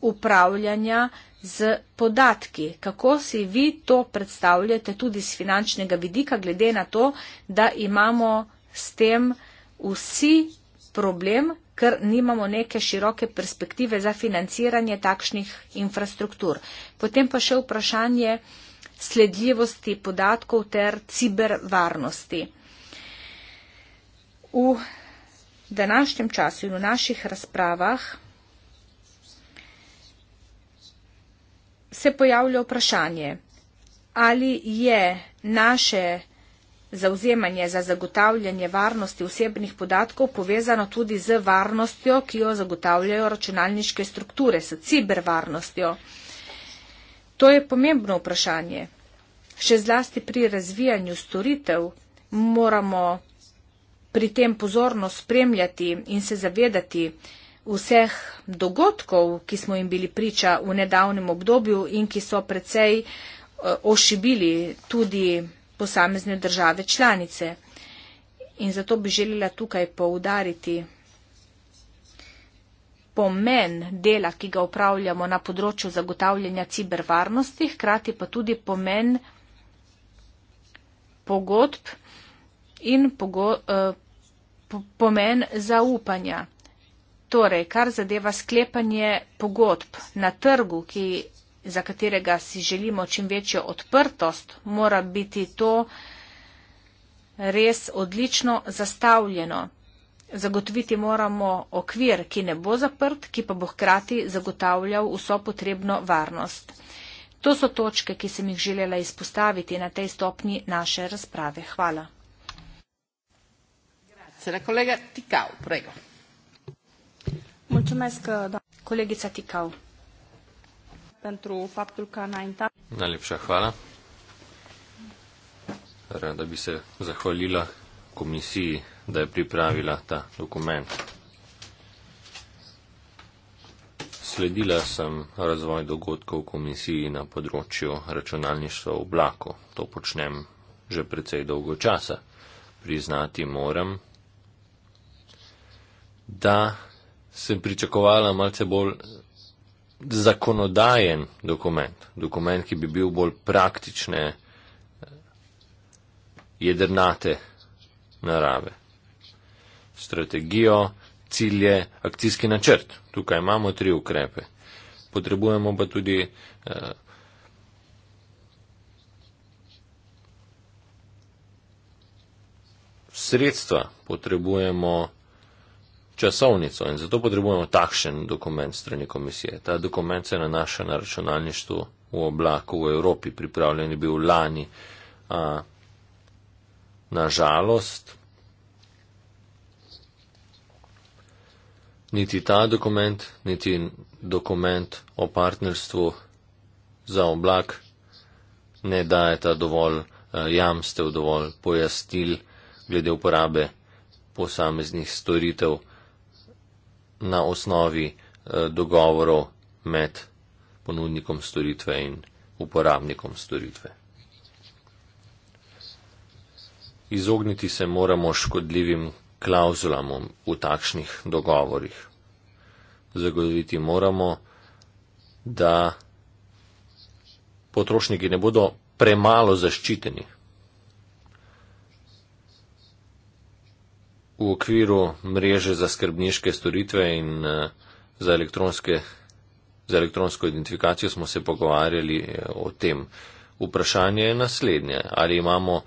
upravljanja z podatki. Kako si vi to predstavljate tudi z finančnega vidika, glede na to, da imamo s tem vsi problem, ker nimamo neke široke perspektive za financiranje takšnih infrastruktur. Potem pa še vprašanje sledljivosti podatkov ter cibervarnosti. V današnjem času in v naših razpravah se pojavlja vprašanje, ali je naše zauzemanje za zagotavljanje varnosti osebnih podatkov povezano tudi z varnostjo, ki jo zagotavljajo računalniške strukture, s cibervarnostjo. To je pomembno vprašanje. Še zlasti pri razvijanju storitev moramo pri tem pozorno spremljati in se zavedati, vseh dogodkov, ki smo jim bili priča v nedavnem obdobju in ki so precej eh, ošibili tudi posamezne države članice. In zato bi želela tukaj poudariti pomen dela, ki ga upravljamo na področju zagotavljanja cibervarnosti, hkrati pa tudi pomen pogodb in pogo, eh, pomen zaupanja torej, kar zadeva sklepanje pogodb na trgu, ki, za katerega si želimo čim večjo odprtost, mora biti to res odlično zastavljeno. Zagotoviti moramo okvir, ki ne bo zaprt, ki pa bo hkrati zagotavljal vso potrebno varnost. To so točke, ki sem jih želela izpostaviti na tej stopni naše razprave. Hvala. Grazie, la collega Ticao, prego. Mulțumesc, doamna colegița Ticau, pentru faptul că înaintea... Najlepša hvala. Rada bi se zahvalila komisiji, da je pripravila ta dokument. Sledila sem razvoj dogodkov komisiji na področju računalništva v oblaku. To počnem že precej dolgo časa. Priznati moram, da sem pričakovala malce bolj zakonodajen dokument, dokument, ki bi bil bolj praktične, eh, jedrnate narave. Strategijo, cilje, akcijski načrt. Tukaj imamo tri ukrepe. Potrebujemo pa tudi eh, sredstva, potrebujemo časovnico in zato potrebujemo takšen dokument strani komisije. Ta dokument se nanaša na računalništvo v oblaku v Evropi, pripravljen je bil lani. A, na žalost, niti ta dokument, niti dokument o partnerstvu za oblak ne dajeta dovolj jamstev, dovolj pojasnil glede uporabe posameznih storitev na osnovi eh, dogovorov med ponudnikom storitve in uporabnikom storitve. Izogniti se moramo škodljivim klauzulam v takšnih dogovorih. Zagotoviti moramo, da potrošniki ne bodo premalo zaščiteni. v okviru mreže za skrbniške storitve in eh, za, za elektronsko identifikacijo smo se pogovarjali eh, o tem. Vprašanje je naslednje, ali imamo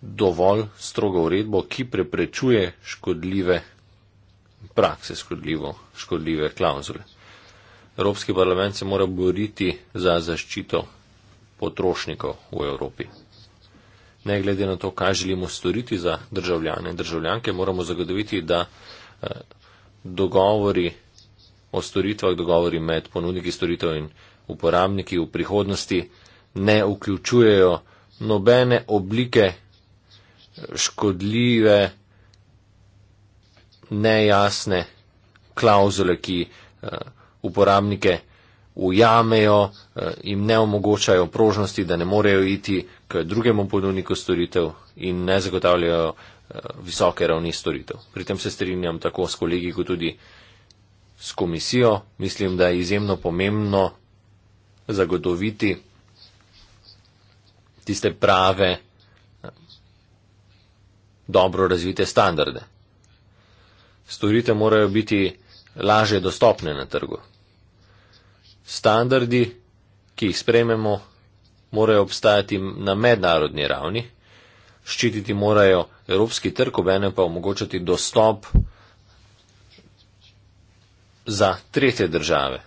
dovolj strogo uredbo, ki preprečuje škodljive prakse, škodljivo, škodljive klauzule. Evropski parlament se mora boriti za zaščito potrošnikov v Evropi ne glede na to, kaj želimo storiti za državljane in državljanke, moramo zagotoviti, da eh, dogovori o storitvah, dogovori med ponudniki storitev in uporabniki v prihodnosti ne vključujejo nobene oblike eh, škodljive, nejasne klauzule, ki eh, uporabnike ujamejo Eh, jim ne omogočajo prožnosti, da ne morejo iti k drugemu ponudniku storitev in ne zagotavljajo eh, visoke ravni storitev. Pri tem se strinjam tako s kolegi, kot tudi s komisijo. Mislim, da je izjemno pomembno zagotoviti tiste prave, eh, dobro razvite standarde. Storitev morajo biti laže dostopne na trgu. Standardi ki jih sprememo, morajo obstajati na mednarodni ravni, ščititi morajo evropski trg, obene pa omogočati dostop za tretje države,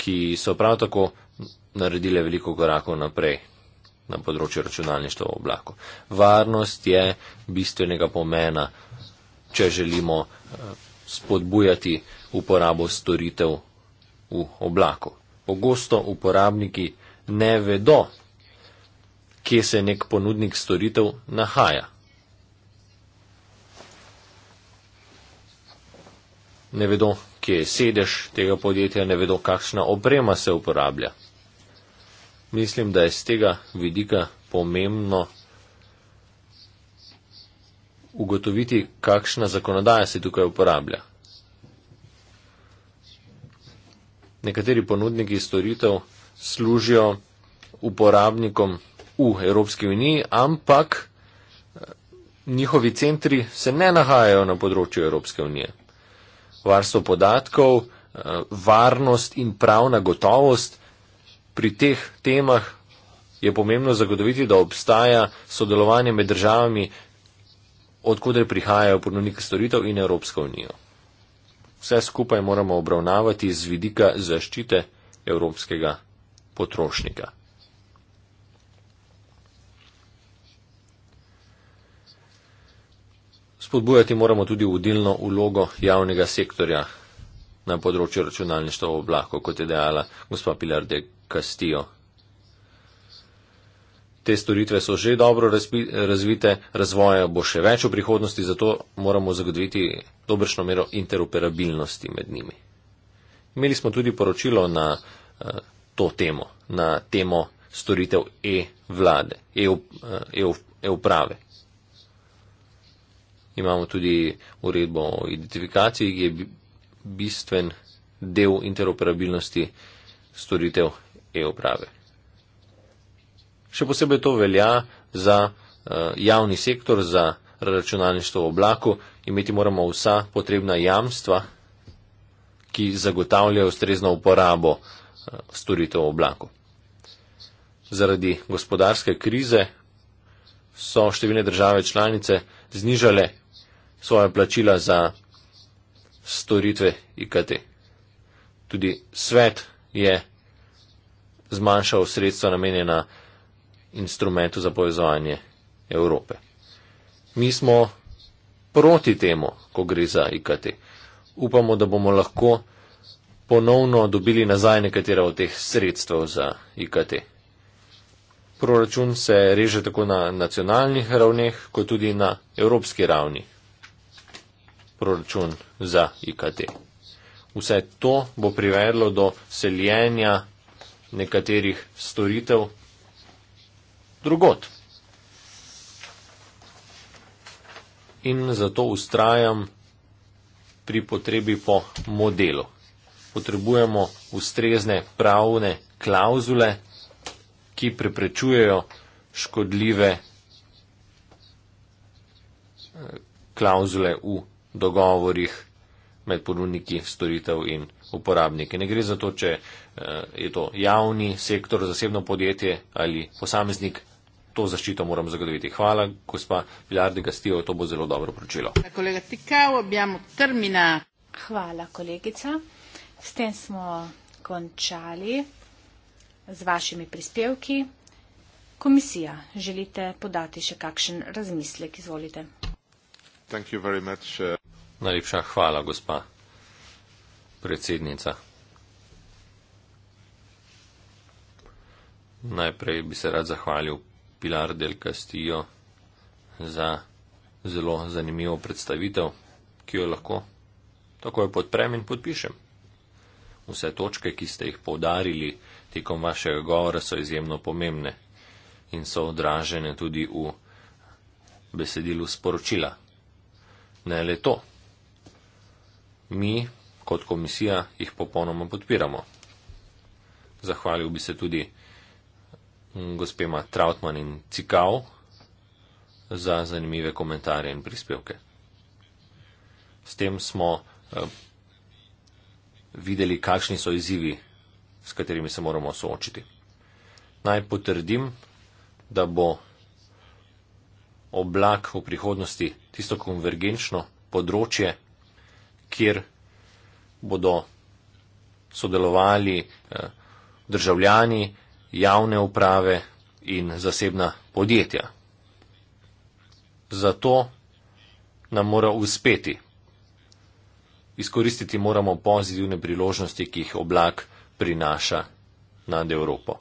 ki so prav tako naredile veliko korakov naprej na področju računalništva v oblaku. Varnost je bistvenega pomena, če želimo eh, spodbujati uporabo storitev v oblaku pogosto uporabniki ne vedo, kje se nek ponudnik storitev nahaja. Ne vedo, kje je sedež tega podjetja, ne vedo, kakšna oprema se uporablja. Mislim, da je z tega vidika pomembno ugotoviti, kakšna zakonodaja se tukaj uporablja. nekateri ponudniki storitev služijo uporabnikom v Evropski uniji, ampak eh, njihovi centri se ne nahajajo na področju Evropske unije. Varstvo podatkov, eh, varnost in pravna gotovost pri teh temah je pomembno zagotoviti, da obstaja sodelovanje med državami, odkudre prihajajo ponudniki storitev in Evropsko unijo vse skupaj moramo obravnavati z vidika zaščite evropskega potrošnika. Spodbujati moramo tudi vodilno ulogo javnega sektorja na področju računalništva v oblaku, kot je dejala gospa Pilar de Castillo. Te storitve so že dobro razvite, razvoja bo še več v prihodnosti, zato moramo zagotoviti dobršno mero interoperabilnosti med njimi. Imeli smo tudi poročilo na eh, to temo, na temo storitev e-vlade, eh, e-uprave. Imamo tudi uredbo o identifikaciji, ki je bistven del interoperabilnosti storitev e-uprave. Še posebej to velja za eh, javni sektor, za računalništvo v oblaku. Imeti moramo vsa potrebna jamstva, ki zagotavljajo ustrezno uporabo eh, storitev v oblaku. Zaradi gospodarske krize so številne države članice znižale svoje plačila za storitve IKT. Tudi svet je zmanjšal sredstva namenjena na instrumentu za povezovanje Evrope. Mi smo proti temu, ko gre za IKT. Upamo, da bomo lahko ponovno dobili nazaj nekatera od teh sredstev za IKT. Proračun se reže tako na nacionalnih ravneh, kot tudi na evropski ravni. Proračun za IKT. Vse to bo privedlo do seljenja nekaterih storitev drugot. In zato ustrajam pri potrebi po modelu. Potrebujemo ustrezne pravne klauzule, ki preprečujejo škodljive eh, klauzule v dogovorih med ponudniki storitev in uporabniki. Ne gre za to, če eh, je to javni sektor, zasebno podjetje ali posameznik, to zaščito moram zagotoviti. Hvala, gospa Biljardi Gastijo, to bo zelo dobro pročilo. Kolega Tikao, objamo termina. Hvala, kolegica. S tem smo končali z vašimi prispevki. Komisija, želite podati še kakšen razmislek? Izvolite. Uh, Najlepša hvala, gospa predsednica. Najprej bi se rad zahvalil Pilar del Castillo za zelo zanimivo predstavitev, ki jo lahko takoj podprem in podpišem. Vse točke, ki ste jih povdarili tekom vašega govora, so izjemno pomembne in so odražene tudi v besedilu sporočila. Ne le to. Mi, kot komisija, jih popolnoma podpiramo. Zahvalil bi se tudi gospema Trautman in Cikav za zanimive komentarje in prispevke. S tem smo eh, videli, kakšni so izzivi, s katerimi se moramo soočiti. Naj potrdim, da bo oblak v prihodnosti tisto konvergenčno področje, kjer bodo sodelovali eh, državljani, javne uprave in zasebna podjetja. Zato nam mora uspeti. Izkoristiti moramo pozitivne priložnosti, ki jih oblak prinaša nad Evropo.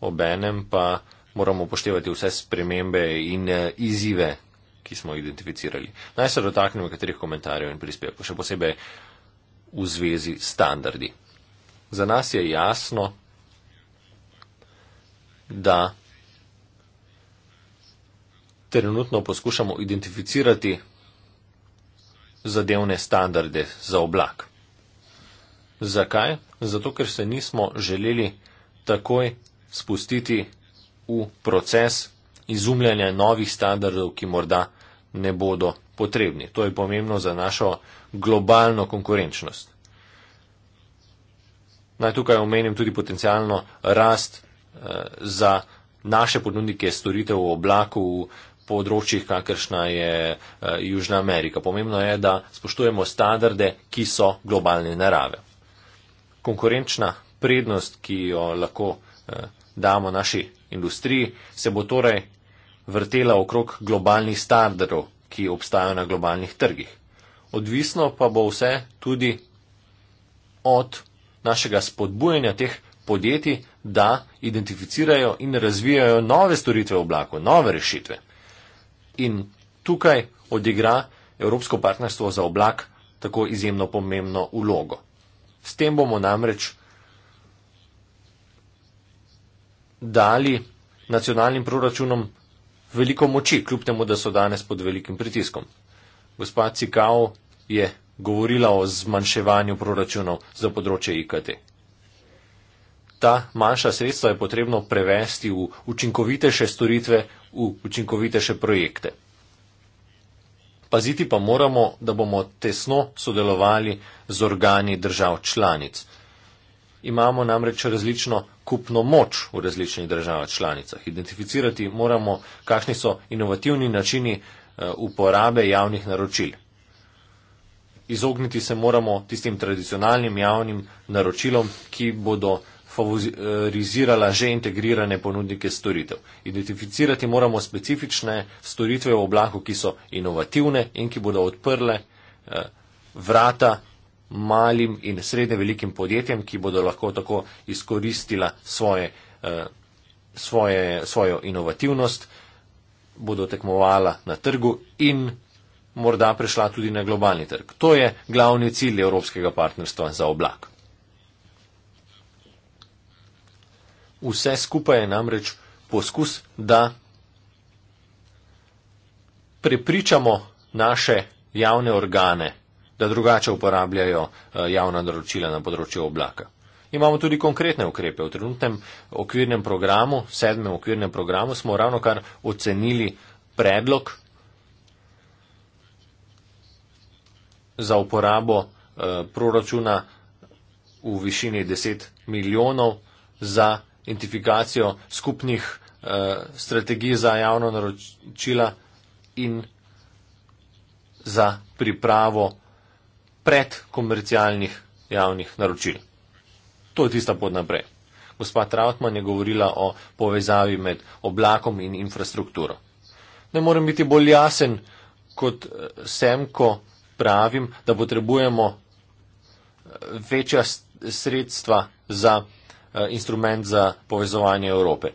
Obenem pa moramo poštevati vse spremembe in eh, izzive, ki smo jih identificirali. Naj se dotaknemo katerih komentarjev in prispevkov, še posebej v zvezi s standardi. Za nas je jasno, da trenutno poskušamo identificirati zadevne standarde za oblak. Zakaj? Zato, ker se nismo želeli takoj spustiti v proces izumljanja novih standardov, ki morda ne bodo potrebni. To je pomembno za našo globalno konkurenčnost. Naj tukaj omenim tudi potencialno rast Eh, za naše ponudnike storitev v oblaku v področjih, kakršna je eh, Južna Amerika. Pomembno je, da spoštujemo standarde, ki so globalne narave. Konkurenčna prednost, ki jo lahko eh, damo naši industriji, se bo torej vrtela okrog globalnih standardov, ki obstajajo na globalnih trgih. Odvisno pa bo vse tudi od našega spodbujanja teh podjetij, da identificirajo in razvijajo nove storitve v oblaku, nove rešitve. In tukaj odigra Evropsko partnerstvo za oblak tako izjemno pomembno ulogo. S tem bomo namreč dali nacionalnim proračunom veliko moči, kljub temu, da so danes pod velikim pritiskom. Gospa Cikao je govorila o zmanjševanju proračunov za področje IKT ta manjša sredstva je potrebno prevesti v učinkovitejše storitve, v učinkovitejše projekte. Paziti pa moramo, da bomo tesno sodelovali z organi držav članic. Imamo namreč različno kupno moč v različnih državah članicah. Identificirati moramo, kakšni so inovativni načini eh, uporabe javnih naročil. Izogniti se moramo tistim tradicionalnim javnim naročilom, ki bodo favorizirala že integrirane ponudnike storitev. Identificirati moramo specifične storitve v oblaku, ki so inovativne in ki bodo odprle eh, vrata malim in srednje velikim podjetjem, ki bodo lahko tako izkoristila svoje, eh, svoje, svojo inovativnost, bodo tekmovala na trgu in morda prišla tudi na globalni trg. To je glavni cilj Evropskega partnerstva za oblak. vse skupaj je namreč poskus, da prepričamo naše javne organe, da drugače uporabljajo eh, javna naročila na področju oblaka. Imamo tudi konkretne ukrepe. V trenutnem okvirnem programu, sedmem okvirnem programu, smo ravno kar ocenili predlog za uporabo eh, proračuna v višini 10 milijonov za identifikacijo skupnih uh, strategij za javno naročila in za pripravo predkomercialnih javnih naročil. To je tista pot naprej. Gospa Trautmann je govorila o povezavi med oblakom in infrastrukturo. Ne morem biti bolj jasen kot eh, sem, ko pravim, da potrebujemo eh, večja sredstva za Eh, instrument za povezovanje Evrope.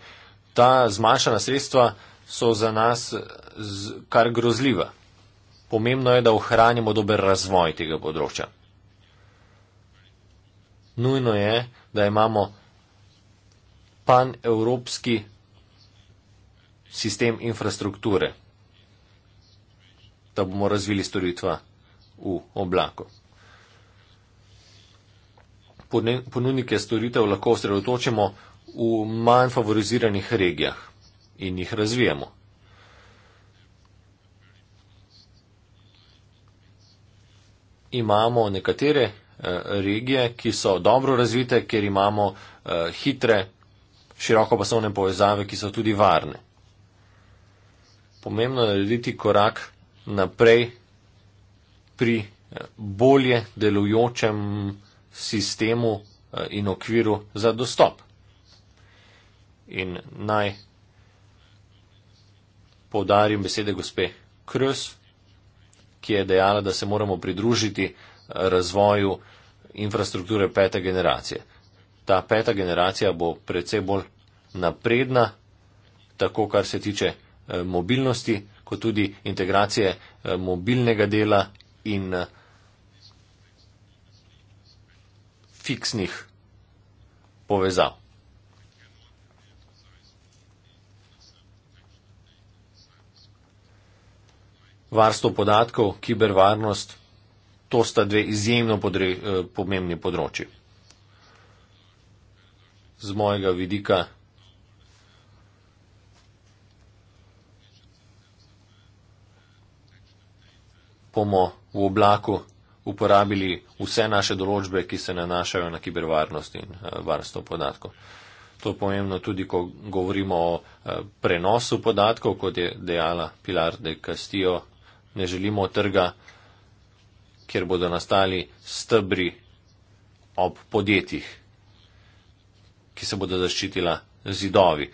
Ta zmanjšana sredstva so za nas eh, kar grozljiva. Pomembno je, da ohranimo dober razvoj tega področja. Nujno je, da imamo pan-evropski sistem infrastrukture, da bomo razvili storitva v oblaku ponudnike storitev lahko osredotočimo v manj favoriziranih regijah in jih razvijamo. Imamo nekatere eh, regije, ki so dobro razvite, kjer imamo eh, hitre, široko pasovne povezave, ki so tudi varne. Pomembno je narediti korak naprej pri eh, bolje delujočem sistemu eh, in okviru za dostop. In naj povdarim besede gospe Krs, ki je dejala, da se moramo pridružiti eh, razvoju infrastrukture pete generacije. Ta peta generacija bo predvsej bolj napredna, tako kar se tiče eh, mobilnosti, kot tudi integracije mobilnega dela in mobilnosti. fiksnih povezav. Varstvo podatkov, kibervarnost, to sta dve izjemno podre, eh, pomembni področji. Z mojega vidika bomo v oblaku uporabili vse naše določbe, ki se nanašajo na kibervarnost in eh, varstvo podatkov. To je pomembno tudi, ko govorimo o eh, prenosu podatkov, kot je dejala Pilar de Castillo. Ne želimo trga, kjer bodo nastali stebri ob podjetjih, ki se bodo zaščitila zidovi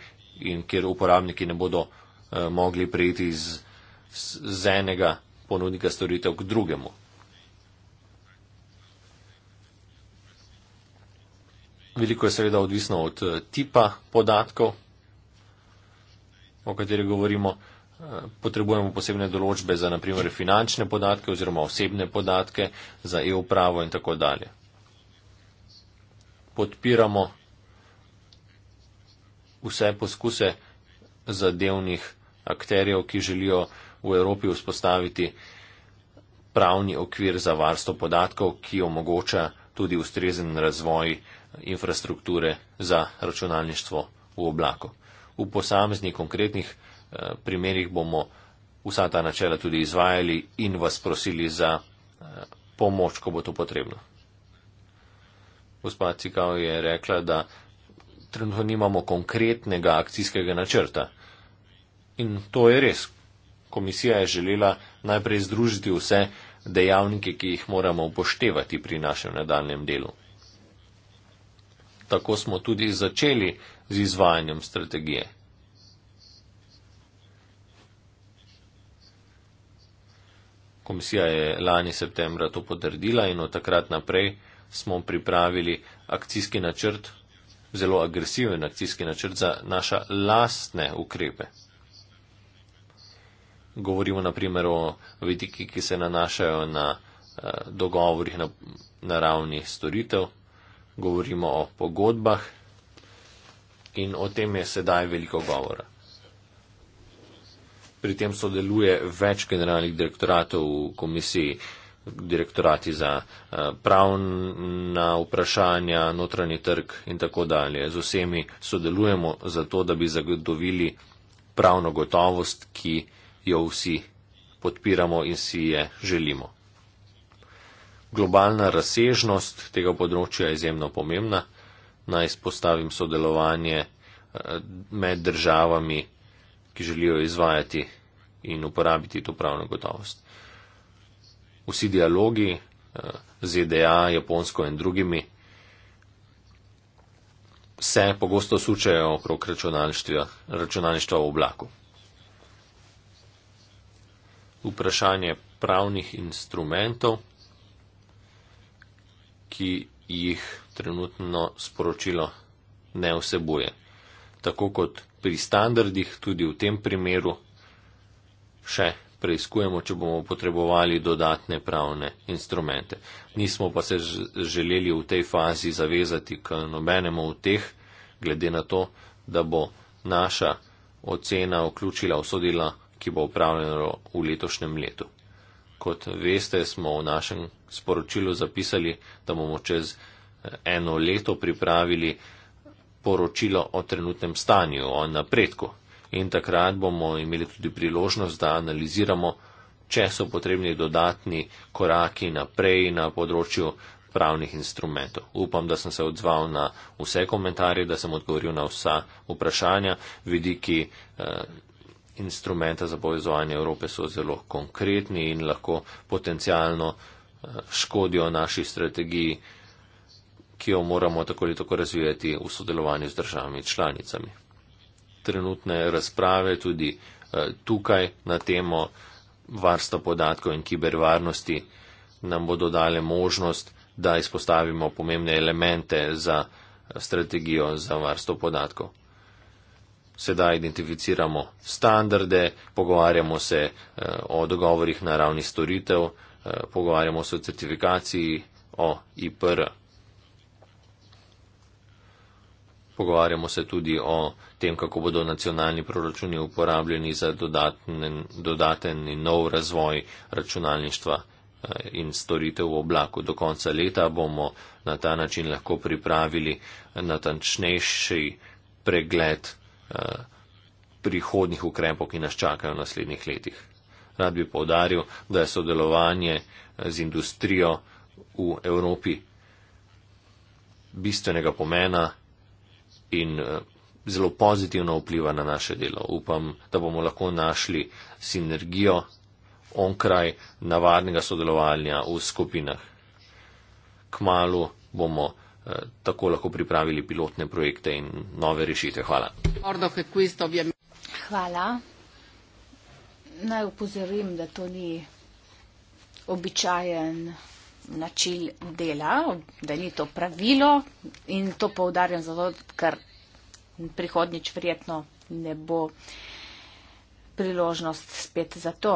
in kjer uporabniki ne bodo eh, mogli prejiti iz, z enega ponudnika storitev k drugemu. Veliko je seveda odvisno od eh, tipa podatkov, o kateri govorimo. Eh, potrebujemo posebne določbe za naprimer finančne podatke oziroma osebne podatke za e-upravo in tako dalje. Podpiramo vse poskuse zadevnih akterjev, ki želijo v Evropi vzpostaviti pravni okvir za varstvo podatkov, ki omogoča tudi ustrezen razvoj uh, infrastrukture za računalništvo v oblaku. V posameznih konkretnih eh, primerjih bomo vsa ta načela tudi izvajali in vas prosili za eh, pomoč, ko bo to potrebno. Gospod Cikav je rekla, da trenutno nimamo konkretnega akcijskega načrta. In to je res. Komisija je želela najprej združiti vse dejavnike, ki jih moramo upoštevati pri našem nadaljem delu tako smo tudi začeli z izvajanjem strategije. Komisija je lani septembra to potrdila in od takrat naprej smo pripravili akcijski načrt, zelo agresiven akcijski načrt za naša lastne ukrepe. Govorimo naprimer o vidiki, ki se nanašajo na eh, dogovorih na, na ravni storitev, govorimo o pogodbah in o tem je sedaj veliko govora. Pri tem sodeluje več generalnih direktoratov v komisiji, direktorati za eh, pravna vprašanja, notranji trg in tako dalje. Z vsemi sodelujemo za to, da bi zagotovili pravno gotovost, ki jo vsi podpiramo in si je želimo. Globalna razsežnost tega področja je izjemno pomembna. Naj izpostavim sodelovanje eh, med državami, ki želijo izvajati in uporabiti to pravno gotovost. Vsi dialogi eh, ZDA, Japonsko in drugimi se pogosto sučajo okrog računalništva, računalništva v oblaku. Vprašanje pravnih instrumentov ki jih trenutno sporočilo ne vsebuje. Tako kot pri standardih, tudi v tem primeru še preizkujemo, če bomo potrebovali dodatne pravne instrumente. Nismo pa se želeli v tej fazi zavezati k nobenemu od teh, glede na to, da bo naša ocena vključila vsodila, ki bo upravljena v letošnjem letu. Kot veste, smo v našem sporočilu zapisali, da bomo čez eh, eno leto pripravili poročilo o trenutnem stanju, o napredku. In takrat bomo imeli tudi priložnost, da analiziramo, če so potrebni dodatni koraki naprej na področju pravnih instrumentov. Upam, da sem se odzval na vse komentarje, da sem odgovoril na vsa vprašanja, vidiki eh, instrumente za povezovanje Evrope so zelo konkretni in lahko potencialno eh, škodijo naši strategiji, ki jo moramo tako ali tako razvijati v sodelovanju z državami članicami. Trenutne razprave tudi eh, tukaj na temo varstva podatkov in kibervarnosti nam bodo dale možnost, da izpostavimo pomembne elemente za eh, strategijo za varstvo podatkov sedaj identificiramo standarde, pogovarjamo se eh, o dogovorih na ravni storitev, eh, pogovarjamo se o certifikaciji, o IPR. Pogovarjamo se tudi o tem, kako bodo nacionalni proračuni uporabljeni za dodaten, dodaten in nov razvoj računalništva eh, in storitev v oblaku. Do konca leta bomo na ta način lahko pripravili natančnejši pregled Eh, prihodnih ukrepov, ki nas čakajo v naslednjih letih. Rad bi povdaril, da je sodelovanje eh, z industrijo v Evropi bistvenega pomena in eh, zelo pozitivno vpliva na naše delo. Upam, da bomo lahko našli sinergijo onkraj navadnega sodelovanja v skupinah. Kmalu bomo Eh, tako lahko pripravili pilotne projekte in nove rešitve. Hvala. Hvala. Naj upozorim, da to ni običajen način dela, da ni to pravilo in to povdarjam zato, ker prihodnič verjetno ne bo priložnost spet za to.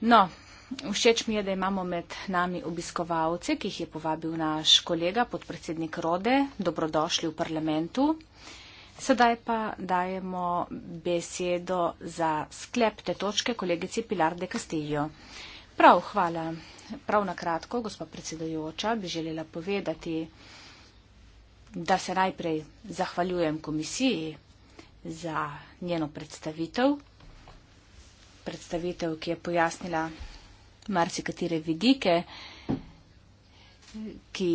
No, Všeč mi je, da imamo med nami obiskovalce, ki jih je povabil naš kolega, podpredsednik Rode. Dobrodošli v parlamentu. Sedaj pa dajemo besedo za sklep te točke kolegici Pilar de Castillo. Prav, hvala. Prav na kratko, gospod predsedajoča, bi želela povedati, da se najprej zahvaljujem komisiji za njeno predstavitev, predstavitev, ki je pojasnila marsikatere vidike, ki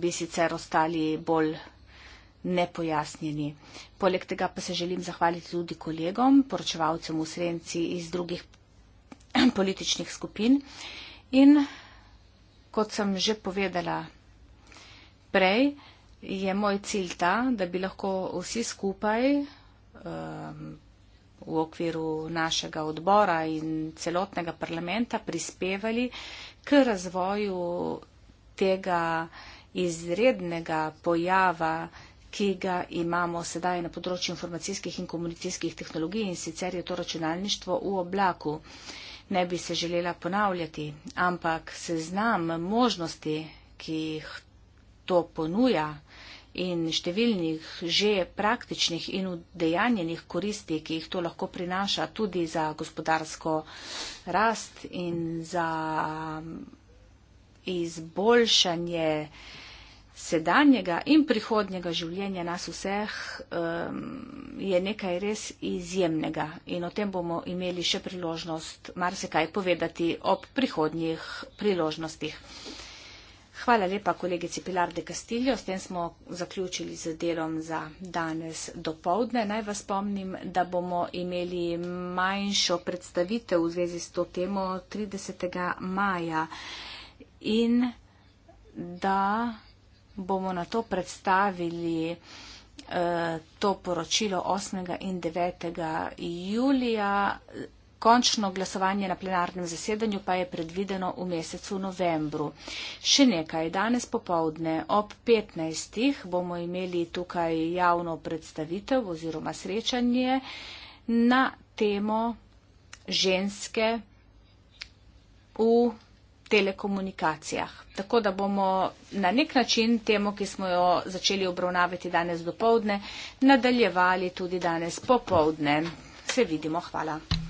bi sicer ostali bolj nepojasnjeni. Poleg tega pa se želim zahvaliti tudi kolegom, poročevalcem v Srenci iz drugih političnih skupin. In kot sem že povedala prej, je moj cilj ta, da bi lahko vsi skupaj um, v okviru našega odbora in celotnega parlamenta prispevali k razvoju tega izrednega pojava, ki ga imamo sedaj na področju informacijskih in komunikacijskih tehnologij in sicer je to računalništvo v oblaku. Ne bi se želela ponavljati, ampak seznam možnosti, ki jih to ponuja in številnih že praktičnih in udejanjenih koristi, ki jih to lahko prinaša tudi za gospodarsko rast in za um, izboljšanje sedanjega in prihodnjega življenja nas vseh, um, je nekaj res izjemnega in o tem bomo imeli še priložnost marsikaj povedati ob prihodnjih priložnostih. Hvala lepa kolegici Pilar de Castillo. S tem smo zaključili z delom za danes do povdne. Naj vas spomnim, da bomo imeli manjšo predstavitev v zvezi s to temo 30. maja in da bomo na to predstavili eh, to poročilo 8. in 9. julija. Končno glasovanje na plenarnem zasedanju pa je predvideno v mesecu novembru. Še nekaj, danes popovdne ob 15. bomo imeli tukaj javno predstavitev oziroma srečanje na temo ženske v telekomunikacijah. Tako da bomo na nek način temo, ki smo jo začeli obravnavati danes dopovdne, nadaljevali tudi danes popovdne. Se vidimo. Hvala.